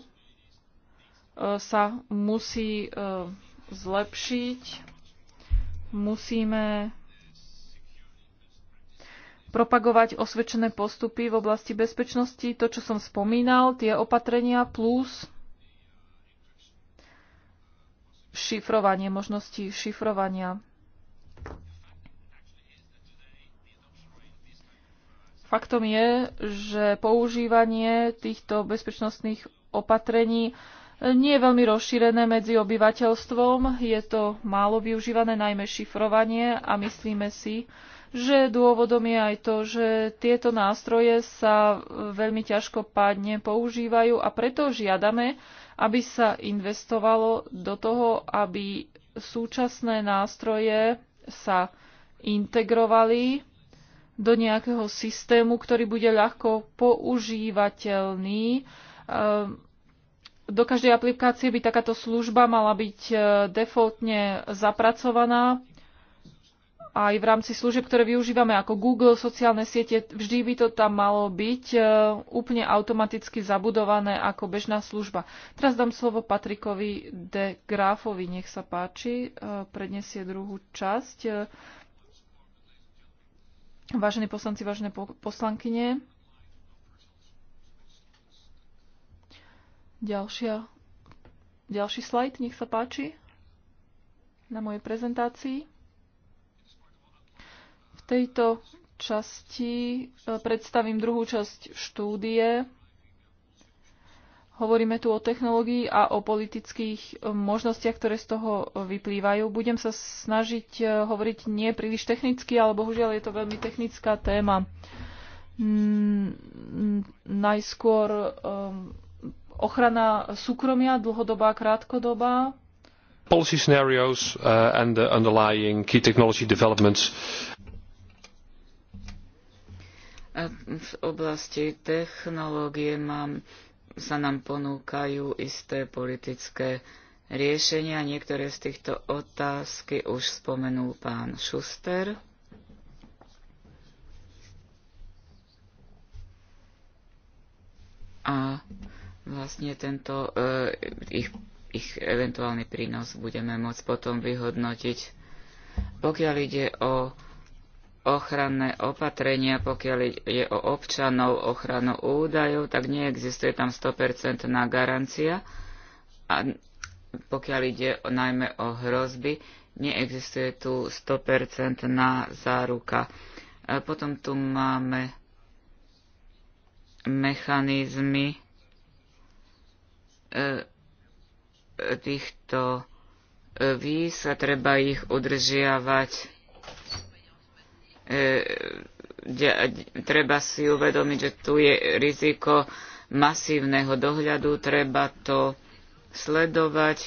sa musí e, zlepšiť. Musíme propagovať osvedčené postupy v oblasti bezpečnosti, to, čo som spomínal, tie opatrenia plus šifrovanie, možnosti šifrovania. Faktom je, že používanie týchto bezpečnostných opatrení nie je veľmi rozšírené medzi obyvateľstvom. Je to málo využívané, najmä šifrovanie a myslíme si, že dôvodom je aj to, že tieto nástroje sa veľmi ťažko pádne používajú a preto žiadame, aby sa investovalo do toho, aby súčasné nástroje sa integrovali do nejakého systému, ktorý bude ľahko používateľný. Ehm, do každej aplikácie by takáto služba mala byť ehm, defaultne zapracovaná aj v rámci služieb, ktoré využívame ako Google, sociálne siete, vždy by to tam malo byť e, úplne automaticky zabudované ako bežná služba. Teraz dám slovo Patrikovi de Gráfovi, nech sa páči, e, predniesie druhú časť. E, vážení poslanci, vážené poslankyne, ďalšia, ďalší slajd, nech sa páči, na mojej prezentácii tejto časti e, predstavím druhú časť štúdie. Hovoríme tu o technológii a o politických e, možnostiach, ktoré z toho vyplývajú. Budem sa snažiť e, hovoriť nie príliš technicky, ale bohužiaľ je to veľmi technická téma. Mm, mm, najskôr ochrana súkromia, dlhodobá, krátkodobá. Policy scenarios and the underlying key technology developments v oblasti technológie mám, sa nám ponúkajú isté politické riešenia. Niektoré z týchto otázky už spomenul pán Šuster. A vlastne tento uh, ich, ich eventuálny prínos budeme môcť potom vyhodnotiť. Pokiaľ ide o ochranné opatrenia, pokiaľ je o občanov ochranu údajov, tak neexistuje tam 100% garancia. A pokiaľ ide o, najmä o hrozby, neexistuje tu 100% záruka. A potom tu máme mechanizmy e, e, týchto e, výs a treba ich udržiavať E, treba si uvedomiť, že tu je riziko masívneho dohľadu, treba to sledovať.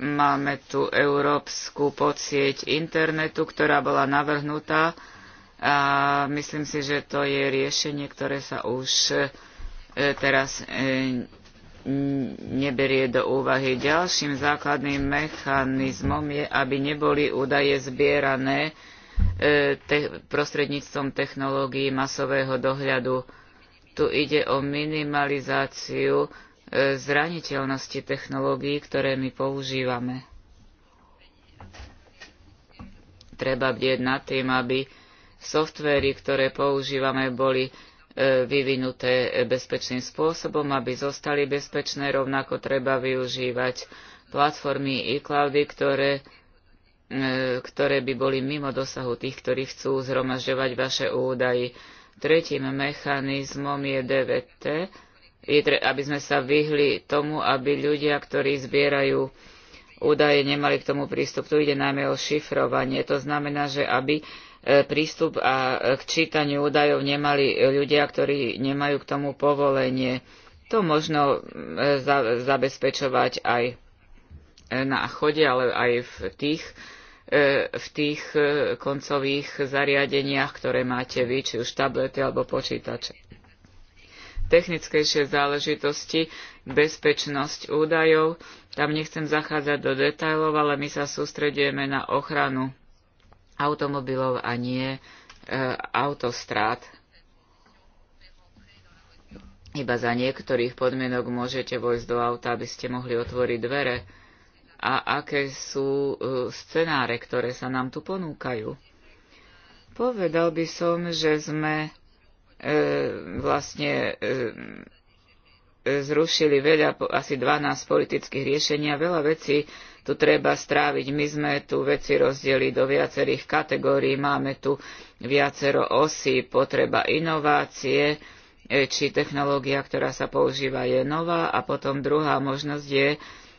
Máme tu európsku podsieť internetu, ktorá bola navrhnutá a myslím si, že to je riešenie, ktoré sa už e, teraz e, neberie do úvahy. Ďalším základným mechanizmom je, aby neboli údaje zbierané E, te- prostredníctvom technológií masového dohľadu. Tu ide o minimalizáciu e, zraniteľnosti technológií, ktoré my používame. Treba bdieť nad tým, aby softvery, ktoré používame, boli e, vyvinuté bezpečným spôsobom, aby zostali bezpečné. Rovnako treba využívať platformy e-cloudy, ktoré E, ktoré by boli mimo dosahu tých, ktorí chcú zhromažďovať vaše údaje. Tretím mechanizmom je DVT, je, aby sme sa vyhli tomu, aby ľudia, ktorí zbierajú údaje, nemali k tomu prístup. Tu ide najmä o šifrovanie. To znamená, že aby e, prístup a e, k čítaniu údajov nemali ľudia, ktorí nemajú k tomu povolenie. To možno zabezpečovať aj na chode, ale aj v tých E, v tých e, koncových zariadeniach, ktoré máte vy, či už tablety alebo počítače. Technickejšie záležitosti, bezpečnosť údajov, tam nechcem zachádzať do detajlov, ale my sa sústredujeme na ochranu automobilov a nie e, autostrát. Iba za niektorých podmienok môžete vojsť do auta, aby ste mohli otvoriť dvere a aké sú e, scenáre, ktoré sa nám tu ponúkajú. Povedal by som, že sme e, vlastne e, e zrušili veľa, asi 12 politických riešení a veľa vecí tu treba stráviť. My sme tu veci rozdeli do viacerých kategórií, máme tu viacero osí, potreba inovácie, e, či technológia, ktorá sa používa, je nová a potom druhá možnosť je,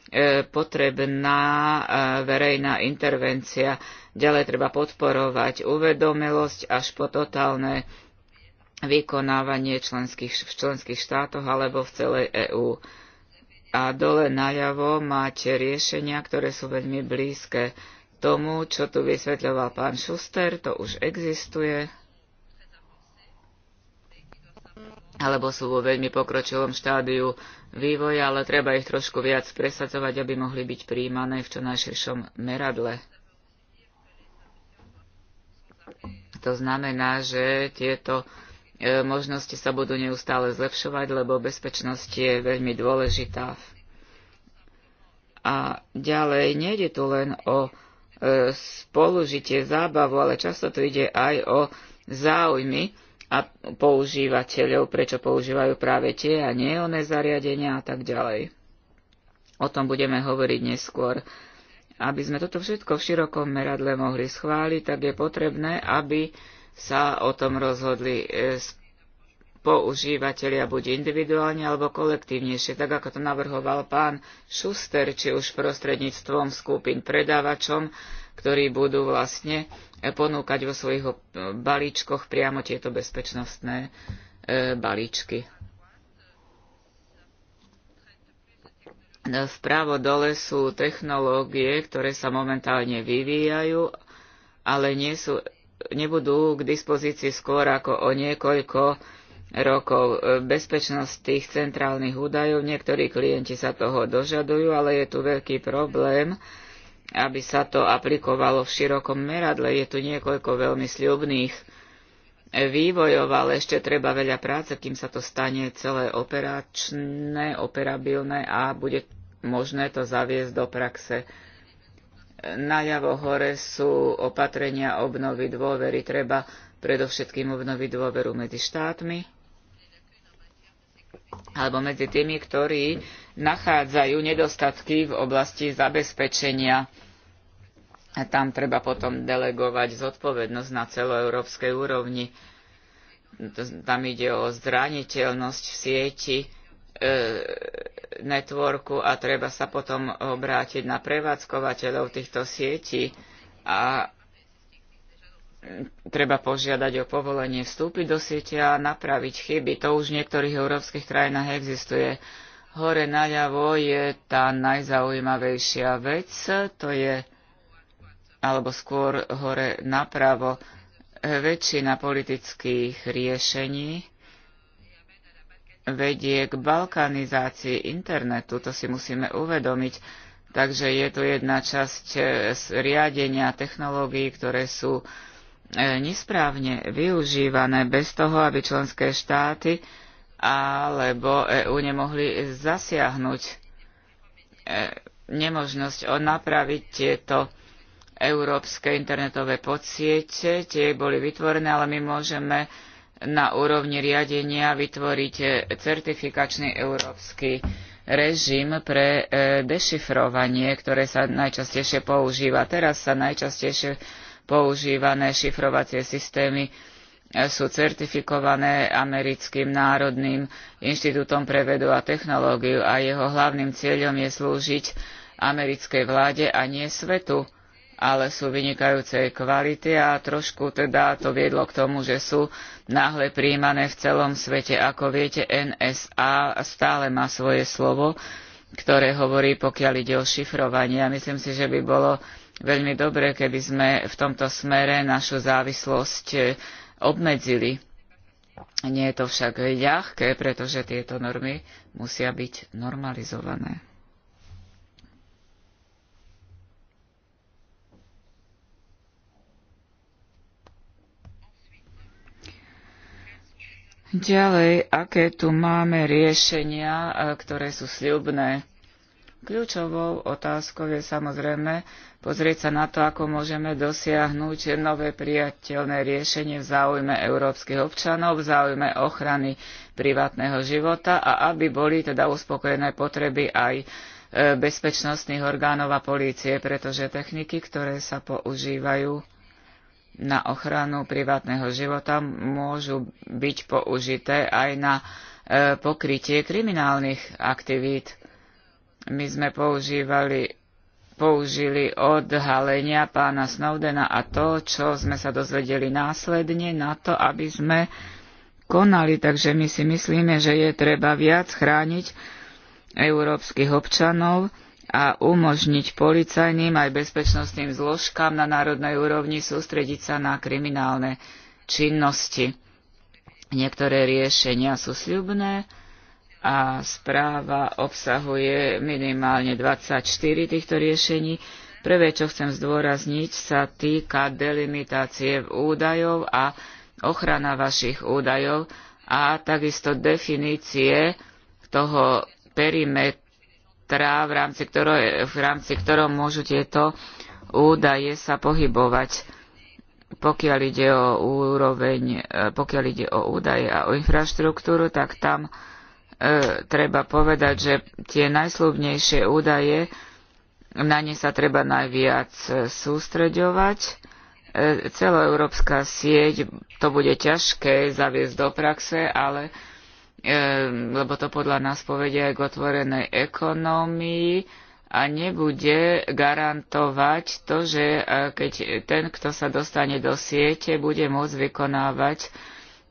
E, potrebná e, verejná intervencia. Ďalej treba podporovať uvedomilosť až po totálne vykonávanie členských, v členských štátoch alebo v celej EÚ. A dole naľavo máte riešenia, ktoré sú veľmi blízke tomu, čo tu vysvetľoval pán Šuster, to už existuje. alebo sú vo veľmi pokročilom štádiu vývoja, ale treba ich trošku viac presadzovať, aby mohli byť príjmané v čo najširšom meradle. To znamená, že tieto e, možnosti sa budú neustále zlepšovať, lebo bezpečnosť je veľmi dôležitá. A ďalej nejde tu len o e, spolužitie, zábavu, ale často tu ide aj o záujmy, a používateľov, prečo používajú práve tie a nie oné zariadenia a tak ďalej. O tom budeme hovoriť neskôr. Aby sme toto všetko v širokom meradle mohli schváliť, tak je potrebné, aby sa o tom rozhodli e, používateľia buď individuálne alebo kolektívnejšie, tak ako to navrhoval pán Šuster, či už prostredníctvom skupín predávačom, ktorí budú vlastne eh, ponúkať vo svojich eh, balíčkoch priamo tieto bezpečnostné eh, balíčky. No, vpravo dole sú technológie, ktoré sa momentálne vyvíjajú, ale nie sú, nebudú k dispozícii skôr ako o niekoľko rokov. Bezpečnosť tých centrálnych údajov, niektorí klienti sa toho dožadujú, ale je tu veľký problém, aby sa to aplikovalo v širokom meradle. Je tu niekoľko veľmi sľubných vývojov, ale ešte treba veľa práce, kým sa to stane celé operačné, operabilné a bude možné to zaviesť do praxe. ľavo hore sú opatrenia obnovy dôvery. Treba predovšetkým obnoviť dôveru medzi štátmi alebo medzi tými, ktorí nachádzajú nedostatky v oblasti zabezpečenia. A tam treba potom delegovať zodpovednosť na celoeurópskej úrovni. Tam ide o zraniteľnosť v sieti, e, networku a treba sa potom obrátiť na prevádzkovateľov týchto sietí a treba požiadať o povolenie vstúpiť do siete a napraviť chyby. To už v niektorých európskych krajinách existuje. Hore naľavo je tá najzaujímavejšia vec, to je, alebo skôr hore napravo, väčšina politických riešení vedie k balkanizácii internetu, to si musíme uvedomiť. Takže je to jedna časť e, riadenia technológií, ktoré sú E, nesprávne využívané bez toho, aby členské štáty alebo EÚ nemohli zasiahnuť e, nemožnosť napraviť tieto európske internetové podsiete. Tie boli vytvorené, ale my môžeme na úrovni riadenia vytvoriť certifikačný európsky režim pre e, dešifrovanie, ktoré sa najčastejšie používa. Teraz sa najčastejšie používané šifrovacie systémy e, sú certifikované americkým národným inštitútom pre vedu a technológiu a jeho hlavným cieľom je slúžiť americkej vláde a nie svetu, ale sú vynikajúcej kvality a trošku teda to viedlo k tomu, že sú náhle príjmané v celom svete. Ako viete, NSA stále má svoje slovo, ktoré hovorí, pokiaľ ide o šifrovanie. A myslím si, že by bolo veľmi dobre, keby sme v tomto smere našu závislosť e, obmedzili. Nie je to však ľahké, pretože tieto normy musia byť normalizované. Ďalej, aké tu máme riešenia, e, ktoré sú sľubné? Kľúčovou otázkou je samozrejme pozrieť sa na to, ako môžeme dosiahnuť nové priateľné riešenie v záujme európskych občanov, v záujme ochrany privátneho života a aby boli teda uspokojené potreby aj e, bezpečnostných orgánov a polície, pretože techniky, ktoré sa používajú na ochranu privátneho života, môžu byť použité aj na e, pokrytie kriminálnych aktivít. My sme používali použili odhalenia pána Snowdena a to, čo sme sa dozvedeli následne na to, aby sme konali. Takže my si myslíme, že je treba viac chrániť európskych občanov a umožniť policajným aj bezpečnostným zložkám na národnej úrovni sústrediť sa na kriminálne činnosti. Niektoré riešenia sú sľubné, a správa obsahuje minimálne 24 týchto riešení. Prvé, čo chcem zdôrazniť, sa týka delimitácie údajov a ochrana vašich údajov a takisto definície toho perimetra, v rámci, ktorého, v rámci ktorom môžu tieto údaje sa pohybovať, pokiaľ ide o úroveň, pokiaľ ide o údaje a o infraštruktúru, tak tam E, treba povedať, že tie najslúbnejšie údaje, na ne sa treba najviac e, sústreďovať. E, celoeurópska sieť, to bude ťažké zaviesť do praxe, ale lebo to podľa nás povedia aj k otvorenej ekonomii a nebude garantovať to, že keď ten, kto sa dostane do siete, bude môcť vykonávať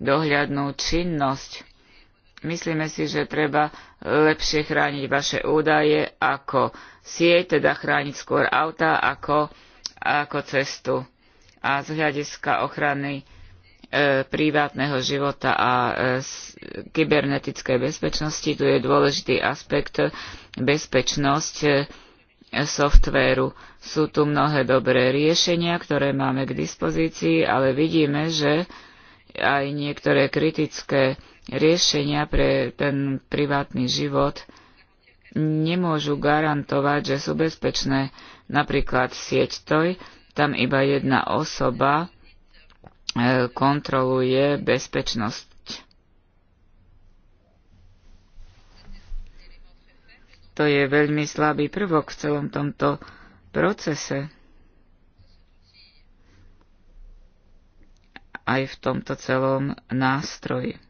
dohľadnú činnosť Myslíme si, že treba lepšie chrániť vaše údaje ako sieť, teda chrániť skôr auta ako, ako cestu. A z hľadiska ochrany e, privátneho života a e, kybernetickej bezpečnosti. Tu je dôležitý aspekt e, bezpečnosť e, softvéru. Sú tu mnohé dobré riešenia, ktoré máme k dispozícii, ale vidíme, že aj niektoré kritické riešenia pre ten privátny život nemôžu garantovať, že sú bezpečné. Napríklad sieť TOJ, tam iba jedna osoba e, kontroluje bezpečnosť. To je veľmi slabý prvok v celom tomto procese. Aj v tomto celom nástroji.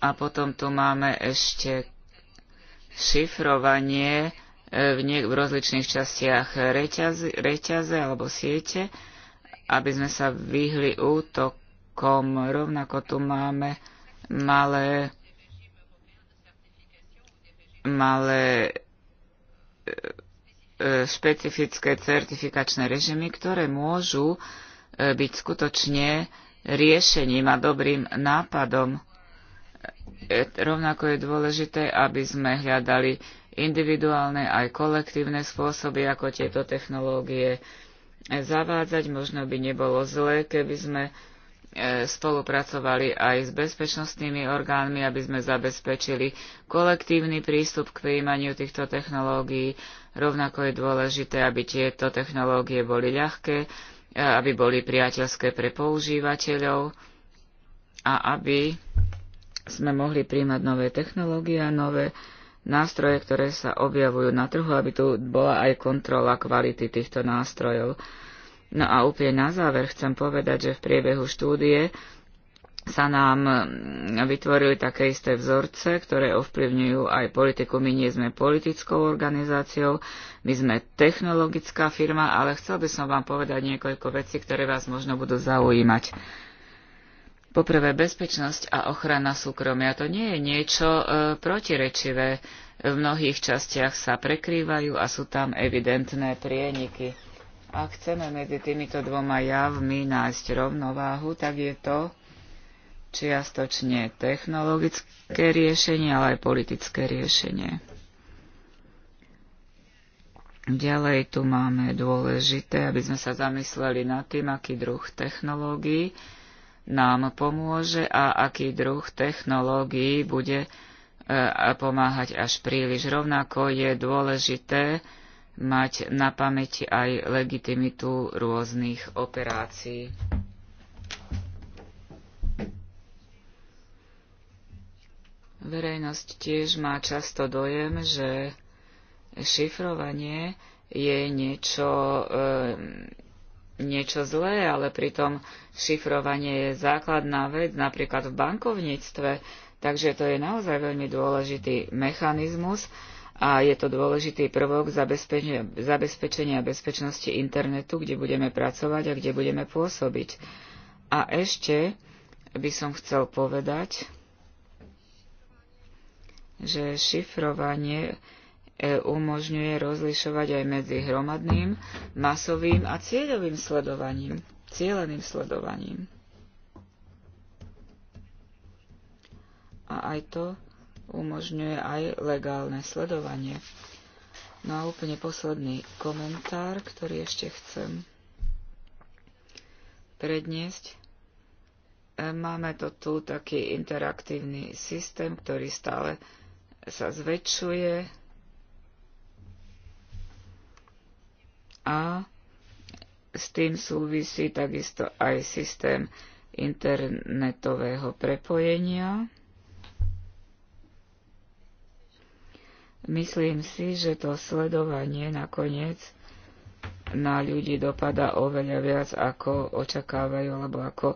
A potom tu máme ešte šifrovanie e, v, nie, v rozličných častiach reťaze, reťaze alebo siete, aby sme sa vyhli útokom. Rovnako tu máme malé, malé e, e, špecifické certifikačné režimy, ktoré môžu byť skutočne riešením a dobrým nápadom. Rovnako je dôležité, aby sme hľadali individuálne aj kolektívne spôsoby, ako tieto technológie e, zavádzať. Možno by nebolo zlé, keby sme e, spolupracovali aj s bezpečnostnými orgánmi, aby sme zabezpečili kolektívny prístup k príjmaniu týchto technológií. Rovnako je dôležité, aby tieto technológie boli ľahké, e, aby boli priateľské pre používateľov a aby sme mohli príjmať nové technológie a nové nástroje, ktoré sa objavujú na trhu, aby tu bola aj kontrola kvality týchto nástrojov. No a úplne na záver chcem povedať, že v priebehu štúdie sa nám vytvorili také isté vzorce, ktoré ovplyvňujú aj politiku. My nie sme politickou organizáciou, my sme technologická firma, ale chcel by som vám povedať niekoľko vecí, ktoré vás možno budú zaujímať. Poprvé, bezpečnosť a ochrana súkromia to nie je niečo e, protirečivé. V mnohých častiach sa prekrývajú a sú tam evidentné prieniky. Ak chceme medzi týmito dvoma javmi nájsť rovnováhu, tak je to čiastočne technologické riešenie, ale aj politické riešenie. Ďalej tu máme dôležité, aby sme sa zamysleli nad tým, aký druh technológií nám pomôže a aký druh technológií bude e, pomáhať až príliš. Rovnako je dôležité mať na pamäti aj legitimitu rôznych operácií. Verejnosť tiež má často dojem, že šifrovanie je niečo e, niečo zlé, ale pritom šifrovanie je základná vec napríklad v bankovníctve, takže to je naozaj veľmi dôležitý mechanizmus a je to dôležitý prvok zabezpečenia, zabezpečenia bezpečnosti internetu, kde budeme pracovať a kde budeme pôsobiť. A ešte by som chcel povedať, že šifrovanie E umožňuje rozlišovať aj medzi hromadným, masovým a cieľovým sledovaním, cieľeným sledovaním. A aj to umožňuje aj legálne sledovanie. No a úplne posledný komentár, ktorý ešte chcem predniesť. E, máme to tu taký interaktívny systém, ktorý stále sa zväčšuje, a s tým súvisí takisto aj systém internetového prepojenia. Myslím si, že to sledovanie nakoniec na ľudí dopada oveľa viac, ako očakávajú, alebo ako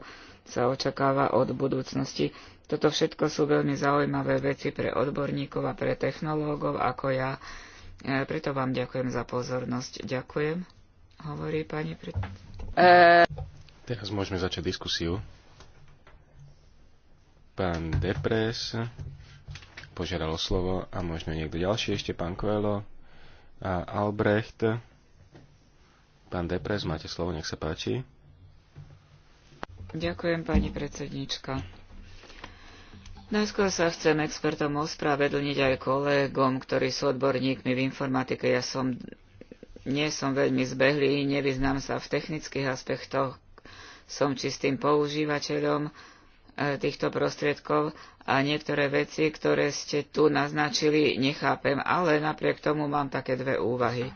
sa očakáva od budúcnosti. Toto všetko sú veľmi zaujímavé veci pre odborníkov a pre technológov, ako ja E, preto vám ďakujem za pozornosť. Ďakujem, hovorí pani pred... E. Teraz môžeme začať diskusiu. Pán Depres požiadal o slovo a možno niekto ďalší, ešte pán Coelho a Albrecht. Pán Depres, máte slovo, nech sa páči. Ďakujem, pani predsednička. Najskôr sa chcem expertom ospravedlniť aj kolegom, ktorí sú odborníkmi v informatike. Ja som, nie som veľmi zbehlý, nevyznám sa v technických aspektoch, som čistým používateľom e, týchto prostriedkov a niektoré veci, ktoré ste tu naznačili, nechápem, ale napriek tomu mám také dve úvahy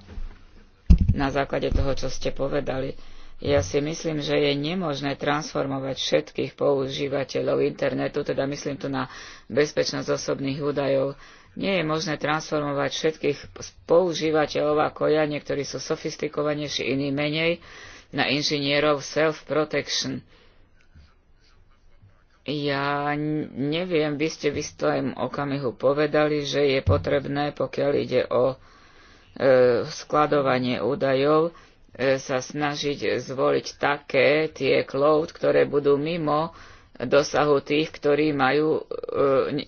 na základe toho, čo ste povedali ja si myslím, že je nemožné transformovať všetkých používateľov internetu, teda myslím tu na bezpečnosť osobných údajov. Nie je možné transformovať všetkých používateľov ako ja, niektorí sú sofistikovanejší, iní menej, na inžinierov self-protection. Ja neviem, vy ste v istom okamihu povedali, že je potrebné, pokiaľ ide o e, skladovanie údajov, E, sa snažiť zvoliť také tie cloud, ktoré budú mimo dosahu tých, ktorí majú e,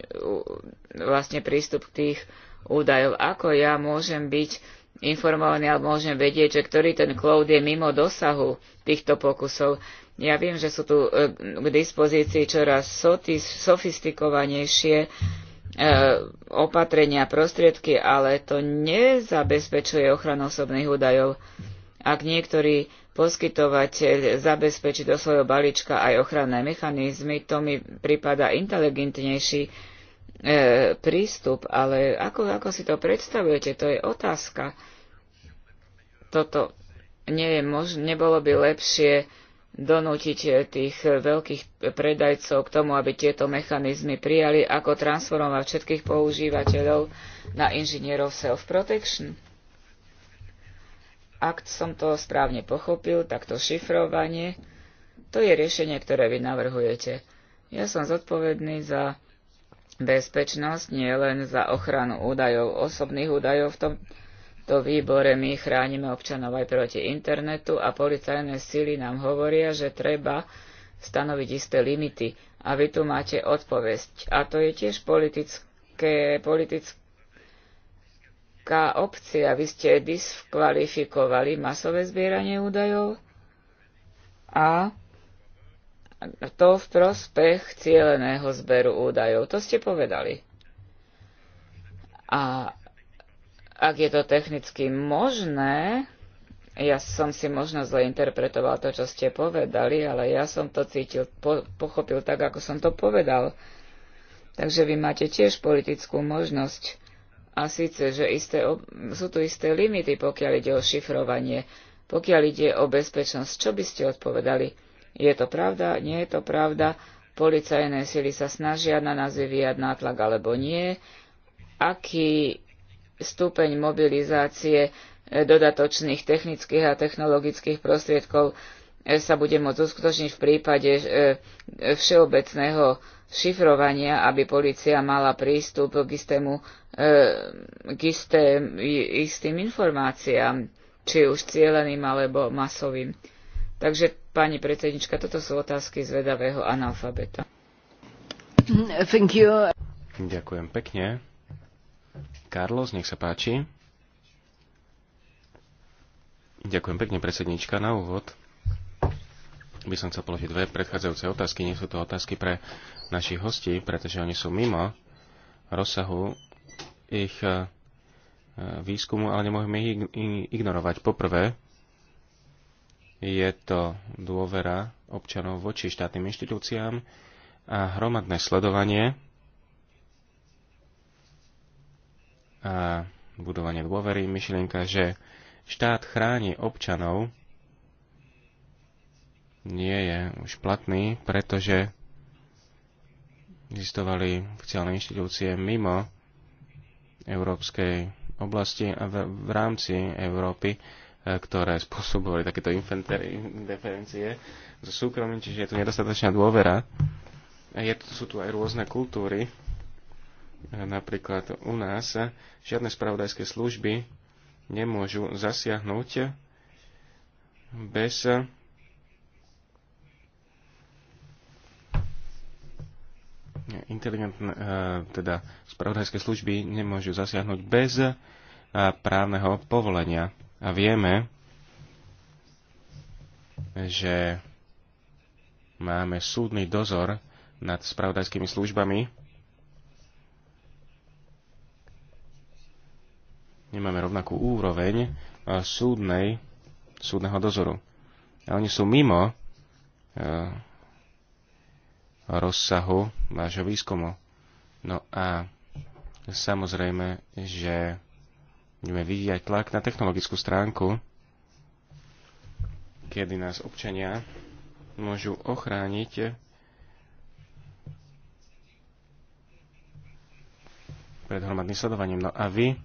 vlastne prístup k tých údajov. Ako ja môžem byť informovaný alebo môžem vedieť, že ktorý ten cloud je mimo dosahu týchto pokusov. Ja viem, že sú tu e, k dispozícii čoraz sofistikovanejšie opatrenia, prostriedky, ale to nezabezpečuje ochranu osobných údajov. Ak niektorý poskytovateľ zabezpečí do svojho balíčka aj ochranné mechanizmy, to mi prípada inteligentnejší e, prístup, ale ako, ako si to predstavujete, to je otázka. Toto nie je mož- nebolo by lepšie donútiť tých veľkých predajcov k tomu, aby tieto mechanizmy prijali, ako transformovať všetkých používateľov na inžinierov self-protection. Ak som to správne pochopil, tak to šifrovanie, to je riešenie, ktoré vy navrhujete. Ja som zodpovedný za bezpečnosť, nie len za ochranu údajov, osobných údajov. V tomto výbore my chránime občanov aj proti internetu a policajné sily nám hovoria, že treba stanoviť isté limity. A vy tu máte odpovesť. A to je tiež politické, politické Aká opcia. Vy ste diskvalifikovali masové zbieranie údajov a to v prospech cieleného zberu údajov. To ste povedali. A ak je to technicky možné, ja som si možno zle interpretoval to, čo ste povedali, ale ja som to cítil, po, pochopil tak, ako som to povedal. Takže vy máte tiež politickú možnosť a síce, že isté, sú tu isté limity, pokiaľ ide o šifrovanie, pokiaľ ide o bezpečnosť. Čo by ste odpovedali? Je to pravda? Nie je to pravda? Policajné sily sa snažia na nás vyvíjať nátlak alebo nie? Aký stupeň mobilizácie e, dodatočných technických a technologických prostriedkov E, sa bude môcť uskutočniť v prípade e, e, všeobecného šifrovania, aby policia mala prístup k, istému, k istém, istým informáciám, či už cieleným alebo masovým. Takže, pani predsednička, toto sú otázky zvedavého analfabeta. Thank you. Ďakujem pekne. Carlos, nech sa páči. Ďakujem pekne, predsednička, na úvod by som chcel položiť dve predchádzajúce otázky. Nie sú to otázky pre našich hostí, pretože oni sú mimo rozsahu ich e, výskumu, ale nemôžeme ich ignorovať. Poprvé, je to dôvera občanov voči štátnym inštitúciám a hromadné sledovanie a budovanie dôvery, myšlienka, že štát chráni občanov nie je už platný, pretože existovali oficiálne inštitúcie mimo európskej oblasti a v, v rámci Európy, e, ktoré spôsobovali takéto interferencie so súkromím, čiže je tu nedostatočná dôvera. Je, sú tu aj rôzne kultúry, e, napríklad u nás žiadne spravodajské služby nemôžu zasiahnuť bez inteligentné, e, teda spravodajské služby nemôžu zasiahnuť bez e, právneho povolenia. A vieme, že máme súdny dozor nad spravodajskými službami. Nemáme rovnakú úroveň e, súdnej, súdneho dozoru. A oni sú mimo rozsahu vášho výskumu. No a samozrejme, že budeme vyvíjať tlak na technologickú stránku, kedy nás občania môžu ochrániť pred hromadným sledovaním. No a vy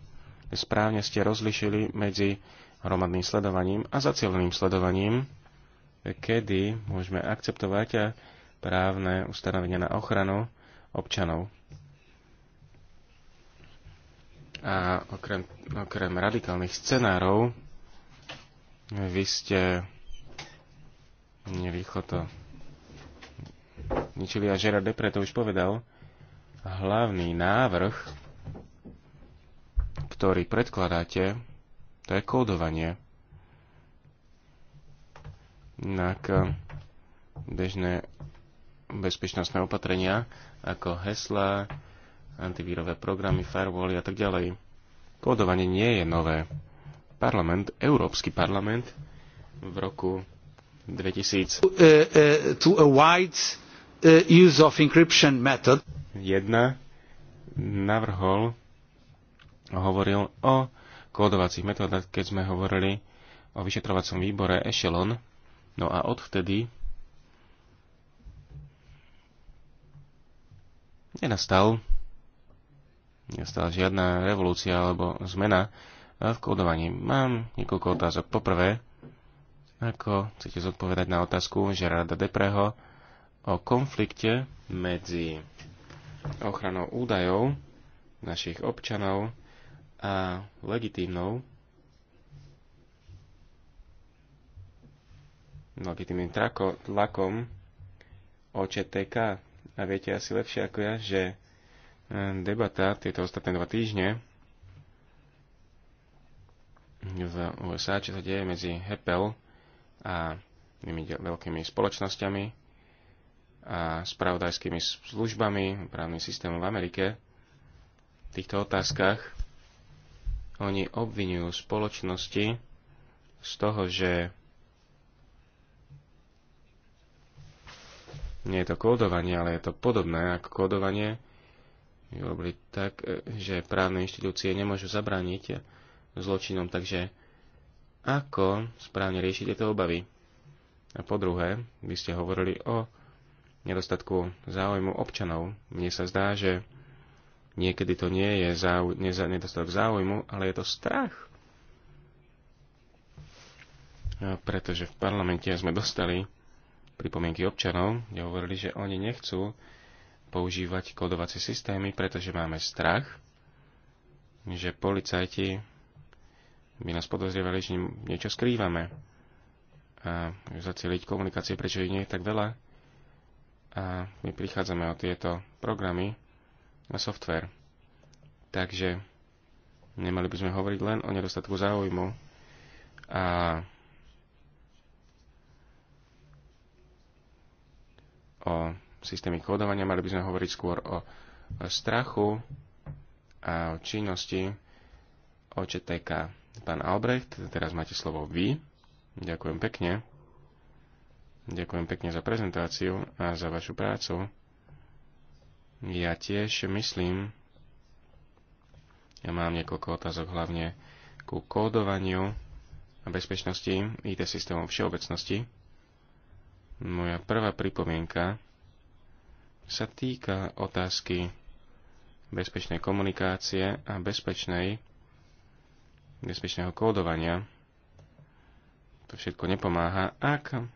správne ste rozlišili medzi hromadným sledovaním a zacieleným sledovaním, kedy môžeme akceptovať právne ustanovenia na ochranu občanov. A okrem, okrem radikálnych scenárov, vy ste nerýchlo to ničili a Žera Depre to už povedal, hlavný návrh, ktorý predkladáte, to je kódovanie. Inak eh, bežné bezpečnostné opatrenia ako hesla, antivírové programy, firewally a tak ďalej. Kódovanie nie je nové. Parlament, Európsky parlament v roku 2000 uh, uh, to a wide eh, use of encryption method navrhol hovoril o kódovacích metodách, keď sme hovorili o vyšetrovacom výbore Echelon. No a odvtedy nenastal, nenastala žiadna revolúcia alebo zmena v kódovaní. Mám niekoľko otázok. Poprvé, ako chcete zodpovedať na otázku Žerada Depreho o konflikte medzi ochranou údajov našich občanov a legitímnou legitímnym tlakom OČTK a viete asi lepšie ako ja, že e, debata tieto ostatné dva týždne v USA, čo sa deje medzi Hepel a tými veľkými spoločnosťami a spravodajskými službami, právnym systémom v Amerike, v týchto otázkach oni obvinujú spoločnosti z toho, že nie je to kódovanie, ale je to podobné ako kódovanie, robili tak, e, že právne inštitúcie nemôžu zabrániť zločinom, takže ako správne riešiť tieto obavy? A po druhé, vy ste hovorili o nedostatku záujmu občanov. Mne sa zdá, že niekedy to nie je záu- nie za nedostatok záujmu, ale je to strach. A pretože v parlamente sme dostali pripomienky občanov, kde hovorili, že oni nechcú používať kodovacie systémy, pretože máme strach, že policajti by nás podozrievali, že niečo skrývame. A zacieliť komunikácie, prečo ich nie je tak veľa. A my prichádzame o tieto programy a software. Takže nemali by sme hovoriť len o nedostatku záujmu a o systémy kódovania, mali by sme hovoriť skôr o strachu a o činnosti ČTK. Pán Albrecht, teraz máte slovo vy. Ďakujem pekne. Ďakujem pekne za prezentáciu a za vašu prácu. Ja tiež myslím, ja mám niekoľko otázok hlavne ku kódovaniu a bezpečnosti IT systémov všeobecnosti. Moja prvá pripomienka sa týka otázky bezpečnej komunikácie a bezpečnej, bezpečného kódovania. To všetko nepomáha, ak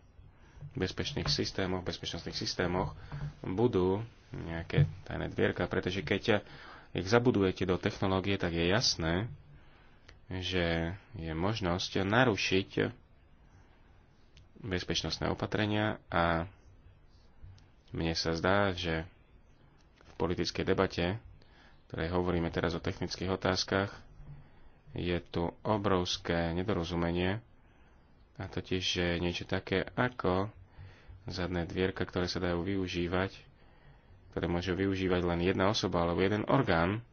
v bezpečných systémoch, bezpečnostných systémoch budú nejaké tajné dvierka, pretože keď ich zabudujete do technológie, tak je jasné, že je možnosť narušiť bezpečnostné opatrenia a mne sa zdá, že v politickej debate, ktorej hovoríme teraz o technických otázkach, je tu obrovské nedorozumenie, a totiž, že niečo také ako zadné dvierka, ktoré sa dajú využívať, ktoré môže využívať len jedna osoba alebo jeden orgán,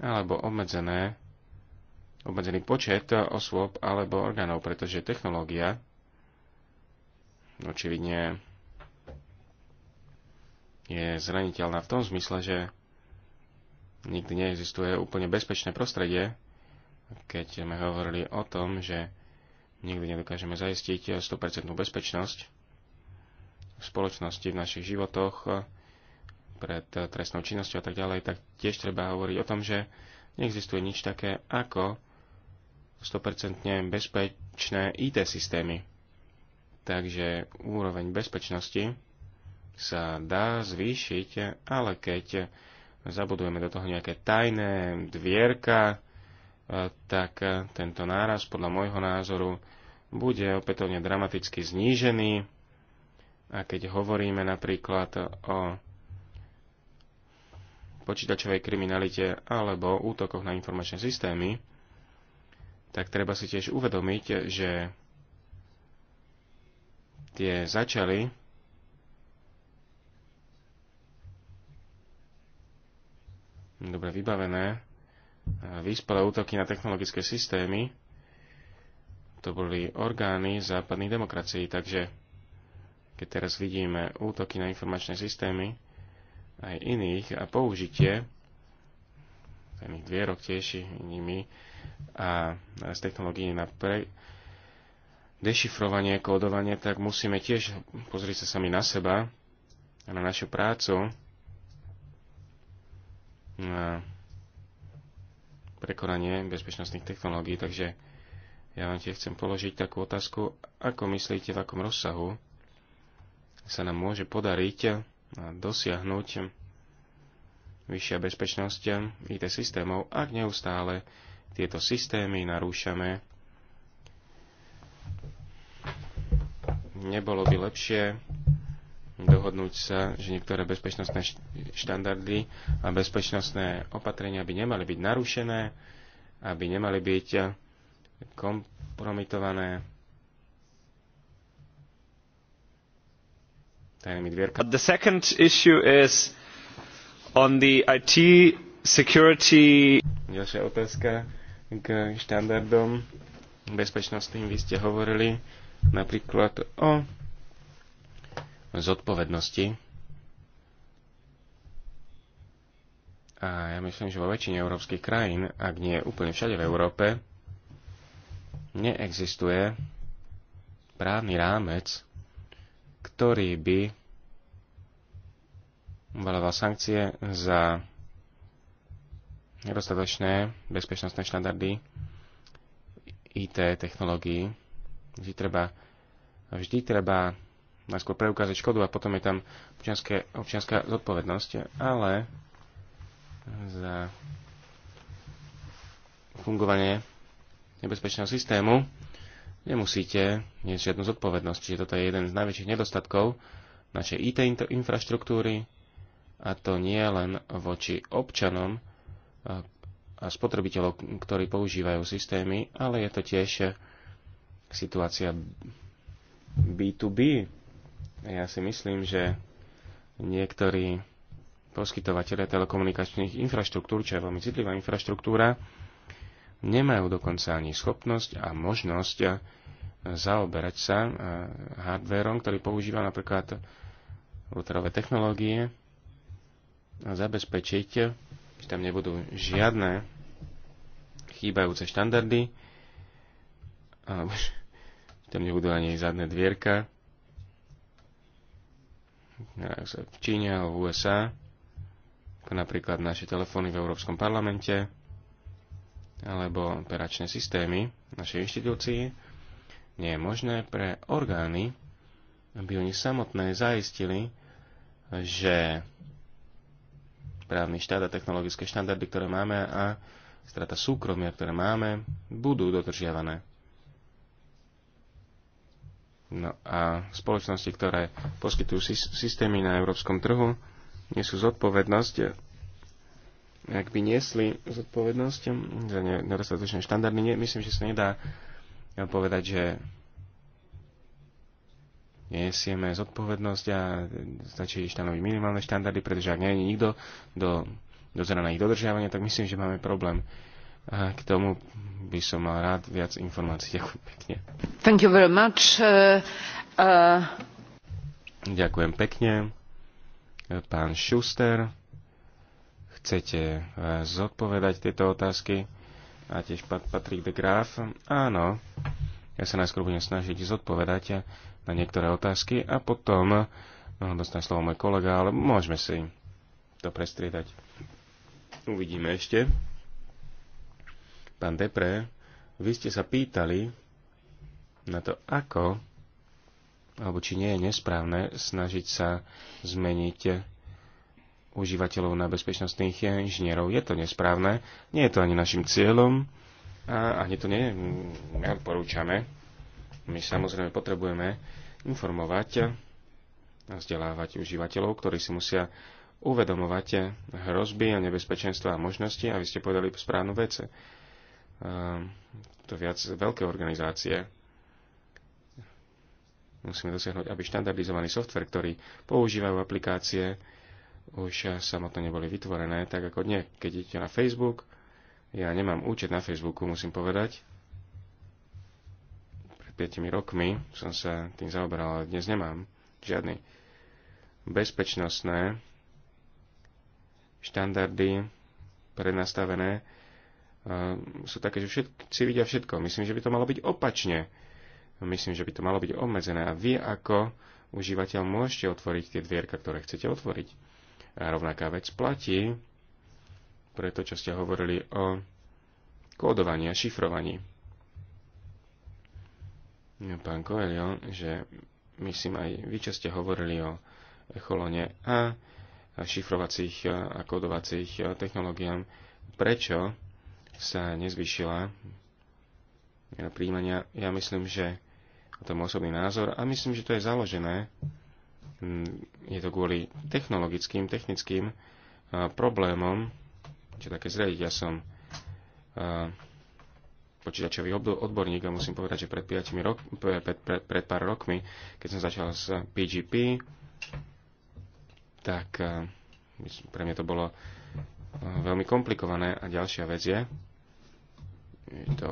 alebo obmedzené, obmedzený počet osôb alebo orgánov, pretože technológia očividne je zraniteľná v tom zmysle, že nikdy neexistuje úplne bezpečné prostredie, keď sme hovorili o tom, že nikdy nedokážeme zaistiť 100% bezpečnosť v spoločnosti, v našich životoch, pred trestnou činnosťou a tak ďalej, tak tiež treba hovoriť o tom, že neexistuje nič také ako 100% bezpečné IT systémy. Takže úroveň bezpečnosti sa dá zvýšiť, ale keď zabudujeme do toho nejaké tajné dvierka, e, tak tento náraz podľa môjho názoru bude opätovne dramaticky znížený. A keď hovoríme napríklad o počítačovej kriminalite alebo útokoch na informačné systémy, tak treba si tiež uvedomiť, že tie začali dobre vybavené vyspelé útoky na technologické systémy. To boli orgány západných demokracií, takže keď teraz vidíme útoky na informačné systémy aj iných a použitie ich dvierok tiež nimi a z technológií na pre, dešifrovanie, kódovanie, tak musíme tiež pozrieť sa sami na seba a na našu prácu, na prekonanie bezpečnostných technológií. Takže ja vám tiež chcem položiť takú otázku, ako myslíte, v akom rozsahu sa nám môže podariť a dosiahnuť vyššia bezpečnosť IT systémov, ak neustále tieto systémy narúšame Nebolo by lepšie dohodnúť sa, že niektoré bezpečnostné štandardy a bezpečnostné opatrenia by nemali byť narušené, aby nemali byť kompromitované tajnými dvierkami. The second issue is on the IT security. Ďalšia otázka k štandardom bezpečnostným. Vy ste hovorili, napríklad o zodpovednosti. A ja myslím, že vo väčšine európskych krajín, ak nie úplne všade v Európe, neexistuje právny rámec, ktorý by uvaloval sankcie za nedostatočné bezpečnostné štandardy IT technológií Vždy treba, vždy treba najskôr preukázať škodu a potom je tam občianské, občianská zodpovednosť, ale za fungovanie nebezpečného systému nemusíte niesť žiadnu zodpovednosť. Čiže toto je jeden z najväčších nedostatkov našej IT infraštruktúry a to nie len voči občanom a spotrebiteľov, ktorí používajú systémy, ale je to tiež situácia B2B. Ja si myslím, že niektorí poskytovateľe telekomunikačných infraštruktúr, čo je veľmi citlivá infraštruktúra, nemajú dokonca ani schopnosť a možnosť zaoberať sa eh, hardvérom, ktorý používa napríklad routerové technológie a zabezpečiť, že tam nebudú žiadne chýbajúce štandardy, a tam nebudú ani zadné dvierka. V Číne alebo v USA, ako napríklad naše telefóny v Európskom parlamente, alebo operačné systémy našej inštitúcii, nie je možné pre orgány, aby oni samotné zaistili, že právny štát a technologické štandardy, ktoré máme a strata súkromia, ktoré máme, budú dodržiavané. No a spoločnosti, ktoré poskytujú systémy na európskom trhu, nie sú zodpovednosť, ak by niesli zodpovednosť za nedostatočné štandardy, myslím, že sa nedá povedať, že nesieme zodpovednosť a stačí stanoviť minimálne štandardy, pretože ak nie je nikto do dozera na ich dodržiavanie, tak myslím, že máme problém. A k tomu by som mal rád viac informácií. Ďakujem pekne. Thank you very much. Uh, uh... Ďakujem pekne. Pán Schuster, chcete uh, zodpovedať tieto otázky? A tiež Patrick de Graaf. Áno, ja sa najskôr budem snažiť zodpovedať na niektoré otázky a potom no, dostane slovo môj kolega, ale môžeme si to prestriedať. Uvidíme ešte. Pán Depre, vy ste sa pýtali na to, ako, alebo či nie je nesprávne snažiť sa zmeniť užívateľov na bezpečnostných inžinierov. Je to nesprávne, nie je to ani našim cieľom a ani to nie, neodporúčame. Mm, My samozrejme potrebujeme informovať a vzdelávať užívateľov, ktorí si musia uvedomovať hrozby a nebezpečenstva a možnosti aby ste povedali správnu vece Ehm, to viac veľké organizácie. Musíme dosiahnuť, aby štandardizovaný software, ktorý používajú aplikácie, už samotné neboli vytvorené, tak ako dne, keď idete na Facebook, ja nemám účet na Facebooku, musím povedať. Pred 5 rokmi som sa tým zaoberal, ale dnes nemám žiadny. Bezpečnostné štandardy prednastavené sú také, že všetci vidia všetko. Myslím, že by to malo byť opačne. Myslím, že by to malo byť obmedzené. A vy ako užívateľ môžete otvoriť tie dvierka, ktoré chcete otvoriť. A rovnaká vec platí pre to, čo ste hovorili o kódovaní a šifrovaní. No, pán Coelho, že myslím aj vy, čo ste hovorili o echolone a šifrovacích a kódovacích technológiám, prečo sa nezvyšila miera príjmania. Ja myslím, že o tom osobný názor a myslím, že to je založené. Mm, je to kvôli technologickým, technickým problémom, čo také zrediť, Ja som počítačový odborník a musím povedať, že pred, rok, pred, pred, pred pár rokmi, keď som začal s PGP, tak pre mňa to bolo veľmi komplikované. A ďalšia vec je, to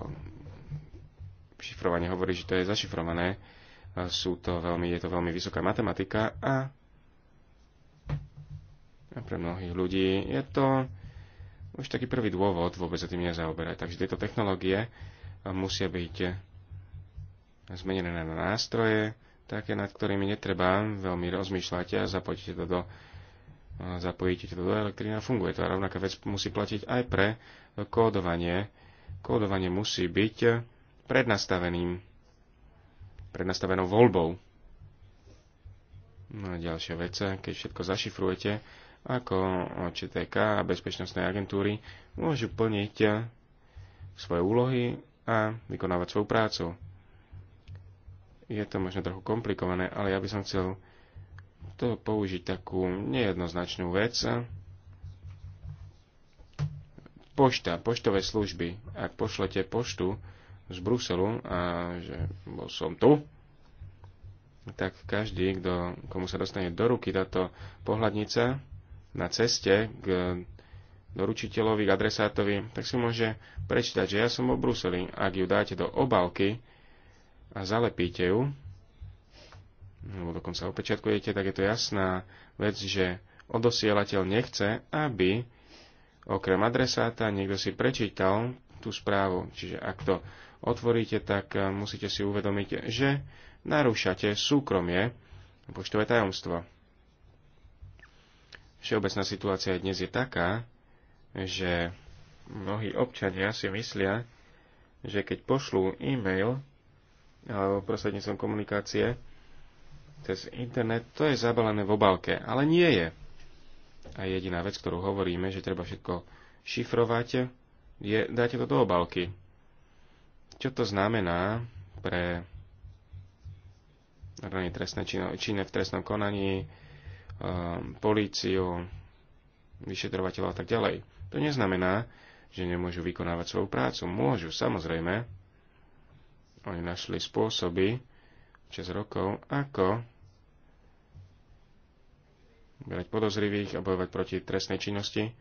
šifrovanie hovorí, že to je zašifrované. Sú to veľmi, je to veľmi vysoká matematika a, a pre mnohých ľudí je to už taký prvý dôvod vôbec sa tým nezaoberať. Takže tieto technológie musia byť zmenené na nástroje, také, nad ktorými netreba veľmi rozmýšľať a zapojíte to do, zapojíte to do elektriny a funguje to. A rovnaká vec musí platiť aj pre kódovanie kódovanie musí byť prednastaveným, prednastavenou voľbou. No a ďalšia vec, keď všetko zašifrujete, ako ČTK a bezpečnostné agentúry môžu plniť svoje úlohy a vykonávať svoju prácu. Je to možno trochu komplikované, ale ja by som chcel to použiť takú nejednoznačnú vec, pošta, poštové služby. Ak pošlete poštu z Bruselu a že bol som tu, tak každý, kto, komu sa dostane do ruky táto pohľadnica na ceste k doručiteľovi, k adresátovi, tak si môže prečítať, že ja som bol v Bruseli. Ak ju dáte do obálky a zalepíte ju, alebo dokonca opečiatkujete, tak je to jasná vec, že odosielateľ nechce, aby okrem adresáta, niekto si prečítal tú správu. Čiže ak to otvoríte, tak eh, musíte si uvedomiť, že narúšate súkromie, poštové tajomstvo. Všeobecná situácia dnes je taká, že mnohí občania si myslia, že keď pošlú e-mail alebo prostredníctvom komunikácie cez internet, to je zabalené v obálke, ale nie je. A jediná vec, ktorú hovoríme, že treba všetko šifrovať, je dáte to do obalky. Čo to znamená pre rany trestné činné v trestnom konaní, um, políciu, vyšetrovateľov a tak ďalej. To neznamená, že nemôžu vykonávať svoju prácu. Môžu, samozrejme. Oni našli spôsoby čas rokov, ako brať podozrivých a bojovať proti trestnej činnosti,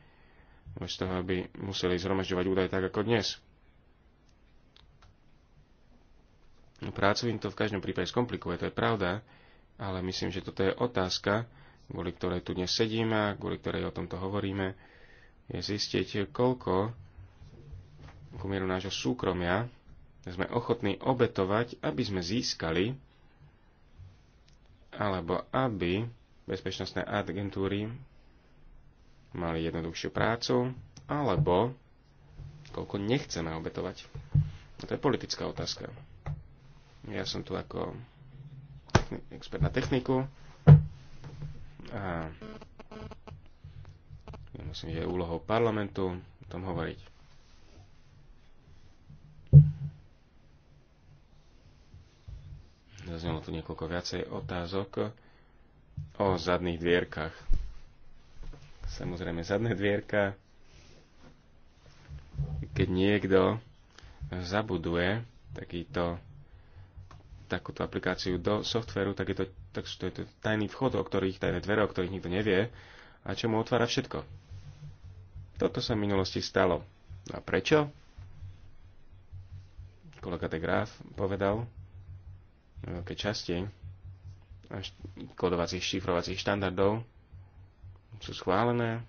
bez toho, aby museli zhromažďovať údaje tak ako dnes. No, Prácu im to v každom prípade skomplikuje, to je pravda, ale myslím, že toto je otázka, kvôli ktorej tu dnes sedíme a kvôli ktorej o tomto hovoríme, je zistiť, koľko k mieru nášho súkromia sme ochotní obetovať, aby sme získali, alebo aby bezpečnostné agentúry mali jednoduchšiu prácu, alebo koľko nechceme obetovať. No to je politická otázka. Ja som tu ako expert na techniku a ja myslím, že je úlohou parlamentu o tom hovoriť. Zaznelo tu niekoľko viacej otázok o zadných dvierkach. Samozrejme, zadné dvierka, keď niekto zabuduje takýto, takúto aplikáciu do softveru, tak je to, tak, to je to tajný vchod, o ktorých, tajné dvere, o ktorých nikto nevie a čo mu otvára všetko. Toto sa v minulosti stalo. A prečo? Kolega de Graaf povedal, veľké časti kodovacích šifrovacích štandardov sú schválené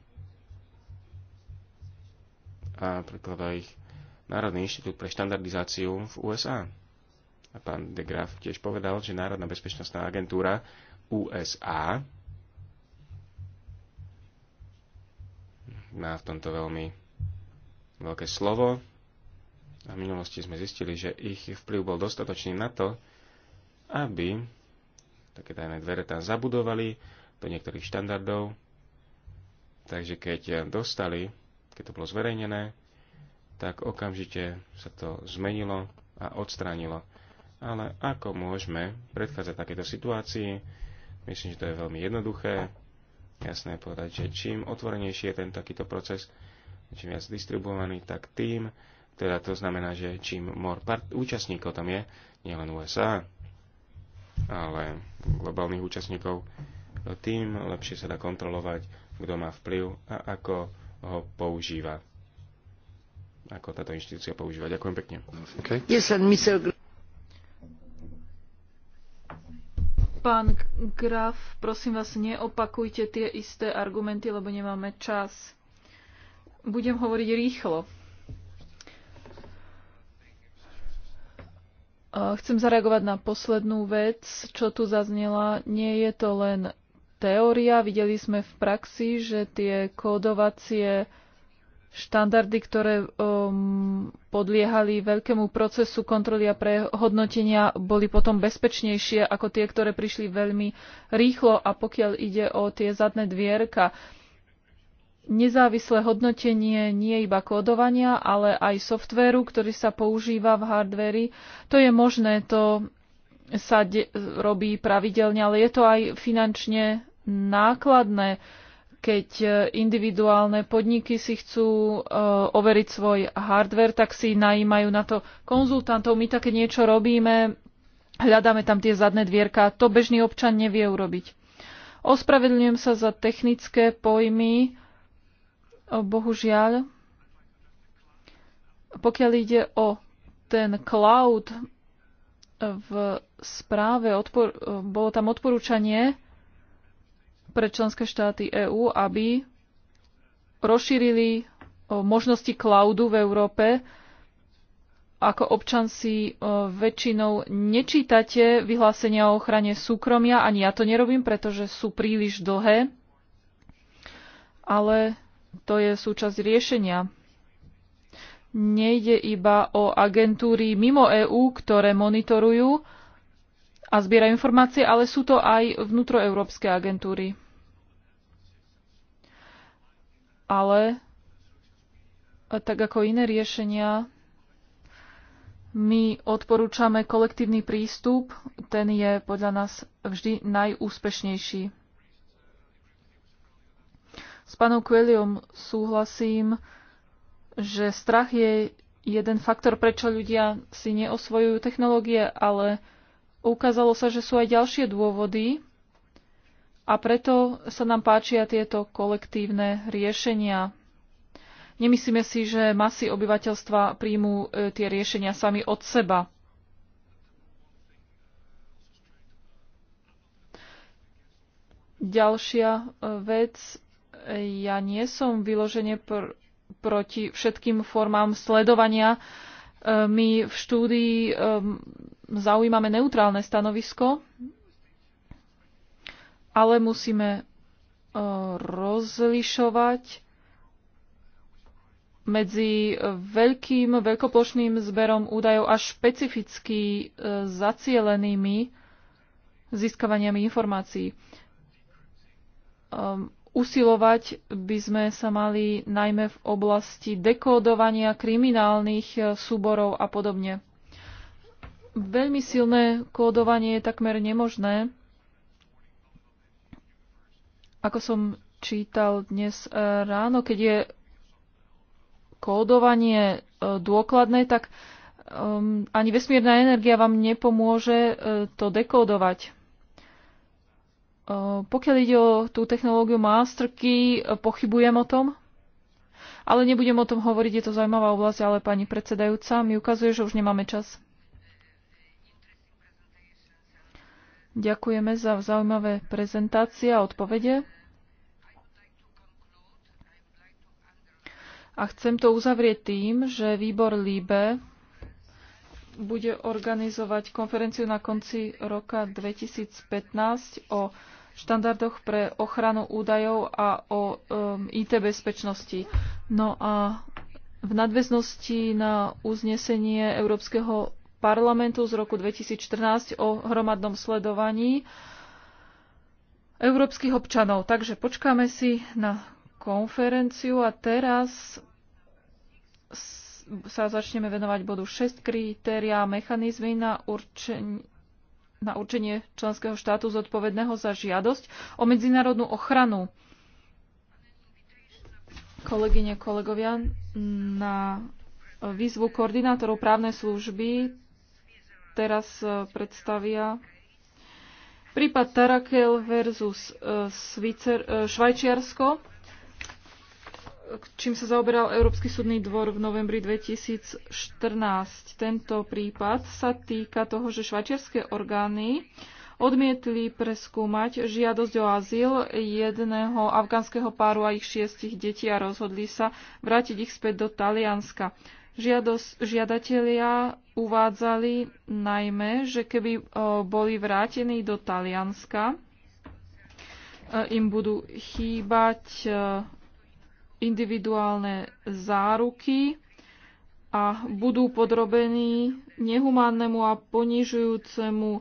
a prekladá ich Národný inštitút pre štandardizáciu v USA. A pán de Graaf tiež povedal, že Národná bezpečnostná agentúra USA má v tomto veľmi veľké slovo. A v minulosti sme zistili, že ich vplyv bol dostatočný na to, aby také tajné dvere tam zabudovali do niektorých štandardov. Takže keď dostali, keď to bolo zverejnené, tak okamžite sa to zmenilo a odstránilo. Ale ako môžeme predchádzať takéto situácii? Myslím, že to je veľmi jednoduché. Jasné povedať, že čím otvorenejší je ten takýto proces, čím viac distribuovaný, tak tým, teda to znamená, že čím more part- účastníkov tam je, nielen USA, ale globálnych účastníkov, tým lepšie sa dá kontrolovať, kto má vplyv a ako ho používa. Ako táto inštitúcia používa. Ďakujem pekne. Okay. Pán Graf, prosím vás, neopakujte tie isté argumenty, lebo nemáme čas. Budem hovoriť rýchlo. Chcem zareagovať na poslednú vec, čo tu zaznela. Nie je to len teória. Videli sme v praxi, že tie kódovacie štandardy, ktoré um, podliehali veľkému procesu kontroly a prehodnotenia, boli potom bezpečnejšie ako tie, ktoré prišli veľmi rýchlo. A pokiaľ ide o tie zadné dvierka, uh, nezávislé hodnotenie nie iba kódovania, ale aj softvéru, ktorý sa používa v hardveri. To je možné, to sa de- robí pravidelne, ale je to aj finančne nákladné, keď e, individuálne podniky si chcú e, overiť svoj hardware, tak si najímajú na to konzultantov. My také niečo robíme, hľadáme tam tie zadné dvierka. To bežný občan nevie urobiť. Ospravedlňujem sa za technické pojmy Bohužiaľ, pokiaľ ide o ten cloud v správe, odpor- bolo tam odporúčanie pre členské štáty EÚ, aby rozšírili možnosti cloudu v Európe. Ako občan si väčšinou nečítate vyhlásenia o ochrane súkromia, ani ja to nerobím, pretože sú príliš dlhé. Ale to je súčasť riešenia. Nejde iba o agentúry mimo EÚ, ktoré monitorujú a zbierajú informácie, ale sú to aj vnútroeurópske agentúry. Ale tak ako iné riešenia, my odporúčame kolektívny prístup, ten je podľa nás vždy najúspešnejší. S pánom Kueliom súhlasím, že strach je jeden faktor, prečo ľudia si neosvojujú technológie, ale ukázalo sa, že sú aj ďalšie dôvody a preto sa nám páčia tieto kolektívne riešenia. Nemyslíme si, že masy obyvateľstva príjmú e, tie riešenia sami od seba. Ďalšia e, vec, ja nie som vyložene pr- proti všetkým formám sledovania. E, my v štúdii e, zaujímame neutrálne stanovisko, ale musíme e, rozlišovať medzi veľkým veľkoplošným zberom údajov a špecificky zacielenými získavaniami informácií. Ehm, Usilovať by sme sa mali najmä v oblasti dekódovania kriminálnych e, súborov a podobne. Veľmi silné kódovanie je takmer nemožné. Ako som čítal dnes e, ráno, keď je kódovanie e, dôkladné, tak ehm, ani vesmírna energia vám nepomôže to dekódovať pokiaľ ide o tú technológiu Masterkey, pochybujem o tom, ale nebudem o tom hovoriť, je to zaujímavá oblasť, ale pani predsedajúca mi ukazuje, že už nemáme čas. Ďakujeme za zaujímavé prezentácie a odpovede. A chcem to uzavrieť tým, že výbor LIBE bude organizovať konferenciu na konci roka 2015 o štandardoch pre ochranu údajov a o um, IT bezpečnosti. No a v nadväznosti na uznesenie Európskeho parlamentu z roku 2014 o hromadnom sledovaní európskych občanov. Takže počkáme si na konferenciu a teraz sa začneme venovať bodu 6 kritéria a mechanizmy na určenie na určenie členského štátu zodpovedného za žiadosť o medzinárodnú ochranu. Kolegyne, kolegovia, na výzvu koordinátorov právnej služby teraz e, predstavia prípad Tarakel versus e, e, Švajčiarsko čím sa zaoberal Európsky súdny dvor v novembri 2014. Tento prípad sa týka toho, že švajčiarske orgány odmietli preskúmať žiadosť o azyl jedného afgánskeho páru a ich šiestich detí a rozhodli sa vrátiť ich späť do Talianska. Žiadosť, žiadatelia uvádzali najmä, že keby e, boli vrátení do Talianska, e, im budú chýbať e, individuálne záruky a budú podrobení nehumánnemu a ponižujúcemu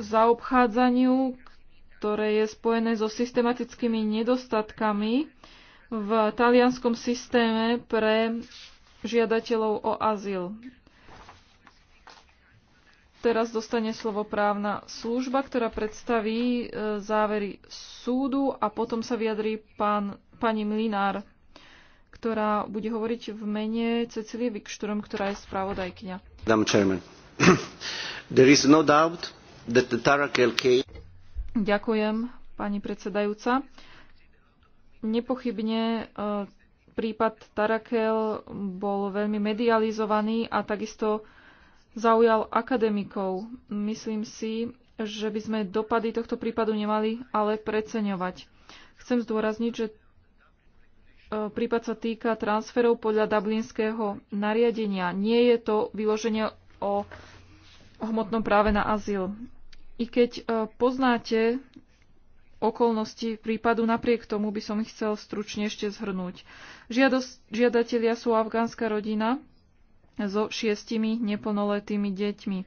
zaobchádzaniu, ktoré je spojené so systematickými nedostatkami v talianskom systéme pre žiadateľov o azyl. Teraz dostane slovo právna služba, ktorá predstaví e, závery súdu a potom sa vyjadrí pán, pani Mlinár, ktorá bude hovoriť v mene Cecilie Vikšturom, ktorá je spravodajkňa. no Ďakujem, pani predsedajúca. Nepochybne e, prípad Tarakel bol veľmi medializovaný a takisto zaujal akademikov. Myslím si, že by sme dopady tohto prípadu nemali ale preceňovať. Chcem zdôrazniť, že e, prípad sa týka transferov podľa dublinského nariadenia. Nie je to vyloženie o hmotnom práve na azyl. I keď e, poznáte okolnosti prípadu, napriek tomu by som ich chcel stručne ešte zhrnúť. Žiados, žiadatelia sú afgánska rodina, so šiestimi neplnoletými deťmi.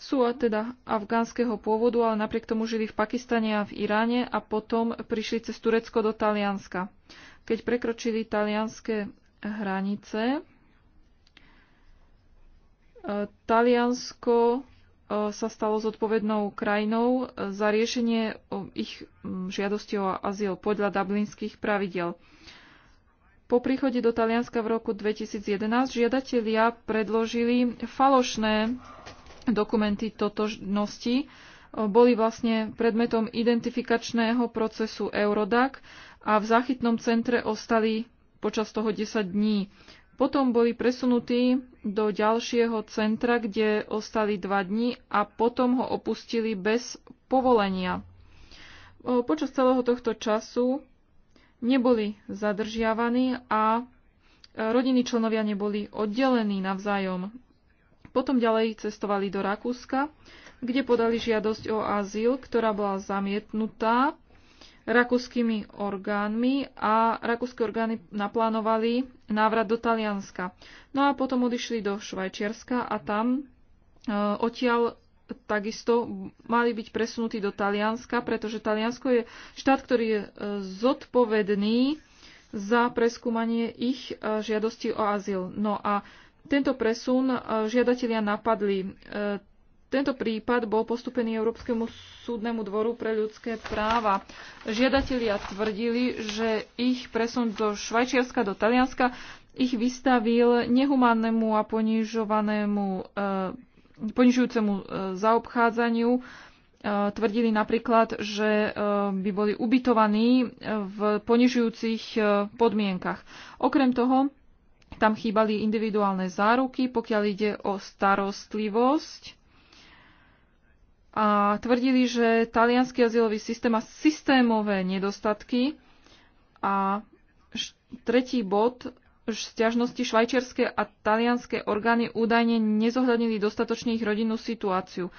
Sú teda afgánskeho pôvodu, ale napriek tomu žili v Pakistane a v Iráne a potom prišli cez Turecko do Talianska. Keď prekročili talianské hranice, e, Taliansko e, sa stalo zodpovednou krajinou e, za riešenie ich žiadosti o azyl podľa dublinských pravidel. Po príchode do Talianska v roku 2011 žiadatelia predložili falošné dokumenty totožnosti, boli vlastne predmetom identifikačného procesu Eurodac a v záchytnom centre ostali počas toho 10 dní. Potom boli presunutí do ďalšieho centra, kde ostali 2 dní a potom ho opustili bez povolenia. Počas celého tohto času neboli zadržiavaní a e, rodiny členovia neboli oddelení navzájom. Potom ďalej cestovali do Rakúska, kde podali žiadosť o azyl, ktorá bola zamietnutá rakúskymi orgánmi a rakúske orgány naplánovali návrat do Talianska. No a potom odišli do Švajčiarska a tam e, odtiaľ takisto mali byť presunutí do Talianska, pretože Taliansko je štát, ktorý je e, zodpovedný za preskúmanie ich e, žiadosti o azyl. No a tento presun e, žiadatelia napadli. Tento prípad bol postupený Európskemu súdnemu dvoru pre ľudské práva. Žiadatelia tvrdili, že ich presun do Švajčiarska, do Talianska ich vystavil nehumánnemu a ponižovanému ponižujúcemu e, zaobchádzaniu. E, tvrdili napríklad, že e, by boli ubytovaní v ponižujúcich podmienkach. Okrem toho, tam chýbali individuálne záruky, pokiaľ ide o starostlivosť. A tvrdili, že talianský azylový systém má systémové nedostatky. A tretí bod sťažnosti švajčiarske a talianske orgány údajne nezohľadnili dostatočne ich rodinnú situáciu.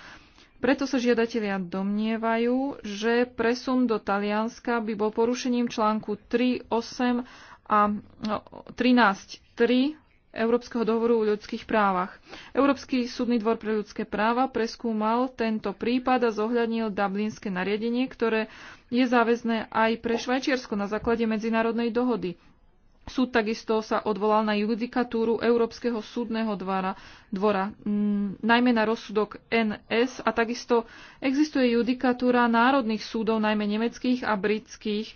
Preto sa žiadatelia domnievajú, že presun do Talianska by bol porušením článku 3, 8 a 13, no, 3 Európskeho dohovoru o ľudských právach. Európsky súdny dvor pre ľudské práva preskúmal tento prípad a zohľadnil Dublinské nariadenie, ktoré je záväzné aj pre Švajčiarsko na základe medzinárodnej dohody. Súd takisto sa odvolal na judikatúru Európskeho súdneho dvora, dvora mm, najmä na rozsudok NS a takisto existuje judikatúra národných súdov, najmä nemeckých a britských, e,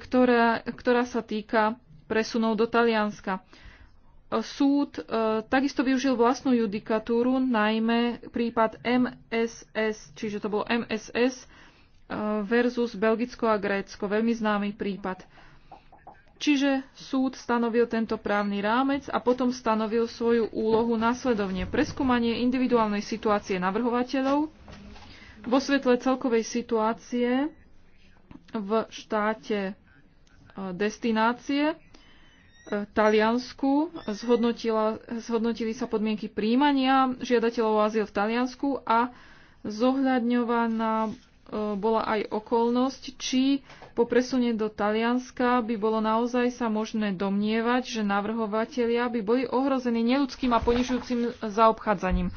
ktorá, ktorá sa týka presunov do Talianska. E, súd e, takisto využil vlastnú judikatúru, najmä prípad MSS, čiže to bolo MSS e, versus Belgicko a Grécko, veľmi známy prípad. Čiže súd stanovil tento právny rámec a potom stanovil svoju úlohu následovne preskúmanie individuálnej situácie navrhovateľov vo svetle celkovej situácie v štáte e, destinácie e, Taliansku. zhodnotili sa podmienky príjmania žiadateľov o azyl v Taliansku a zohľadňovaná e, bola aj okolnosť, či po presune do Talianska by bolo naozaj sa možné domnievať, že navrhovatelia by boli ohrození neludským a ponižujúcim zaobchádzaním.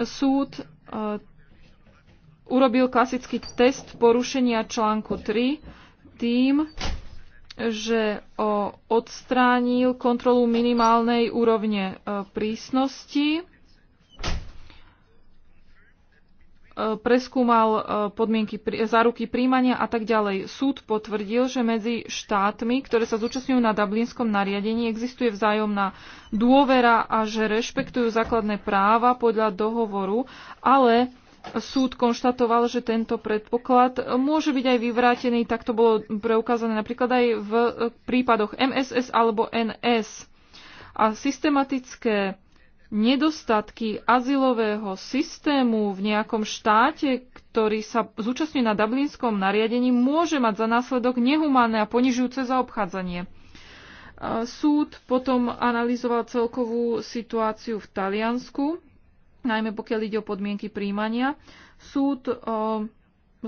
Súd e, urobil klasický test porušenia článku 3 tým, že odstránil kontrolu minimálnej úrovne e, prísnosti E, preskúmal e, podmienky záruky príjmania a tak ďalej. Súd potvrdil, že medzi štátmi, ktoré sa zúčastňujú na Dublinskom nariadení, existuje vzájomná dôvera a že rešpektujú základné práva podľa dohovoru, ale súd konštatoval, že tento predpoklad môže byť aj vyvrátený, tak to bolo preukázané napríklad aj v prípadoch MSS alebo NS. A systematické nedostatky azylového systému v nejakom štáte, ktorý sa zúčastňuje na dublinskom nariadení, môže mať za následok nehumánne a ponižujúce zaobchádzanie. Súd potom analyzoval celkovú situáciu v Taliansku, najmä pokiaľ ide o podmienky príjmania. Súd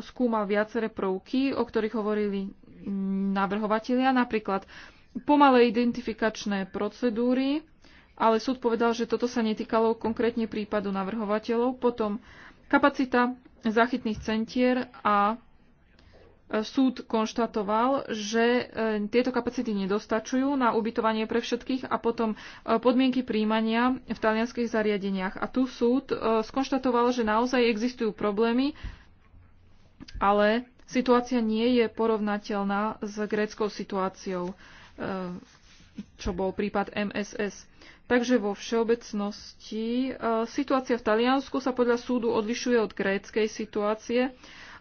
skúmal viaceré prvky, o ktorých hovorili navrhovatelia, napríklad pomalé identifikačné procedúry, ale súd povedal, že toto sa netýkalo konkrétne prípadu navrhovateľov. Potom kapacita záchytných centier a e, súd konštatoval, že e, tieto kapacity nedostačujú na ubytovanie pre všetkých a potom e, podmienky príjmania v talianských zariadeniach. A tu súd skonštatoval, že naozaj existujú problémy, ale situácia nie je porovnateľná s gréckou situáciou čo bol prípad MSS. Takže vo všeobecnosti e, situácia v Taliansku sa podľa súdu odlišuje od gréckej situácie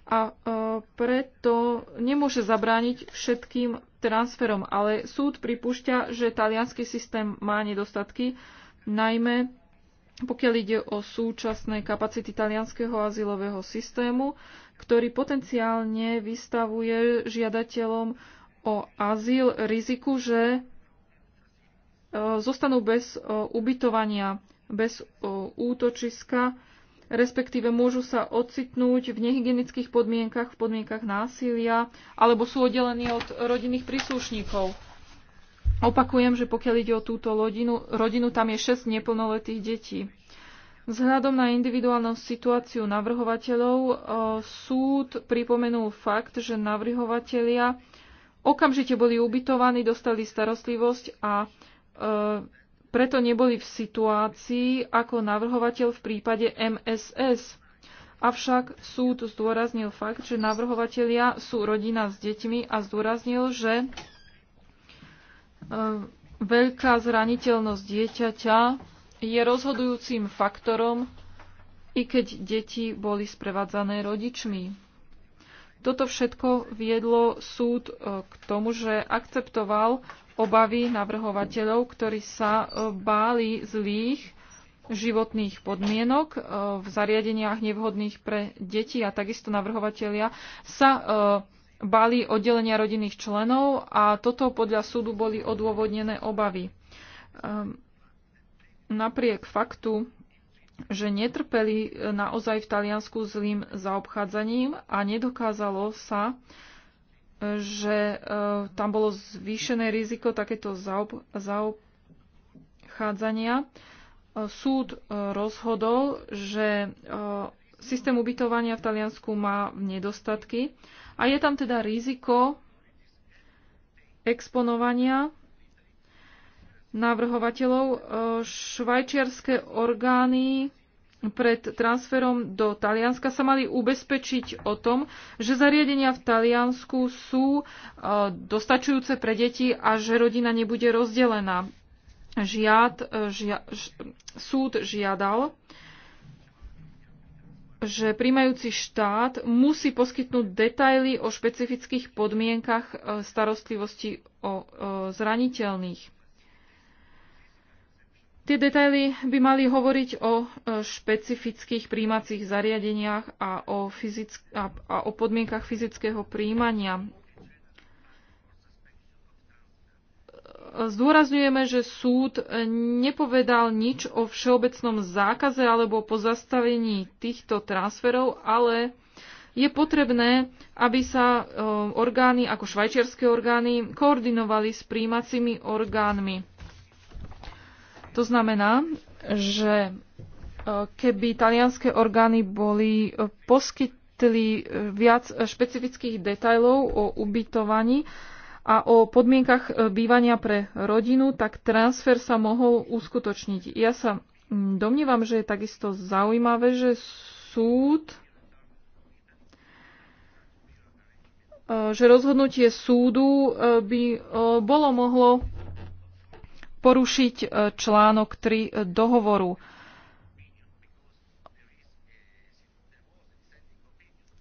a e, preto nemôže zabrániť všetkým transferom, ale súd pripúšťa, že talianský systém má nedostatky, najmä pokiaľ ide o súčasné kapacity talianského azylového systému, ktorý potenciálne vystavuje žiadateľom o azyl riziku, že E, zostanú bez e, ubytovania, bez e, útočiska, respektíve môžu sa ocitnúť v nehygienických podmienkach, v podmienkach násilia, alebo sú oddelení od rodinných príslušníkov. Opakujem, že pokiaľ ide o túto rodinu, rodinu tam je 6 neplnoletých detí. Vzhľadom na individuálnu situáciu navrhovateľov súd pripomenul fakt, že navrhovatelia okamžite boli ubytovaní, dostali starostlivosť a preto neboli v situácii ako navrhovateľ v prípade MSS. Avšak súd zdôraznil fakt, že navrhovatelia sú rodina s deťmi a zdôraznil, že e, veľká zraniteľnosť dieťaťa je rozhodujúcim faktorom, i keď deti boli sprevádzané rodičmi. Toto všetko viedlo súd e, k tomu, že akceptoval obavy navrhovateľov, ktorí sa e, báli zlých životných podmienok e, v zariadeniach nevhodných pre deti a takisto navrhovateľia, sa báli oddelenia rodinných členov a toto podľa súdu boli odôvodnené obavy. Ehm, napriek faktu, že netrpeli e, naozaj v Taliansku zlým zaobchádzaním a nedokázalo sa, e, že e, tam bolo zvýšené riziko takéto zaob- zaobchádzania. Súd rozhodol, že systém ubytovania v Taliansku má nedostatky a je tam teda riziko exponovania navrhovateľov. E, švajčiarske orgány pred transferom do Talianska sa mali ubezpečiť o tom, že zariadenia v Taliansku sú e, dostačujúce pre deti a že rodina nebude rozdelená. Žiad, e, žia, ž, súd žiadal, že príjmajúci štát musí poskytnúť detaily o špecifických podmienkach starostlivosti o zraniteľných. Tie detaily by mali hovoriť o e, špecifických príjmacích zariadeniach a o, fyzick- a, o podmienkach fyzického príjmania. Zdôrazňujeme, že súd nepovedal nič o všeobecnom zákaze alebo pozastavení týchto transferov, ale je potrebné, aby sa e, orgány ako švajčiarske orgány koordinovali s príjmacími orgánmi. To znamená, že e, keby talianské orgány boli e, poskytli e, viac špecifických detajlov o ubytovaní a o podmienkach bývania pre rodinu, tak transfer sa mohol uskutočniť. Ja sa domnívam, že je takisto zaujímavé, že súd že rozhodnutie súdu by bolo mohlo porušiť e, článok 3 e, dohovoru.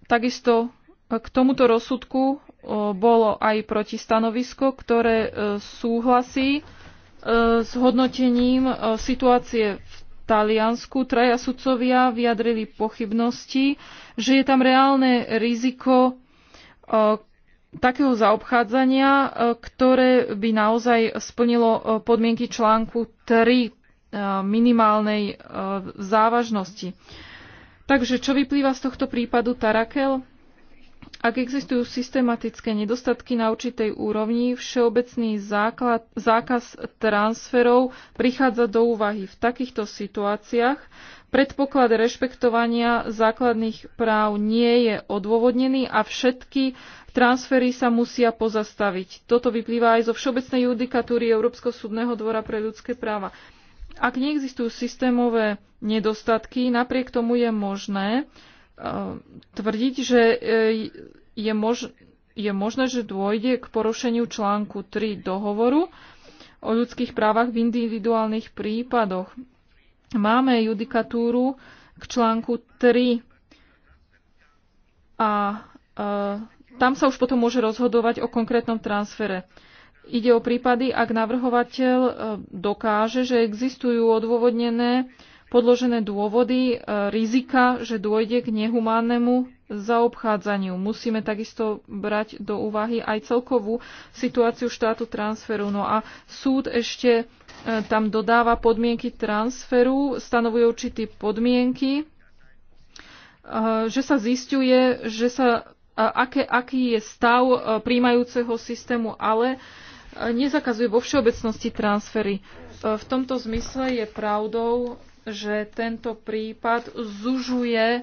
Takisto e, k tomuto rozsudku bolo aj protistanovisko, ktoré súhlasí s hodnotením situácie v Taliansku. Traja sudcovia vyjadrili pochybnosti, že je tam reálne riziko takého zaobchádzania, e, ktoré by naozaj splnilo e, podmienky článku 3 e, minimálnej závažnosti. Takže čo vyplýva z tohto prípadu Tarakel? Ak existujú systematické nedostatky na určitej úrovni, všeobecný základ, zákaz transferov prichádza do úvahy. V takýchto situáciách predpoklad rešpektovania základných práv nie je odôvodnený a všetky transfery sa musia pozastaviť. Toto vyplýva aj zo Všeobecnej judikatúry Európskeho súdneho dvora pre ľudské práva. Ak neexistujú systémové nedostatky, napriek tomu je možné, tvrdiť, že e, je, mož, je možné, že dôjde k porušeniu článku 3 dohovoru o ľudských právach v individuálnych prípadoch. Máme judikatúru k článku 3 a e, tam sa už potom môže rozhodovať o konkrétnom transfere. Ide o prípady, ak navrhovateľ e, dokáže, že existujú odôvodnené podložené dôvody e, rizika, že dôjde k nehumánnemu zaobchádzaniu. Musíme takisto brať do úvahy aj celkovú situáciu štátu transferu. No a súd ešte e, tam dodáva podmienky transferu, stanovuje určité podmienky, e, že sa zistuje, že sa, aké, aký je stav príjmajúceho systému, ale nezakazuje vo všeobecnosti transfery. V tomto zmysle je pravdou, že tento prípad zužuje e,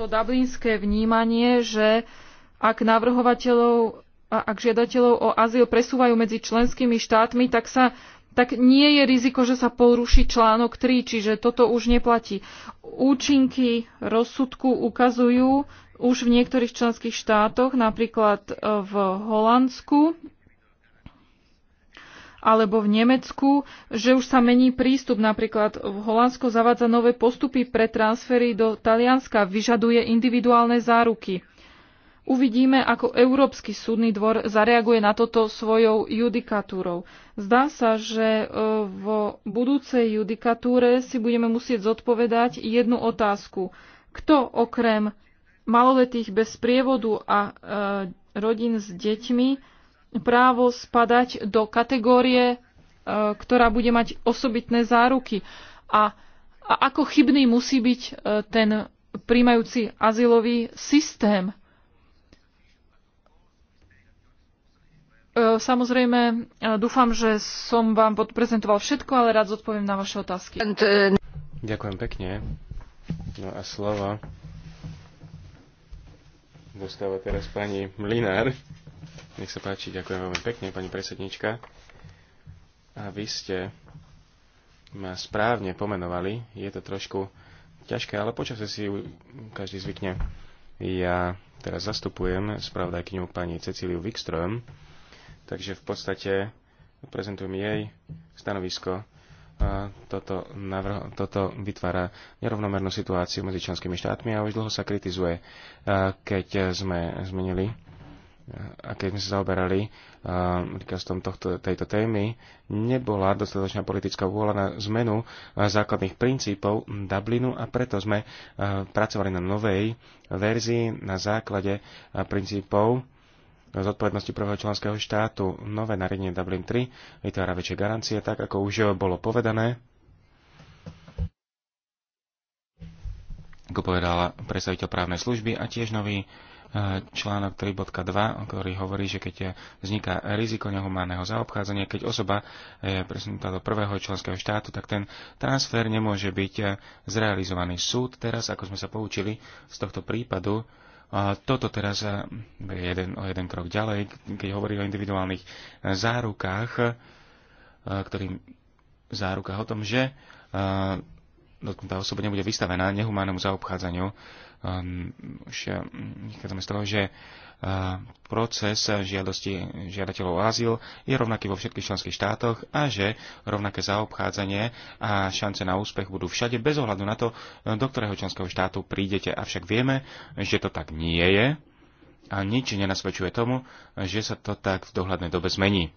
to dublinské vnímanie, že ak navrhovateľov a ak žiadateľov o azyl presúvajú medzi členskými štátmi, tak, sa, tak nie je riziko, že sa poruší článok 3, čiže toto už neplatí. Účinky rozsudku ukazujú už v niektorých členských štátoch, napríklad e, v Holandsku, alebo v Nemecku, že už sa mení prístup. Napríklad v Holandsko zavádza nové postupy pre transfery do Talianska, vyžaduje individuálne záruky. Uvidíme, ako Európsky súdny dvor zareaguje na toto svojou judikatúrou. Zdá sa, že e, v budúcej judikatúre si budeme musieť zodpovedať jednu otázku. Kto okrem maloletých bez prievodu a e, rodín s deťmi právo spadať do kategórie, e, ktorá bude mať osobitné záruky. A, a ako chybný musí byť e, ten príjmajúci azylový systém. E, samozrejme, dúfam, že som vám podprezentoval všetko, ale rád zodpoviem na vaše otázky. Ďakujem pekne. No a slova dostáva teraz pani Mlinár. Nech sa páči, ďakujem veľmi pekne, pani predsednička. A vy ste ma správne pomenovali. Je to trošku ťažké, ale počasie si každý zvykne. Ja teraz zastupujem spravodajkyňu pani Cecíliu Wikström, takže v podstate prezentujem jej stanovisko. Toto, navr- toto vytvára nerovnomernú situáciu medzi členskými štátmi a už dlho sa kritizuje, keď sme zmenili a keď sme sa zaoberali uh, tohto, tejto témy, nebola dostatočná politická vôľa na zmenu uh, základných princípov Dublinu a preto sme uh, pracovali na novej verzii na základe uh, princípov zodpovednosti prvého členského štátu. Nové nariadenie Dublin 3 vytvára väčšie garancie, tak ako už bolo povedané. Ako povedala predstaviteľ právnej služby a tiež nový E, článok 3.2, ktorý hovorí, že keď vzniká riziko nehumánneho zaobchádzania, keď osoba je presunutá do prvého členského štátu, tak ten transfer nemôže byť e, zrealizovaný. Súd teraz, ako sme sa poučili z tohto prípadu, e, toto teraz je jeden, o jeden krok ďalej, keď hovorí o individuálnych zárukách, ktorým zárukách o tom, že dotknutá osoba nebude vystavená nehumánnemu zaobchádzaniu už ehm, ehm, ehm, vychádzame z toho, že proces žiadosti žiadateľov o azyl je rovnaký vo všetkých členských štátoch a že rovnaké zaobchádzanie a šance na úspech budú všade bez ohľadu na to, do ktorého členského štátu prídete. Avšak vieme, že to tak nie je a nič nenasvedčuje tomu, že sa to tak v dohľadnej dobe zmení.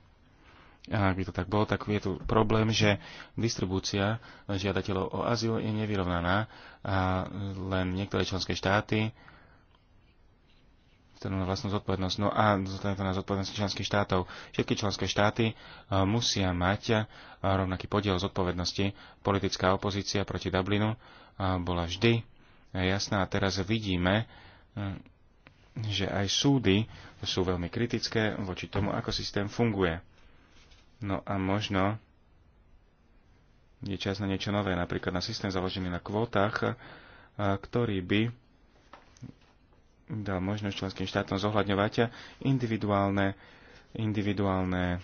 A ak by to tak bolo, tak je tu problém, že distribúcia žiadateľov o azyl je nevyrovnaná a len niektoré členské štáty ktorú na vlastnú zodpovednosť. No a zostane to na zodpovednosti členských štátov. Všetky členské štáty e, musia mať e, rovnaký podiel zodpovednosti. Politická opozícia proti Dublinu e, bola vždy jasná a teraz vidíme, že aj súdy sú veľmi kritické voči tomu, ako systém funguje. No a možno je čas na niečo nové, napríklad na systém založený na kvótach, ktorý by dal možnosť členským štátom zohľadňovať individuálne, individuálne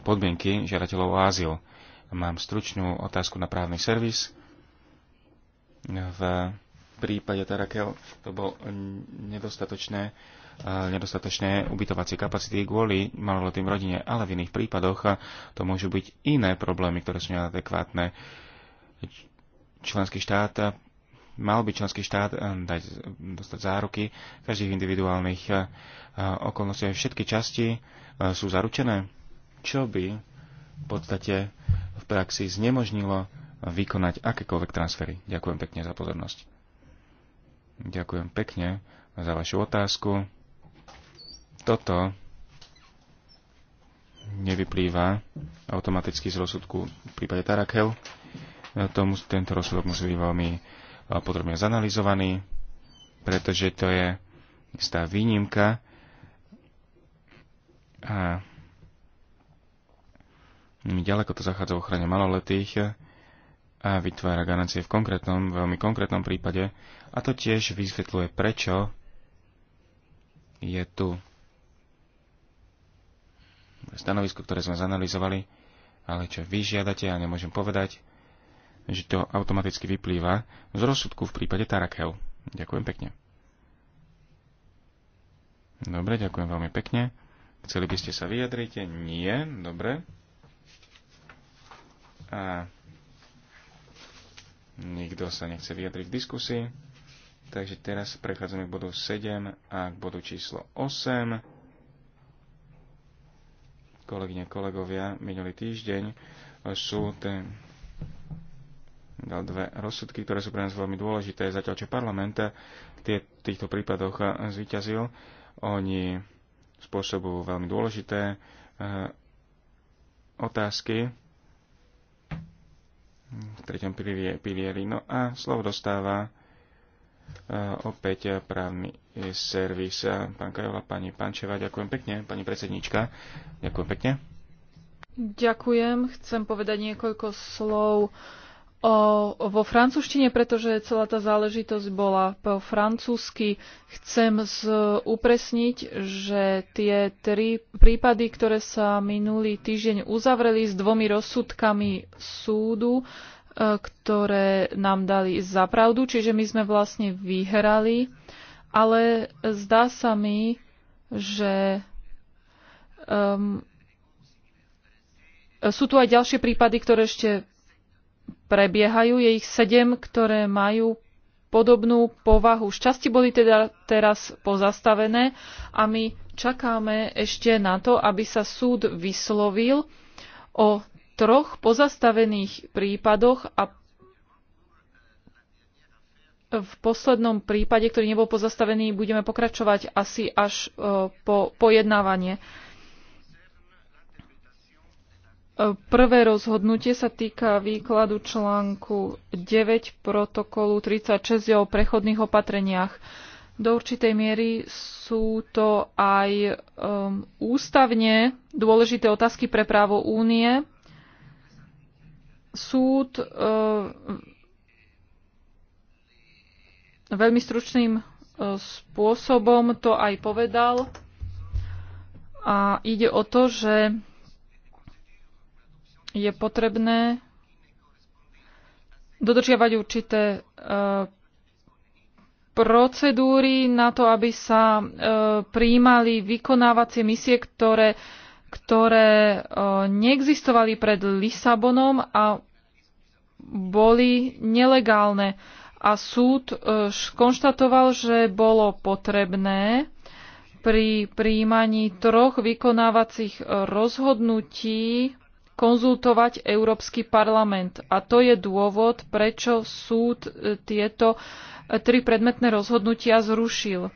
podmienky žiadateľov o azyl. Mám stručnú otázku na právny servis. V prípade Tarakel to bolo nedostatočné nedostatočné ubytovacie kapacity kvôli maloletým rodine, ale v iných prípadoch to môžu byť iné problémy, ktoré sú neadekvátne. Členský štát mal by členský štát eh, dať, dostať záruky každých individuálnych eh, okolností. Všetky časti eh, sú zaručené, čo by v podstate v praxi znemožnilo vykonať akékoľvek transfery. Ďakujem pekne za pozornosť. Ďakujem pekne za vašu otázku toto nevyplýva automaticky z rozsudku v prípade Tarakel. Tomu, tento rozsudok musí byť veľmi eh, podrobne zanalizovaný, pretože to je istá výnimka a ďaleko to zachádza v ochrane maloletých a vytvára garancie v konkrétnom, veľmi konkrétnom prípade a to tiež vysvetľuje, prečo je tu stanovisko, ktoré sme zanalizovali, ale čo vy žiadate, ja nemôžem povedať, že to automaticky vyplýva z rozsudku v prípade Tarakeu. Ďakujem pekne. Dobre, ďakujem veľmi pekne. Chceli by ste sa vyjadriť? Nie, dobre. A nikto sa nechce vyjadriť v diskusii. Takže teraz prechádzame k bodu 7 a k bodu číslo 8 kolegyne, kolegovia, minulý týždeň sú tie dal dve rozsudky, ktoré sú pre nás veľmi dôležité, zatiaľ čo parlament tie, v týchto prípadoch zvyťazil. Oni spôsobujú veľmi dôležité eh, otázky v treťom pilieri. No a slovo dostáva eh, opäť právny servis. Pán Kajová, pani Pančeva, ďakujem pekne. Pani predsednička, ďakujem pekne. Ďakujem. Chcem povedať niekoľko slov o, vo francúzštine, pretože celá tá záležitosť bola po francúzsky. Chcem z, upresniť, že tie tri prípady, ktoré sa minulý týždeň uzavreli s dvomi rozsudkami súdu, e, ktoré nám dali zapravdu, čiže my sme vlastne vyhrali ale zdá sa mi, že um, sú tu aj ďalšie prípady, ktoré ešte prebiehajú. Je ich sedem, ktoré majú podobnú povahu. Šťastie boli teda teraz pozastavené a my čakáme ešte na to, aby sa súd vyslovil o troch pozastavených prípadoch a v poslednom prípade, ktorý nebol pozastavený, budeme pokračovať asi až e, po pojednávanie. E, prvé rozhodnutie sa týka výkladu článku 9 protokolu 36 o prechodných opatreniach. Do určitej miery sú to aj um, ústavne dôležité otázky pre právo únie. Súd uh, veľmi stručným e, spôsobom to aj povedal. A ide o to, že je potrebné dodržiavať určité e, procedúry na to, aby sa e, prijímali vykonávacie misie, ktoré, ktoré neexistovali pred Lisabonom a boli nelegálne a súd e, konštatoval, že bolo potrebné pri príjmaní troch vykonávacích rozhodnutí konzultovať Európsky parlament. A to je dôvod, prečo súd e, tieto e, tri predmetné rozhodnutia zrušil.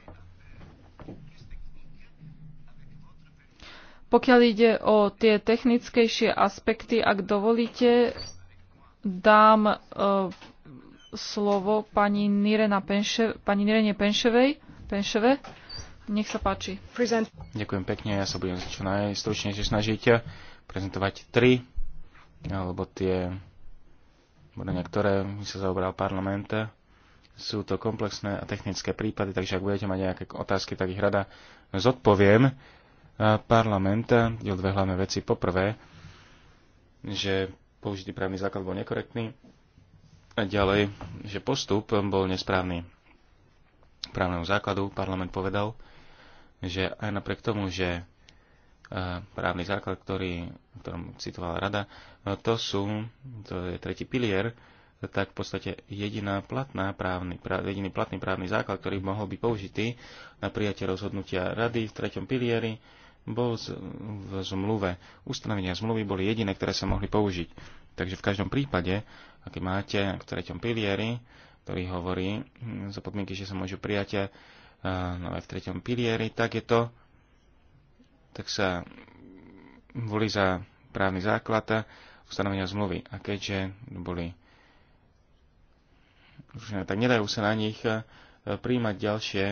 Pokiaľ ide o tie technickejšie aspekty, ak dovolíte, dám slovo pani, Nirena Penše, pani Nirene Penševej. Penševe. Nech sa páči. Present. Ďakujem pekne, ja sa budem čo najstručnejšie snažiť prezentovať tri, alebo tie niektoré, mi sa zaoberal parlament. Sú to komplexné a technické prípady, takže ak budete mať nejaké otázky, tak ich rada zodpoviem. Parlament je dve hlavné veci. Poprvé, že použitý právny základ bol nekorektný ďalej, že postup bol nesprávny. Právnemu základu parlament povedal, že aj napriek tomu, že e, právny základ, ktorý, ktorom citovala rada, e, to sú, to je tretí pilier, tak v podstate jediná platná právny, práv, jediný platný právny základ, ktorý mohol byť použitý na prijatie rozhodnutia rady v treťom pilieri, bol z, v zmluve. Ustanovenia zmluvy boli jediné, ktoré sa mohli použiť. Takže v každom prípade, aký máte v treťom pilieri, ktorý hovorí hm, za podmienky, že sa môžu prijať eh, no aj v treťom pilieri, tak je to, tak sa volí za právny základ ustanovenia zmluvy. A keďže boli tak nedajú sa na nich eh, príjmať ďalšie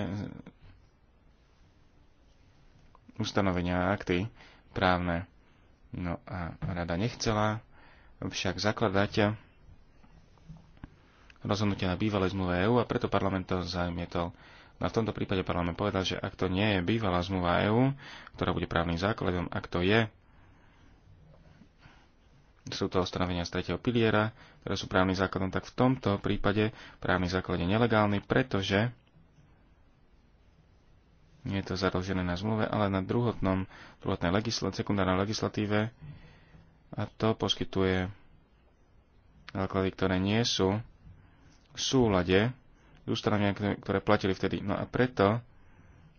ustanovenia a akty právne. No a rada nechcela však zakladať rozhodnutie na bývalej zmluve EÚ a preto parlament to zamietol. No v tomto prípade parlament povedal, že ak to nie je bývalá zmluva EÚ, ktorá bude právnym základom, ak to je, sú to ustanovenia z tretieho piliera, ktoré sú právnym základom, tak v tomto prípade právny základ je nelegálny, pretože nie je to založené na zmluve, ale na druhotnom, druhotnej legislatíve, sekundárnej legislatíve, a to poskytuje náklady, ktoré nie sú v súlade s ustanoveniami, ktoré platili vtedy. No a preto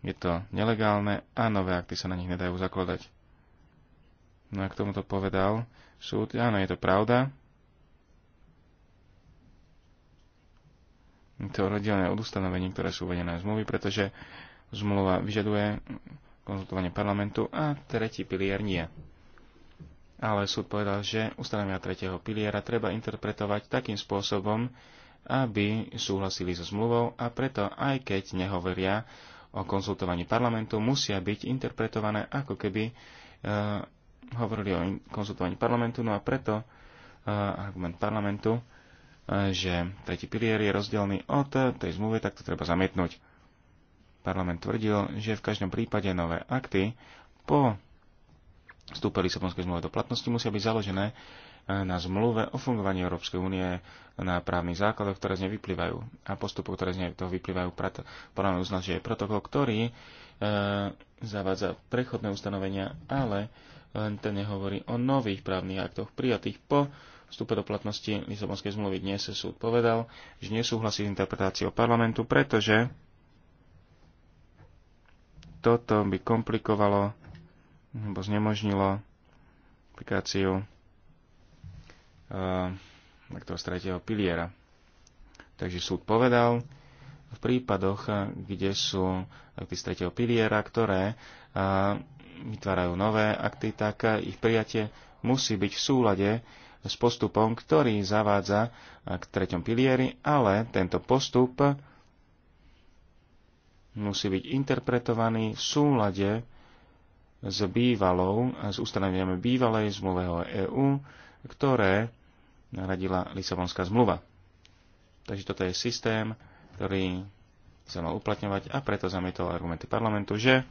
je to nelegálne a nové akty sa na nich nedajú zakladať. No a k tomuto povedal súd, áno, je to pravda. Je to oddelené od ustanovení, ktoré sú uvedené v zmluvy, pretože zmluva vyžaduje konzultovanie parlamentu a tretí pilier nie ale súd povedal, že ustanovenia tretieho piliera treba interpretovať takým spôsobom, aby súhlasili so zmluvou a preto, aj keď nehovoria o konzultovaní parlamentu, musia byť interpretované ako keby e, hovorili o konzultovaní parlamentu, no a preto e, argument parlamentu, e, že tretí pilier je rozdielný od tej zmluvy, tak to treba zamietnúť. Parlament tvrdil, že v každom prípade nové akty po vstúpe Lisabonskej zmluve do platnosti, musia byť založené e, na zmluve o fungovaní Európskej únie na právnych základoch, ktoré z nej vyplývajú a postupov, ktoré z nej toho vyplývajú. Podľa mňa uznať, že je protokol, ktorý e, zavádza prechodné ustanovenia, ale len ten nehovorí o nových právnych aktoch prijatých po vstupe do platnosti Lisabonskej zmluvy. Dnes súd povedal, že nesúhlasí s interpretáciou parlamentu, pretože toto by komplikovalo alebo znemožnilo aplikáciu uh, z tretieho piliera. Takže súd povedal, v prípadoch, kde sú akty z tretieho piliera, ktoré eh, vytvárajú nové akty, tak ich prijatie musí byť v súlade s postupom, ktorý zavádza k treťom pilieri, ale tento postup musí byť interpretovaný v súlade s bývalou, s ustanoveniami bývalej zmluve EÚ, ktoré naradila Lisabonská zmluva. Takže toto je systém, ktorý sa mal uplatňovať a preto zamietol argumenty parlamentu, že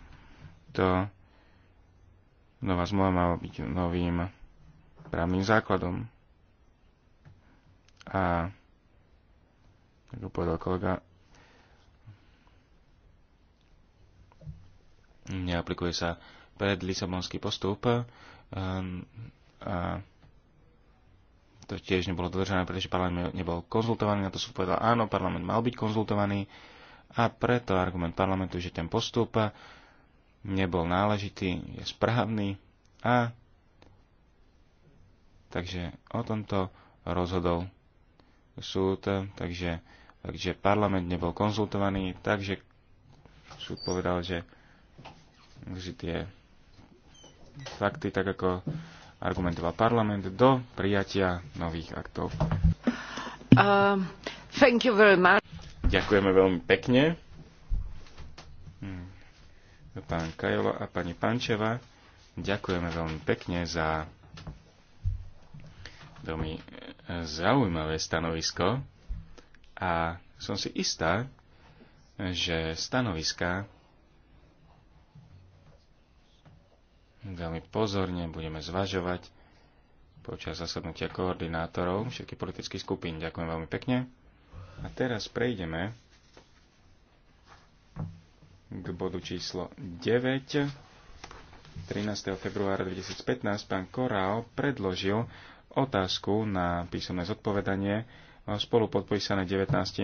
to nová zmluva mala byť novým právnym základom. A ako povedal kolega, neaplikuje sa pred Lisabonský postup ehm, a to tiež nebolo dodržané, pretože parlament nebol konzultovaný, na to som povedal áno, parlament mal byť konzultovaný a preto argument parlamentu, že ten postup nebol náležitý, je správny a takže o tomto rozhodol súd, takže, takže parlament nebol konzultovaný, takže súd povedal, že tie fakty, tak ako argumentoval parlament, do prijatia nových aktov. Uh, thank you very much. Ďakujeme veľmi pekne. Hmm. Pán Kajolo a pani Pančeva, ďakujeme veľmi pekne za veľmi eh, zaujímavé stanovisko a som si istá, že stanoviska veľmi pozorne budeme zvažovať počas zasadnutia koordinátorov všetkých politických skupín. Ďakujem veľmi pekne. A teraz prejdeme k bodu číslo 9. 13. februára 2015 pán Korál predložil otázku na písomné zodpovedanie spolu podpísané 19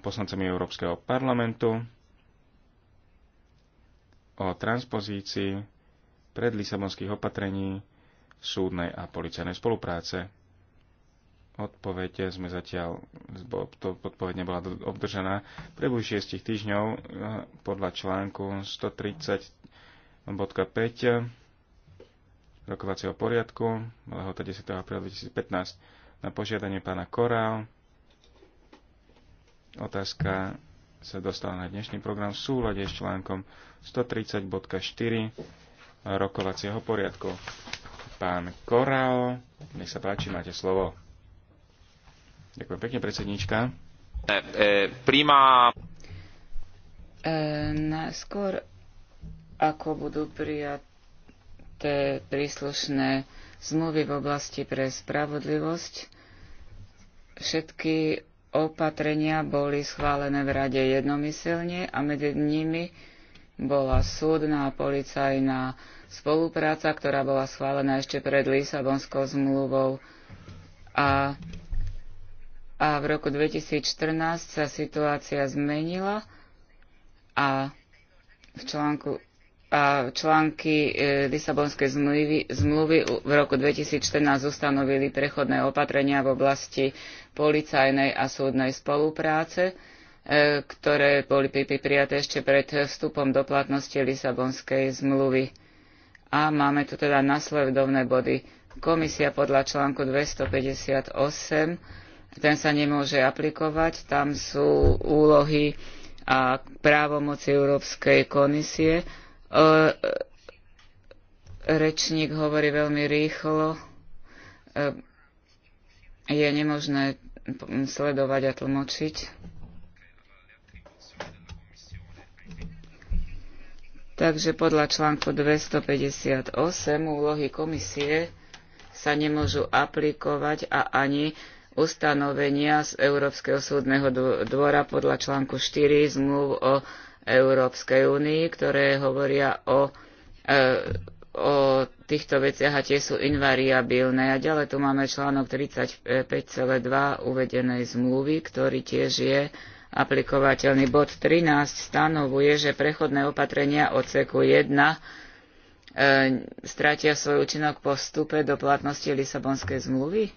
poslancami Európskeho parlamentu o transpozícii predlisabonských opatrení súdnej a policajnej spolupráce. Odpovede sme zatiaľ, to odpoveď nebola obdržaná prebu 6 týždňov eh, podľa článku 130.5 rokovacieho poriadku, lehota 10. apríla 2015 na požiadanie pána Korál. Otázka sa dostala na dnešný program v súlade s článkom 130.4 rokovacieho poriadku. Pán Korao, nech sa páči, máte slovo. Ďakujem pekne, predsednička. E, e, prima... E, najskôr, ako budú prijaté príslušné zmluvy v oblasti pre spravodlivosť, všetky opatrenia boli schválené v rade jednomyselne a medzi nimi bola súdna a policajná spolupráca, ktorá bola schválená ešte pred Lisabonskou zmluvou. A, a v roku 2014 sa situácia zmenila a v článku a články e, Lisabonskej zmluvy, zmluvy v roku 2014 ustanovili prechodné opatrenia v oblasti policajnej a súdnej spolupráce E, ktoré boli prijaté ešte pred vstupom do platnosti Lisabonskej zmluvy. A máme tu teda nasledovné body. Komisia podľa článku 258, ten sa nemôže aplikovať, tam sú úlohy a právomoci Európskej komisie. E, e, rečník hovorí veľmi rýchlo. Je nemožné sledovať a tlmočiť. Takže podľa článku 258 úlohy komisie sa nemôžu aplikovať a ani ustanovenia z Európskeho súdneho dvora podľa článku 4 zmluv o Európskej únii, ktoré hovoria o, e, o týchto veciach a tie sú invariabilné. A ďalej tu máme článok 35,2 uvedenej zmluvy, ktorý tiež je aplikovateľný. Bod 13 stanovuje, že prechodné opatrenia odseku 1 e, stratia svoj účinok po vstupe do platnosti Lisabonskej zmluvy?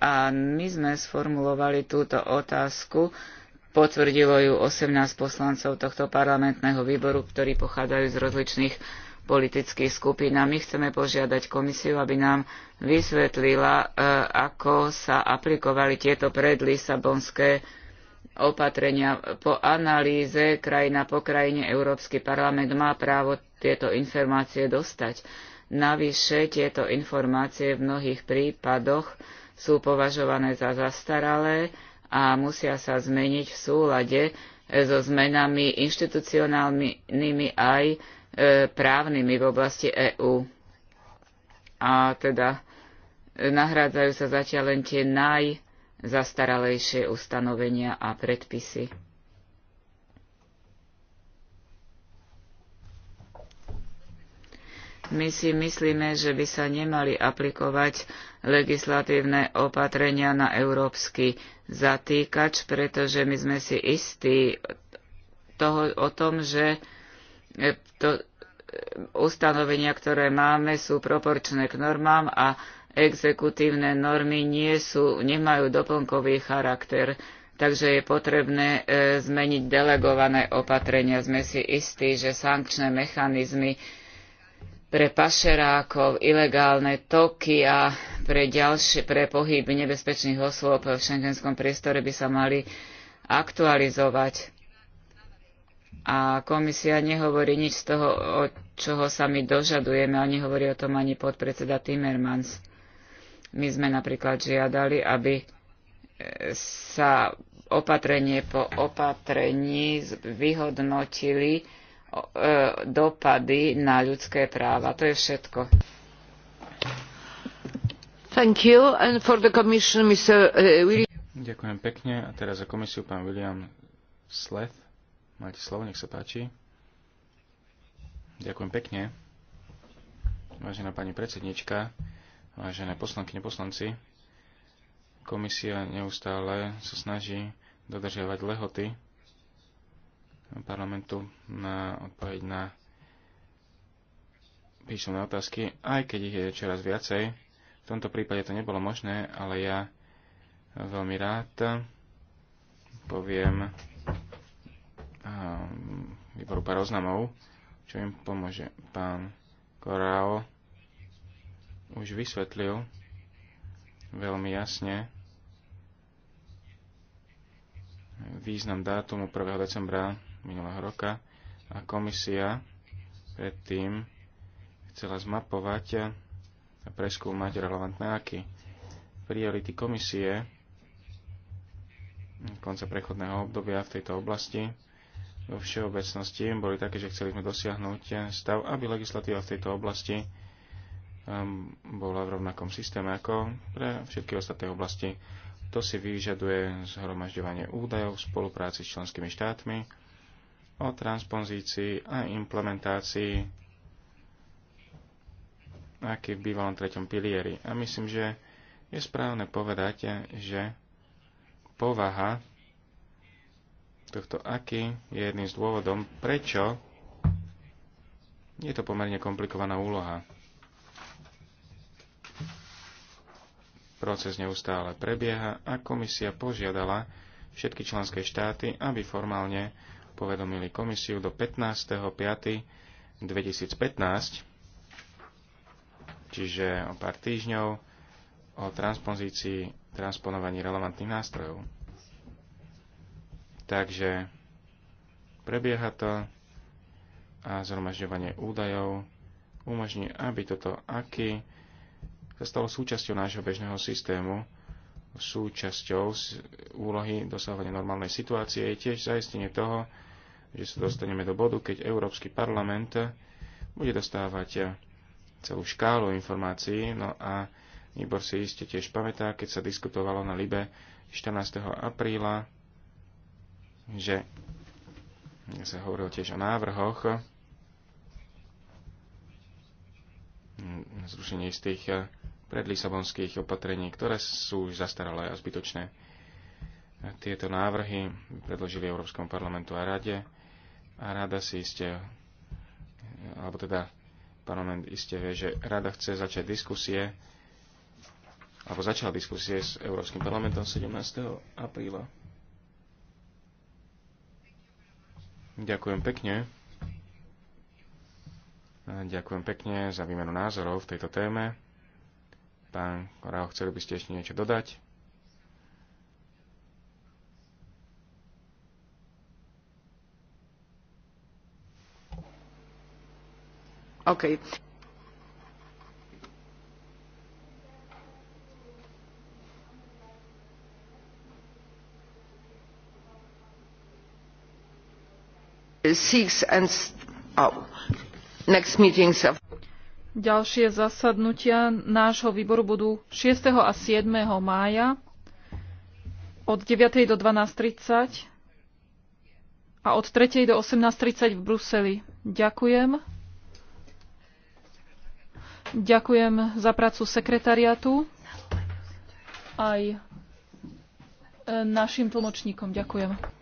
A my sme sformulovali túto otázku, potvrdilo ju 18 poslancov tohto parlamentného výboru, ktorí pochádzajú z rozličných politických skupín a my chceme požiadať komisiu, aby nám vysvetlila, e, ako sa aplikovali tieto predlisabonské opatrenia. Po analýze krajina po krajine Európsky parlament má právo tieto informácie dostať. Navyše tieto informácie v mnohých prípadoch sú považované za zastaralé a musia sa zmeniť v súlade so zmenami inštitucionálnymi aj E, právnymi v oblasti EÚ. A teda e, nahrádzajú sa zatiaľ len tie najzastaralejšie ustanovenia a predpisy. My si myslíme, že by sa nemali aplikovať legislatívne opatrenia na európsky zatýkač, pretože my sme si istí toho, o tom, že to, e, ustanovenia, ktoré máme, sú proporčné k normám a exekutívne normy nie sú, nemajú doplnkový charakter. Takže je potrebné e, zmeniť delegované opatrenia. Sme si istí, že sankčné mechanizmy pre pašerákov, ilegálne toky a pre, ďalšie, pre pohyb nebezpečných osôb v šengenskom priestore by sa mali aktualizovať a komisia nehovorí nič z toho, o čoho sa my dožadujeme a nehovorí o tom ani podpredseda Timmermans. My sme napríklad žiadali, aby e, sa opatrenie po opatrení vyhodnotili e, dopady na ľudské práva. To je všetko. Uh, Ďakujem pekne. A teraz za komisiu pán William Sleth. Majte slovo, nech sa páči. Ďakujem pekne. Vážená pani predsednička, vážené poslankyne, poslanci, komisia neustále sa snaží dodržiavať lehoty parlamentu na odpoveď na písomné otázky, aj keď ich je čoraz viacej. V tomto prípade to nebolo možné, ale ja veľmi rád poviem výboru pár oznamov, čo im pomôže. Pán Korao už vysvetlil veľmi jasne význam dátumu 1. decembra minulého roka a komisia predtým chcela zmapovať a preskúmať relevantné aky. Priority komisie konca prechodného obdobia v tejto oblasti vo všeobecnosti boli také, že chceli sme dosiahnuť stav, aby legislatíva v tejto oblasti um, bola v rovnakom systéme ako pre všetky ostatné oblasti. To si vyžaduje zhromažďovanie údajov v spolupráci s členskými štátmi o transpozícii a implementácii aký v bývalom treťom pilieri. A myslím, že je správne povedať, že povaha tohto aký je jedným z dôvodom, prečo je to pomerne komplikovaná úloha. Proces neustále prebieha a komisia požiadala všetky členské štáty, aby formálne povedomili komisiu do 15.5.2015, čiže o pár týždňov, o transpozícii transponovaní relevantných nástrojov. Takže prebieha to a zhromažďovanie údajov umožní, aby toto aký sa stalo súčasťou nášho bežného systému, súčasťou úlohy dosahovania normálnej situácie je tiež zaistenie toho, že sa dostaneme do bodu, keď Európsky parlament bude dostávať celú škálu informácií. No a Nibor si iste tiež pamätá, keď sa diskutovalo na Libe 14. apríla že ja sa hovoril tiež o návrhoch zrušenie z tých eh, predlisabonských opatrení, ktoré sú už zastaralé a zbytočné. Tieto návrhy predložili Európskom parlamentu a rade a rada si iste, eh, alebo teda parlament iste vie, že rada chce začať diskusie, alebo začala diskusie s Európskym parlamentom 17. apríla Ďakujem pekne. Ďakujem pekne za výmenu názorov v tejto téme. Pán Korál, chceli by ste ešte niečo dodať? Okay. Oh, Ďalšie zasadnutia nášho výboru budú 6. a 7. mája od 9. do 12.30 a od 3. do 18.30 v Bruseli. Ďakujem. Ďakujem za prácu sekretariatu aj e, našim tlmočníkom. Ďakujem.